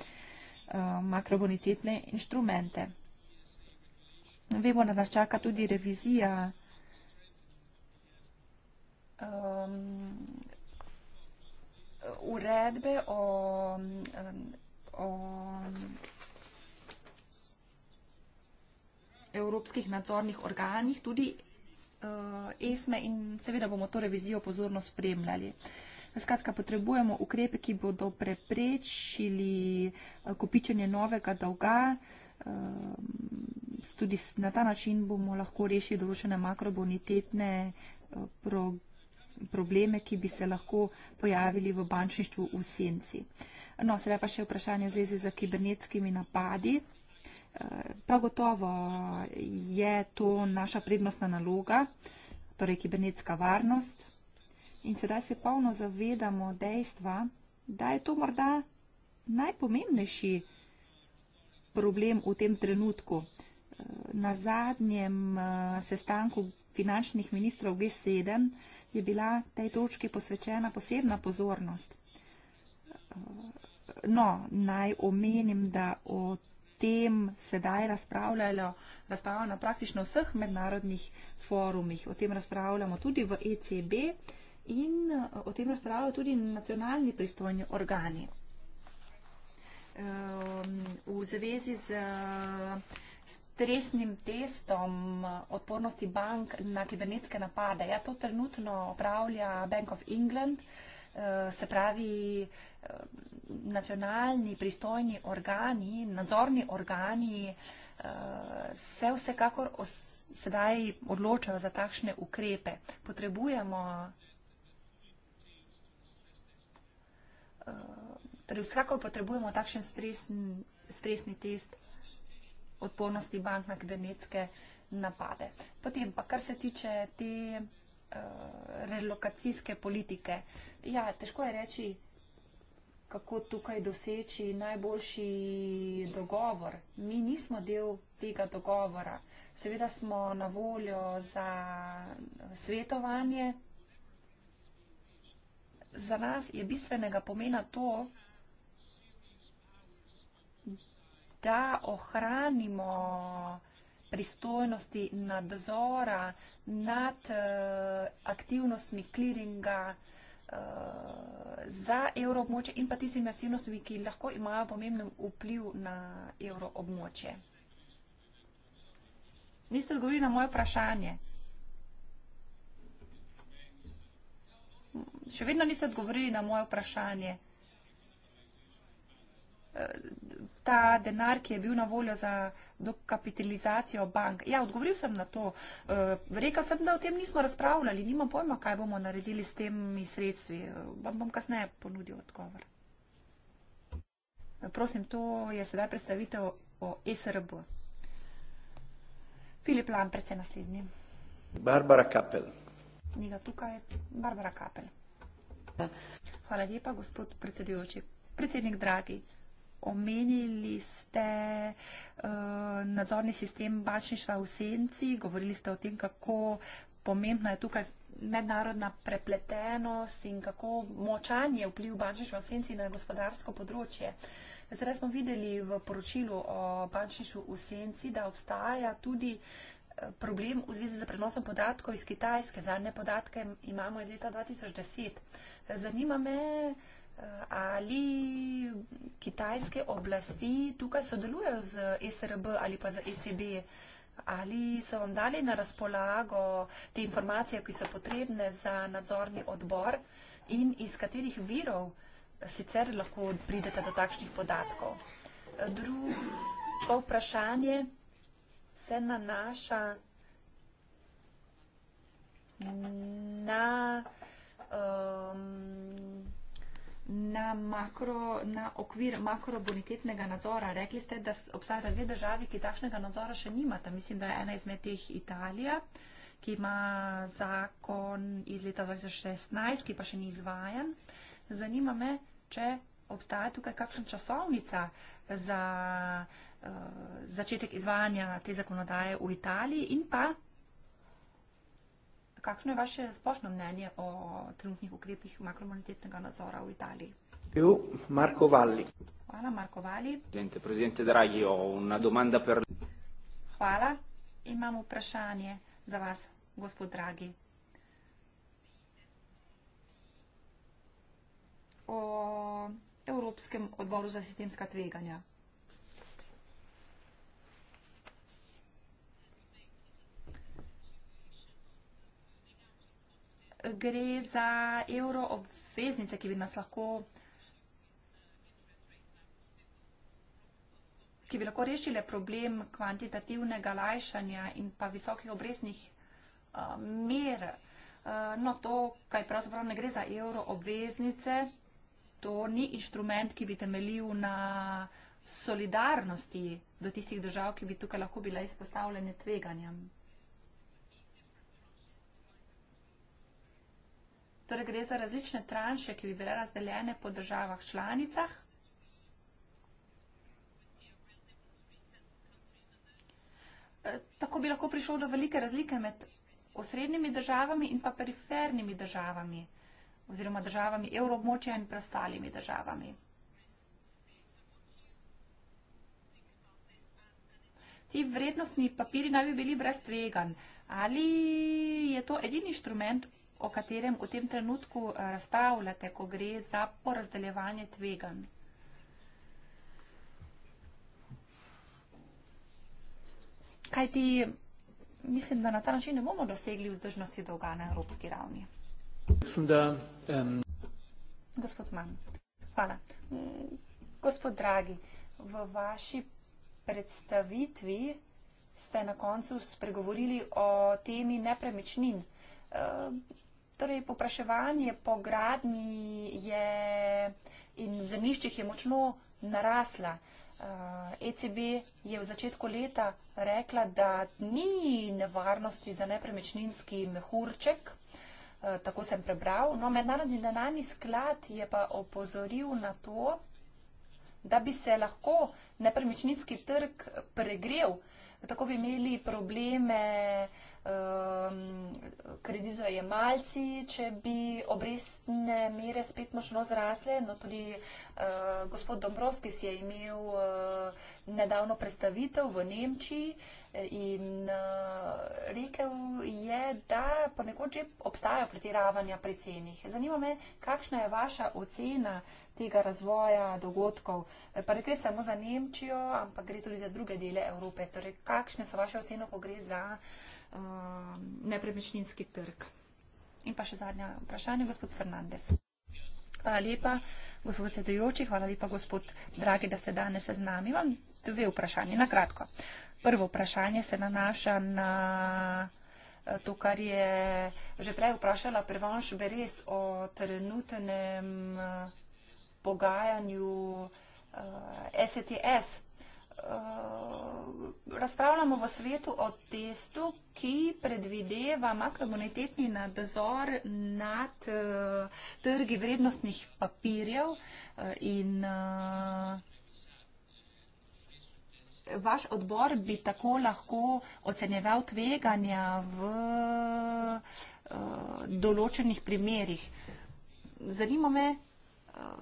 makrobonitetne inštrumente. Vemo, da nas čaka tudi revizija ehm, uredbe o, um, o evropskih nadzornih organih, tudi uh, ESME in seveda bomo to revizijo pozorno spremljali. Skratka, potrebujemo ukrepe, ki bodo preprečili uh, kopičenje novega dolga. Um, tudi na ta način bomo lahko rešili določene makrobonitetne uh, programe probleme, ki bi se lahko pojavili v bančništvu v senci. No, sedaj pa še vprašanje v zvezi z kibernetskimi napadi. Eh, prav gotovo je to naša prednostna naloga, torej kibernetska varnost. In sedaj se polno zavedamo dejstva, da je to morda najpomembnejši problem v tem trenutku na zadnjem eh, sestanku finančnih ministrov G7 je bila tej točki posvečena posebna pozornost. Eh, no, naj omenim, da o tem sedaj razpravljajo, razpravljajo na praktično vseh mednarodnih forumih. O tem razpravljamo tudi v ECB in eh, o tem razpravljajo tudi nacionalni pristojni organi. V zvezi z stresnim testom eh, odpornosti bank na kibernetske napade. Ja, to trenutno opravlja Bank of England, eh, se pravi eh, nacionalni pristojni organi, nadzorni organi se vsekakor sedaj odločajo za takšne ukrepe. Potrebujemo Torej, vsekako potrebujemo takšen stresni, stresni test odpornosti bank na kibernetske napade. Potem pa, kar se tiče te uh, relokacijske politike, ja, težko je reči, kako tukaj doseči najboljši dogovor. Mi nismo del tega dogovora. Seveda smo na voljo za svetovanje. Za nas je bistvenega pomena to, da ohranimo pristojnosti nadzora nad eh, aktivnostmi kliringa eh, za evroobmočje in pa tistimi aktivnostmi, ki lahko imajo pomembnem vpliv na evroobmočje. Niste odgovorili na moje vprašanje. Še vedno niste odgovorili na moje vprašanje ta denar, ki je bil na voljo za dokapitalizacijo bank. Ja, odgovoril sem na to. Eh, rekel sem, da o tem nismo razpravljali, nimam pojma, kaj bomo naredili s temi sredstvi. Vam bom kasneje ponudil odgovor. Eh, prosim, to je sedaj predstavitev o e SRB. Filip Lam, predvsem naslednji. Barbara Kapel. Njega tukaj, Barbara Kapel. Hvala lepa, gospod predsedujoči. Predsednik Dragi omenili ste uh, nadzorni sistem bančništva v senci, govorili ste o tem, kako pomembna je tukaj mednarodna prepletenost in kako močan je vpliv bančništva v senci na gospodarsko področje. Zdaj smo videli v poročilu o bančništvu v senci, da obstaja tudi eh, problem v zvezi z prenosom podatkov iz Kitajske. Zadnje podatke imamo iz leta 2010. Zanima me, ali kitajske oblasti tukaj sodelujejo z SRB ali pa z ECB? Ali so vam dali na razpolago te informacije, ki so potrebne za nadzorni odbor in iz katerih virov sicer lahko pridete do takšnih podatkov? Drugo vprašanje se nanaša na um, na, makro, na okvir makrobonitetnega nadzora. Rekli ste, da obstajata dve državi, ki takšnega nadzora še nimata. Mislim, da je ena izmed teh Italija, ki ima zakon iz leta 2016, ki pa še ni izvajan. Zanima me, če obstaja tukaj kakšna časovnica za uh, začetek izvajanja te zakonodaje v Italiji in pa Kakšno je vaše splošno mnenje o trenutnih ukrepih makromonetetnega nadzora v Italiji? Più Marco Valli. Hvala, Marko Vali. Presidente, presidente Draghi, ho una domanda per... Hvala, imam vprašanje za vas, gospod Draghi. O Evropskem odboru za sistemska tveganja. gre za evro obveznice, ki bi nas lahko ki bi lahko rešile problem kvantitativnega lajšanja in pa visokih obresnih uh, mer. Uh, no, to, kaj pravzaprav ne gre za evro obveznice, to ni inštrument, ki bi temeljil na solidarnosti do tistih držav, ki bi tukaj lahko bila izpostavljene tveganjem. Torej gre za različne tranše, ki bi bile razdeljene po državah članicah. E, tako bi lahko prišlo do velike razlike med osrednjimi državami in pa perifernimi državami oziroma državami evroobmočja in preostalimi državami. Ti vrednostni papiri naj bi bili brez tvegan. Ali je to edini inštrument o katerem v tem trenutku eh, razpravljate, ko gre za porazdeljevanje tvegan? Kaj ti mislim, da na ta način ne bomo dosegli vzdržnosti dolga na evropski ravni? Mislim, da. Um... Gospod Mann, hvala. Gospod Dragi, v vaši predstavitvi ste na koncu spregovorili o temi nepremičnin. Eh, Torej, popraševanje po gradni je in v zemljiščih je močno narasla. ECB eh, e je v začetku leta rekla, da ni nevarnosti za nepremečninski mehurček, eh, tako sem prebral. No, mednarodni denarni sklad je pa opozoril na to, da bi se lahko nepremečninski trg pregrel, tako bi imeli probleme uh, Ehm, kreditojemalci, če bi obrestne mere spet močno zrasle. No, tudi eh, gospod Dombrovski si je imel eh, nedavno predstavitev v Nemčiji eh, in rekel je, da ponekod že obstajajo pretiravanja pri cenih. Zanima me, kakšna je vaša ocena tega razvoja dogodkov, pa ne gre samo za Nemčijo, ampak gre tudi za druge dele Evrope. Torej, kakšne so vaše ocene, ko gre za uh, Um, nepremičninski trg. In pa še zadnja vprašanja, gospod Fernandez. Hvala lepa, gospod predsedujoči, hvala lepa, gospod Dragi, da ste danes z nami. Imam dve vprašanje, na kratko. Prvo vprašanje se nanaša na eh, to, kar je že prej vprašala Prevanš Beres o trenutnem eh, pogajanju SETS eh, e Eh, razpravljamo v svetu o testu, ki predvideva makrobonitetni nadzor nad uh, trgi vrednostnih papirjev uh, in uh, vaš odbor bi tako lahko ocenjeval tveganja v uh, določenih primerjih. Zanima me, uh,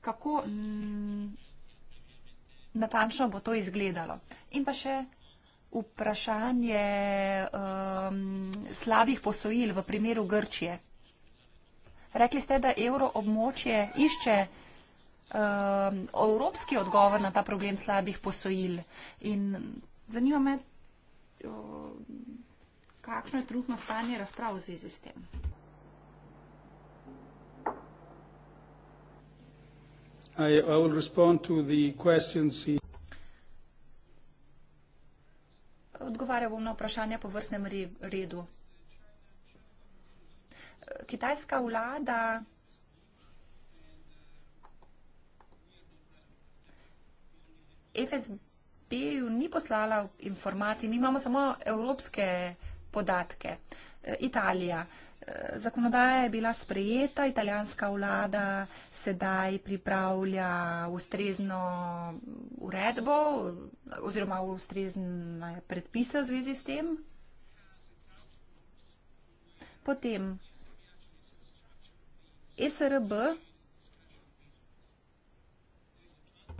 kako. Mm, natančno bo to izgledalo. In pa še vprašanje um, slabih posojil v primeru Grčije. Rekli ste, da evroobmočje išče um, evropski odgovor na ta problem slabih posojil. In zanima me, um, kakšno je trudno stanje razprav v zvezi s tem. I will respond to the questions in Odgovarjal bom na vprašanja po vrstnem redu. Kitajska vlada FSB ju ni poslala informacij, mi imamo samo evropske podatke. E, Italija zakonodaja je bila sprejeta, italijanska vlada sedaj pripravlja ustrezno uredbo oziroma ustrezne predpise v zvezi s tem. Potem SRB.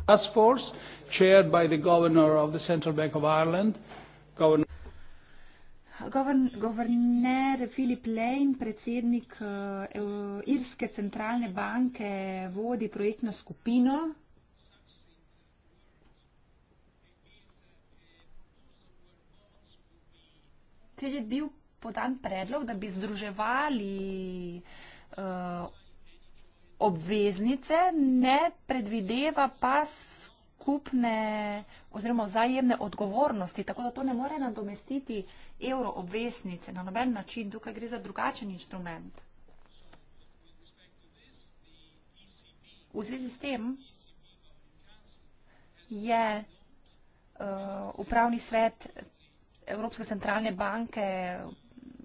Task force chaired by the governor of the Central Bank of Ireland. Governor govor, govorner Filip Lane, predsednik uh, Irske centralne banke, vodi projektno skupino. Ker je bil podan predlog, da bi združevali uh, obveznice, ne predvideva pa skupne oziroma vzajemne odgovornosti, tako da to ne more nadomestiti evro obvesnice na noben način. Tukaj gre za drugačen inštrument. V zvezi s tem je uh, upravni svet Evropske centralne banke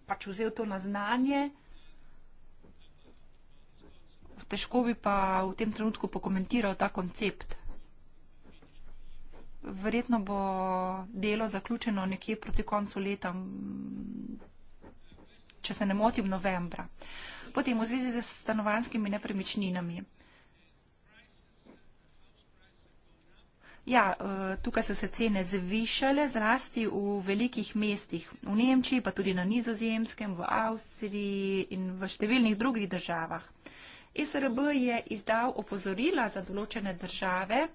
pač vzel to na znanje. Težko bi pa v tem trenutku pokomentiral ta koncept verjetno bo delo zaključeno nekje proti koncu leta, če se ne motim, novembra. Potem v zvezi z stanovanskimi nepremičninami. Ja, e, tukaj so se cene zvišale, zlasti v velikih mestih, v Nemčiji, pa tudi na nizozemskem, v Avstriji in v številnih drugih državah. E SRB je izdal opozorila za določene države,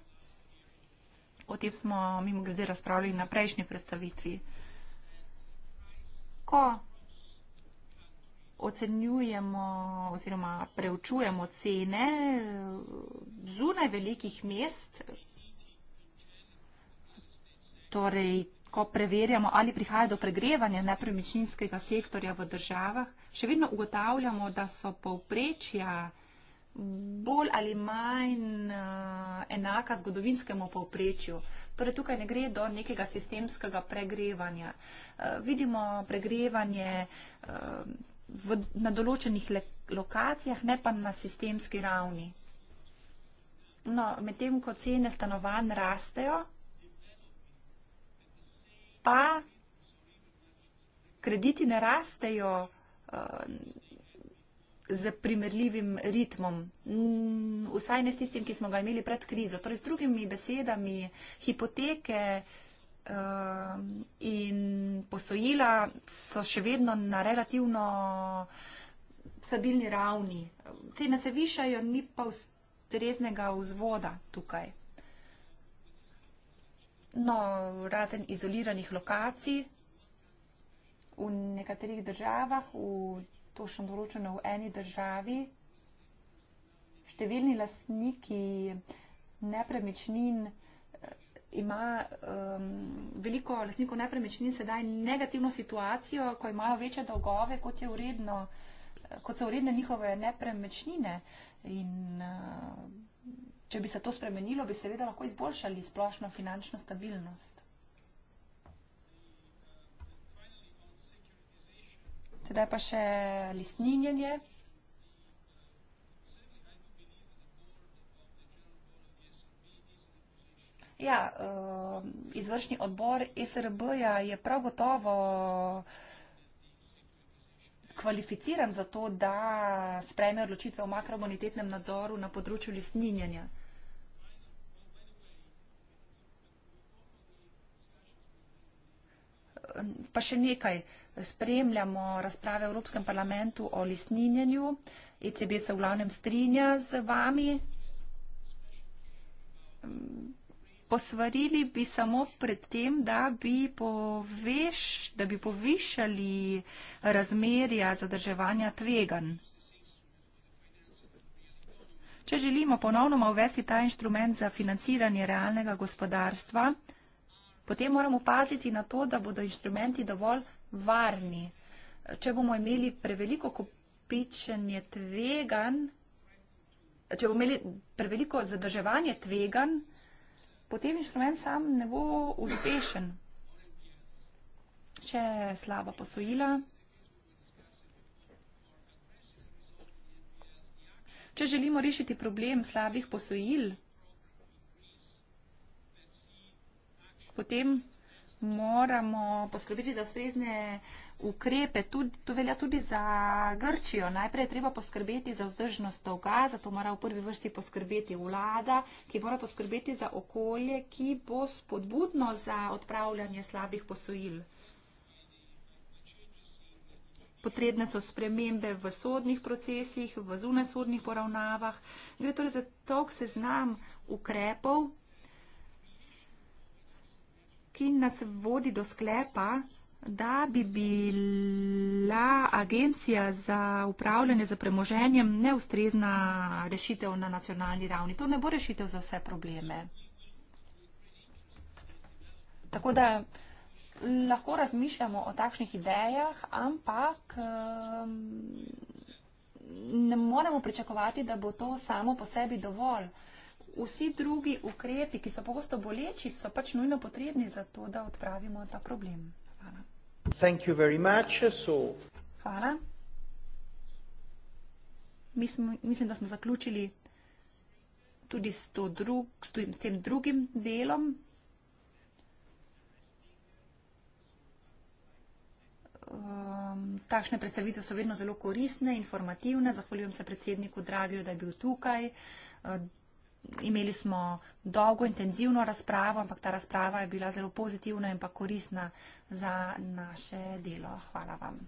O tem smo mimo grede razpravljali na prejšnji predstavitvi. Ko ocenjujemo oziroma preučujemo cene zunaj velikih mest, torej ko preverjamo, ali prihaja do pregrevanja nepremičninskega sektorja v državah, še vedno ugotavljamo, da so povprečja bolj ali manj eh, enaka zgodovinskemu povprečju. Torej, tukaj ne gre do nekega sistemskega pregrevanja. Eh, vidimo pregrevanje eh, v, na določenih le, lokacijah, ne pa na sistemski ravni. No, medtem ko cene stanovanj rastejo, pa krediti ne rastejo z primerljivim ritmom, mm, vsaj ne s tistim, ki smo ga imeli pred krizo. Torej, z drugimi besedami, hipoteke um, in posojila so še vedno na relativno stabilni ravni. Cene se višajo, ni pa ustreznega vzvoda tukaj. No, razen izoliranih lokacij v nekaterih državah, v točno določeno v eni državi. Številni lastniki nepremičnin eh, ima um, veliko lastnikov nepremičnin sedaj negativno situacijo, ko imajo večje dolgove, kot, uredno, eh, kot so uredne njihove nepremičnine. In uh, če bi se to spremenilo, bi seveda lahko izboljšali splošno finančno stabilnost. Sedaj pa še listninjenje. Ja, um, izvršni odbor SRB-ja je prav gotovo kvalificiran za to, da spreme odločitve o makrobonitetnem nadzoru na področju listninjenja. Pa še nekaj spremljamo razprave v Evropskem parlamentu o listninjenju. ECB se v glavnem strinja z vami. Posvarili bi samo pred tem, da bi, poveš, da bi povišali razmerja zadrževanja tvegan. Če želimo ponovno uvesti ta inštrument za financiranje realnega gospodarstva, potem moramo paziti na to, da bodo inštrumenti dovolj varni. Če bomo imeli preveliko kopičenje tvegan, če bomo imeli preveliko zadrževanje tvegan, potem inštrument sam ne bo uspešen. Če je slaba posojila, če želimo rešiti problem slabih posojil, potem moramo poskrbeti za ustrezne ukrepe. Tud, to velja tudi za Grčijo. Najprej je treba poskrbeti za vzdržnost dolga, zato mora v prvi vrsti poskrbeti vlada, ki mora poskrbeti za okolje, ki bo spodbudno za odpravljanje slabih posojil. Potrebne so spremembe v sodnih procesih, v zunesodnih poravnavah. Gre torej za tok seznam ukrepov, ki nas vodi do sklepa, da bi bila agencija za upravljanje za premoženjem neustrezna rešitev na nacionalni ravni. To ne bo rešitev za vse probleme. Tako da lahko razmišljamo o takšnih idejah, ampak um, ne moremo pričakovati, da bo to samo po sebi dovolj vsi drugi ukrepi, ki so pogosto boleči, so pač nujno potrebni za to, da odpravimo ta problem. Hvala. Much, so... Hvala. Mislim, mislim, da smo zaključili tudi s, to drug, s, tudi, s tem drugim delom. Um, takšne predstavitve so vedno zelo koristne, informativne. Zahvaljujem se predsedniku Dragiju, da je bil tukaj. Uh, imeli smo dolgo, intenzivno razpravo, ampak ta razprava je bila zelo pozitivna in pa koristna za naše delo. Hvala vam.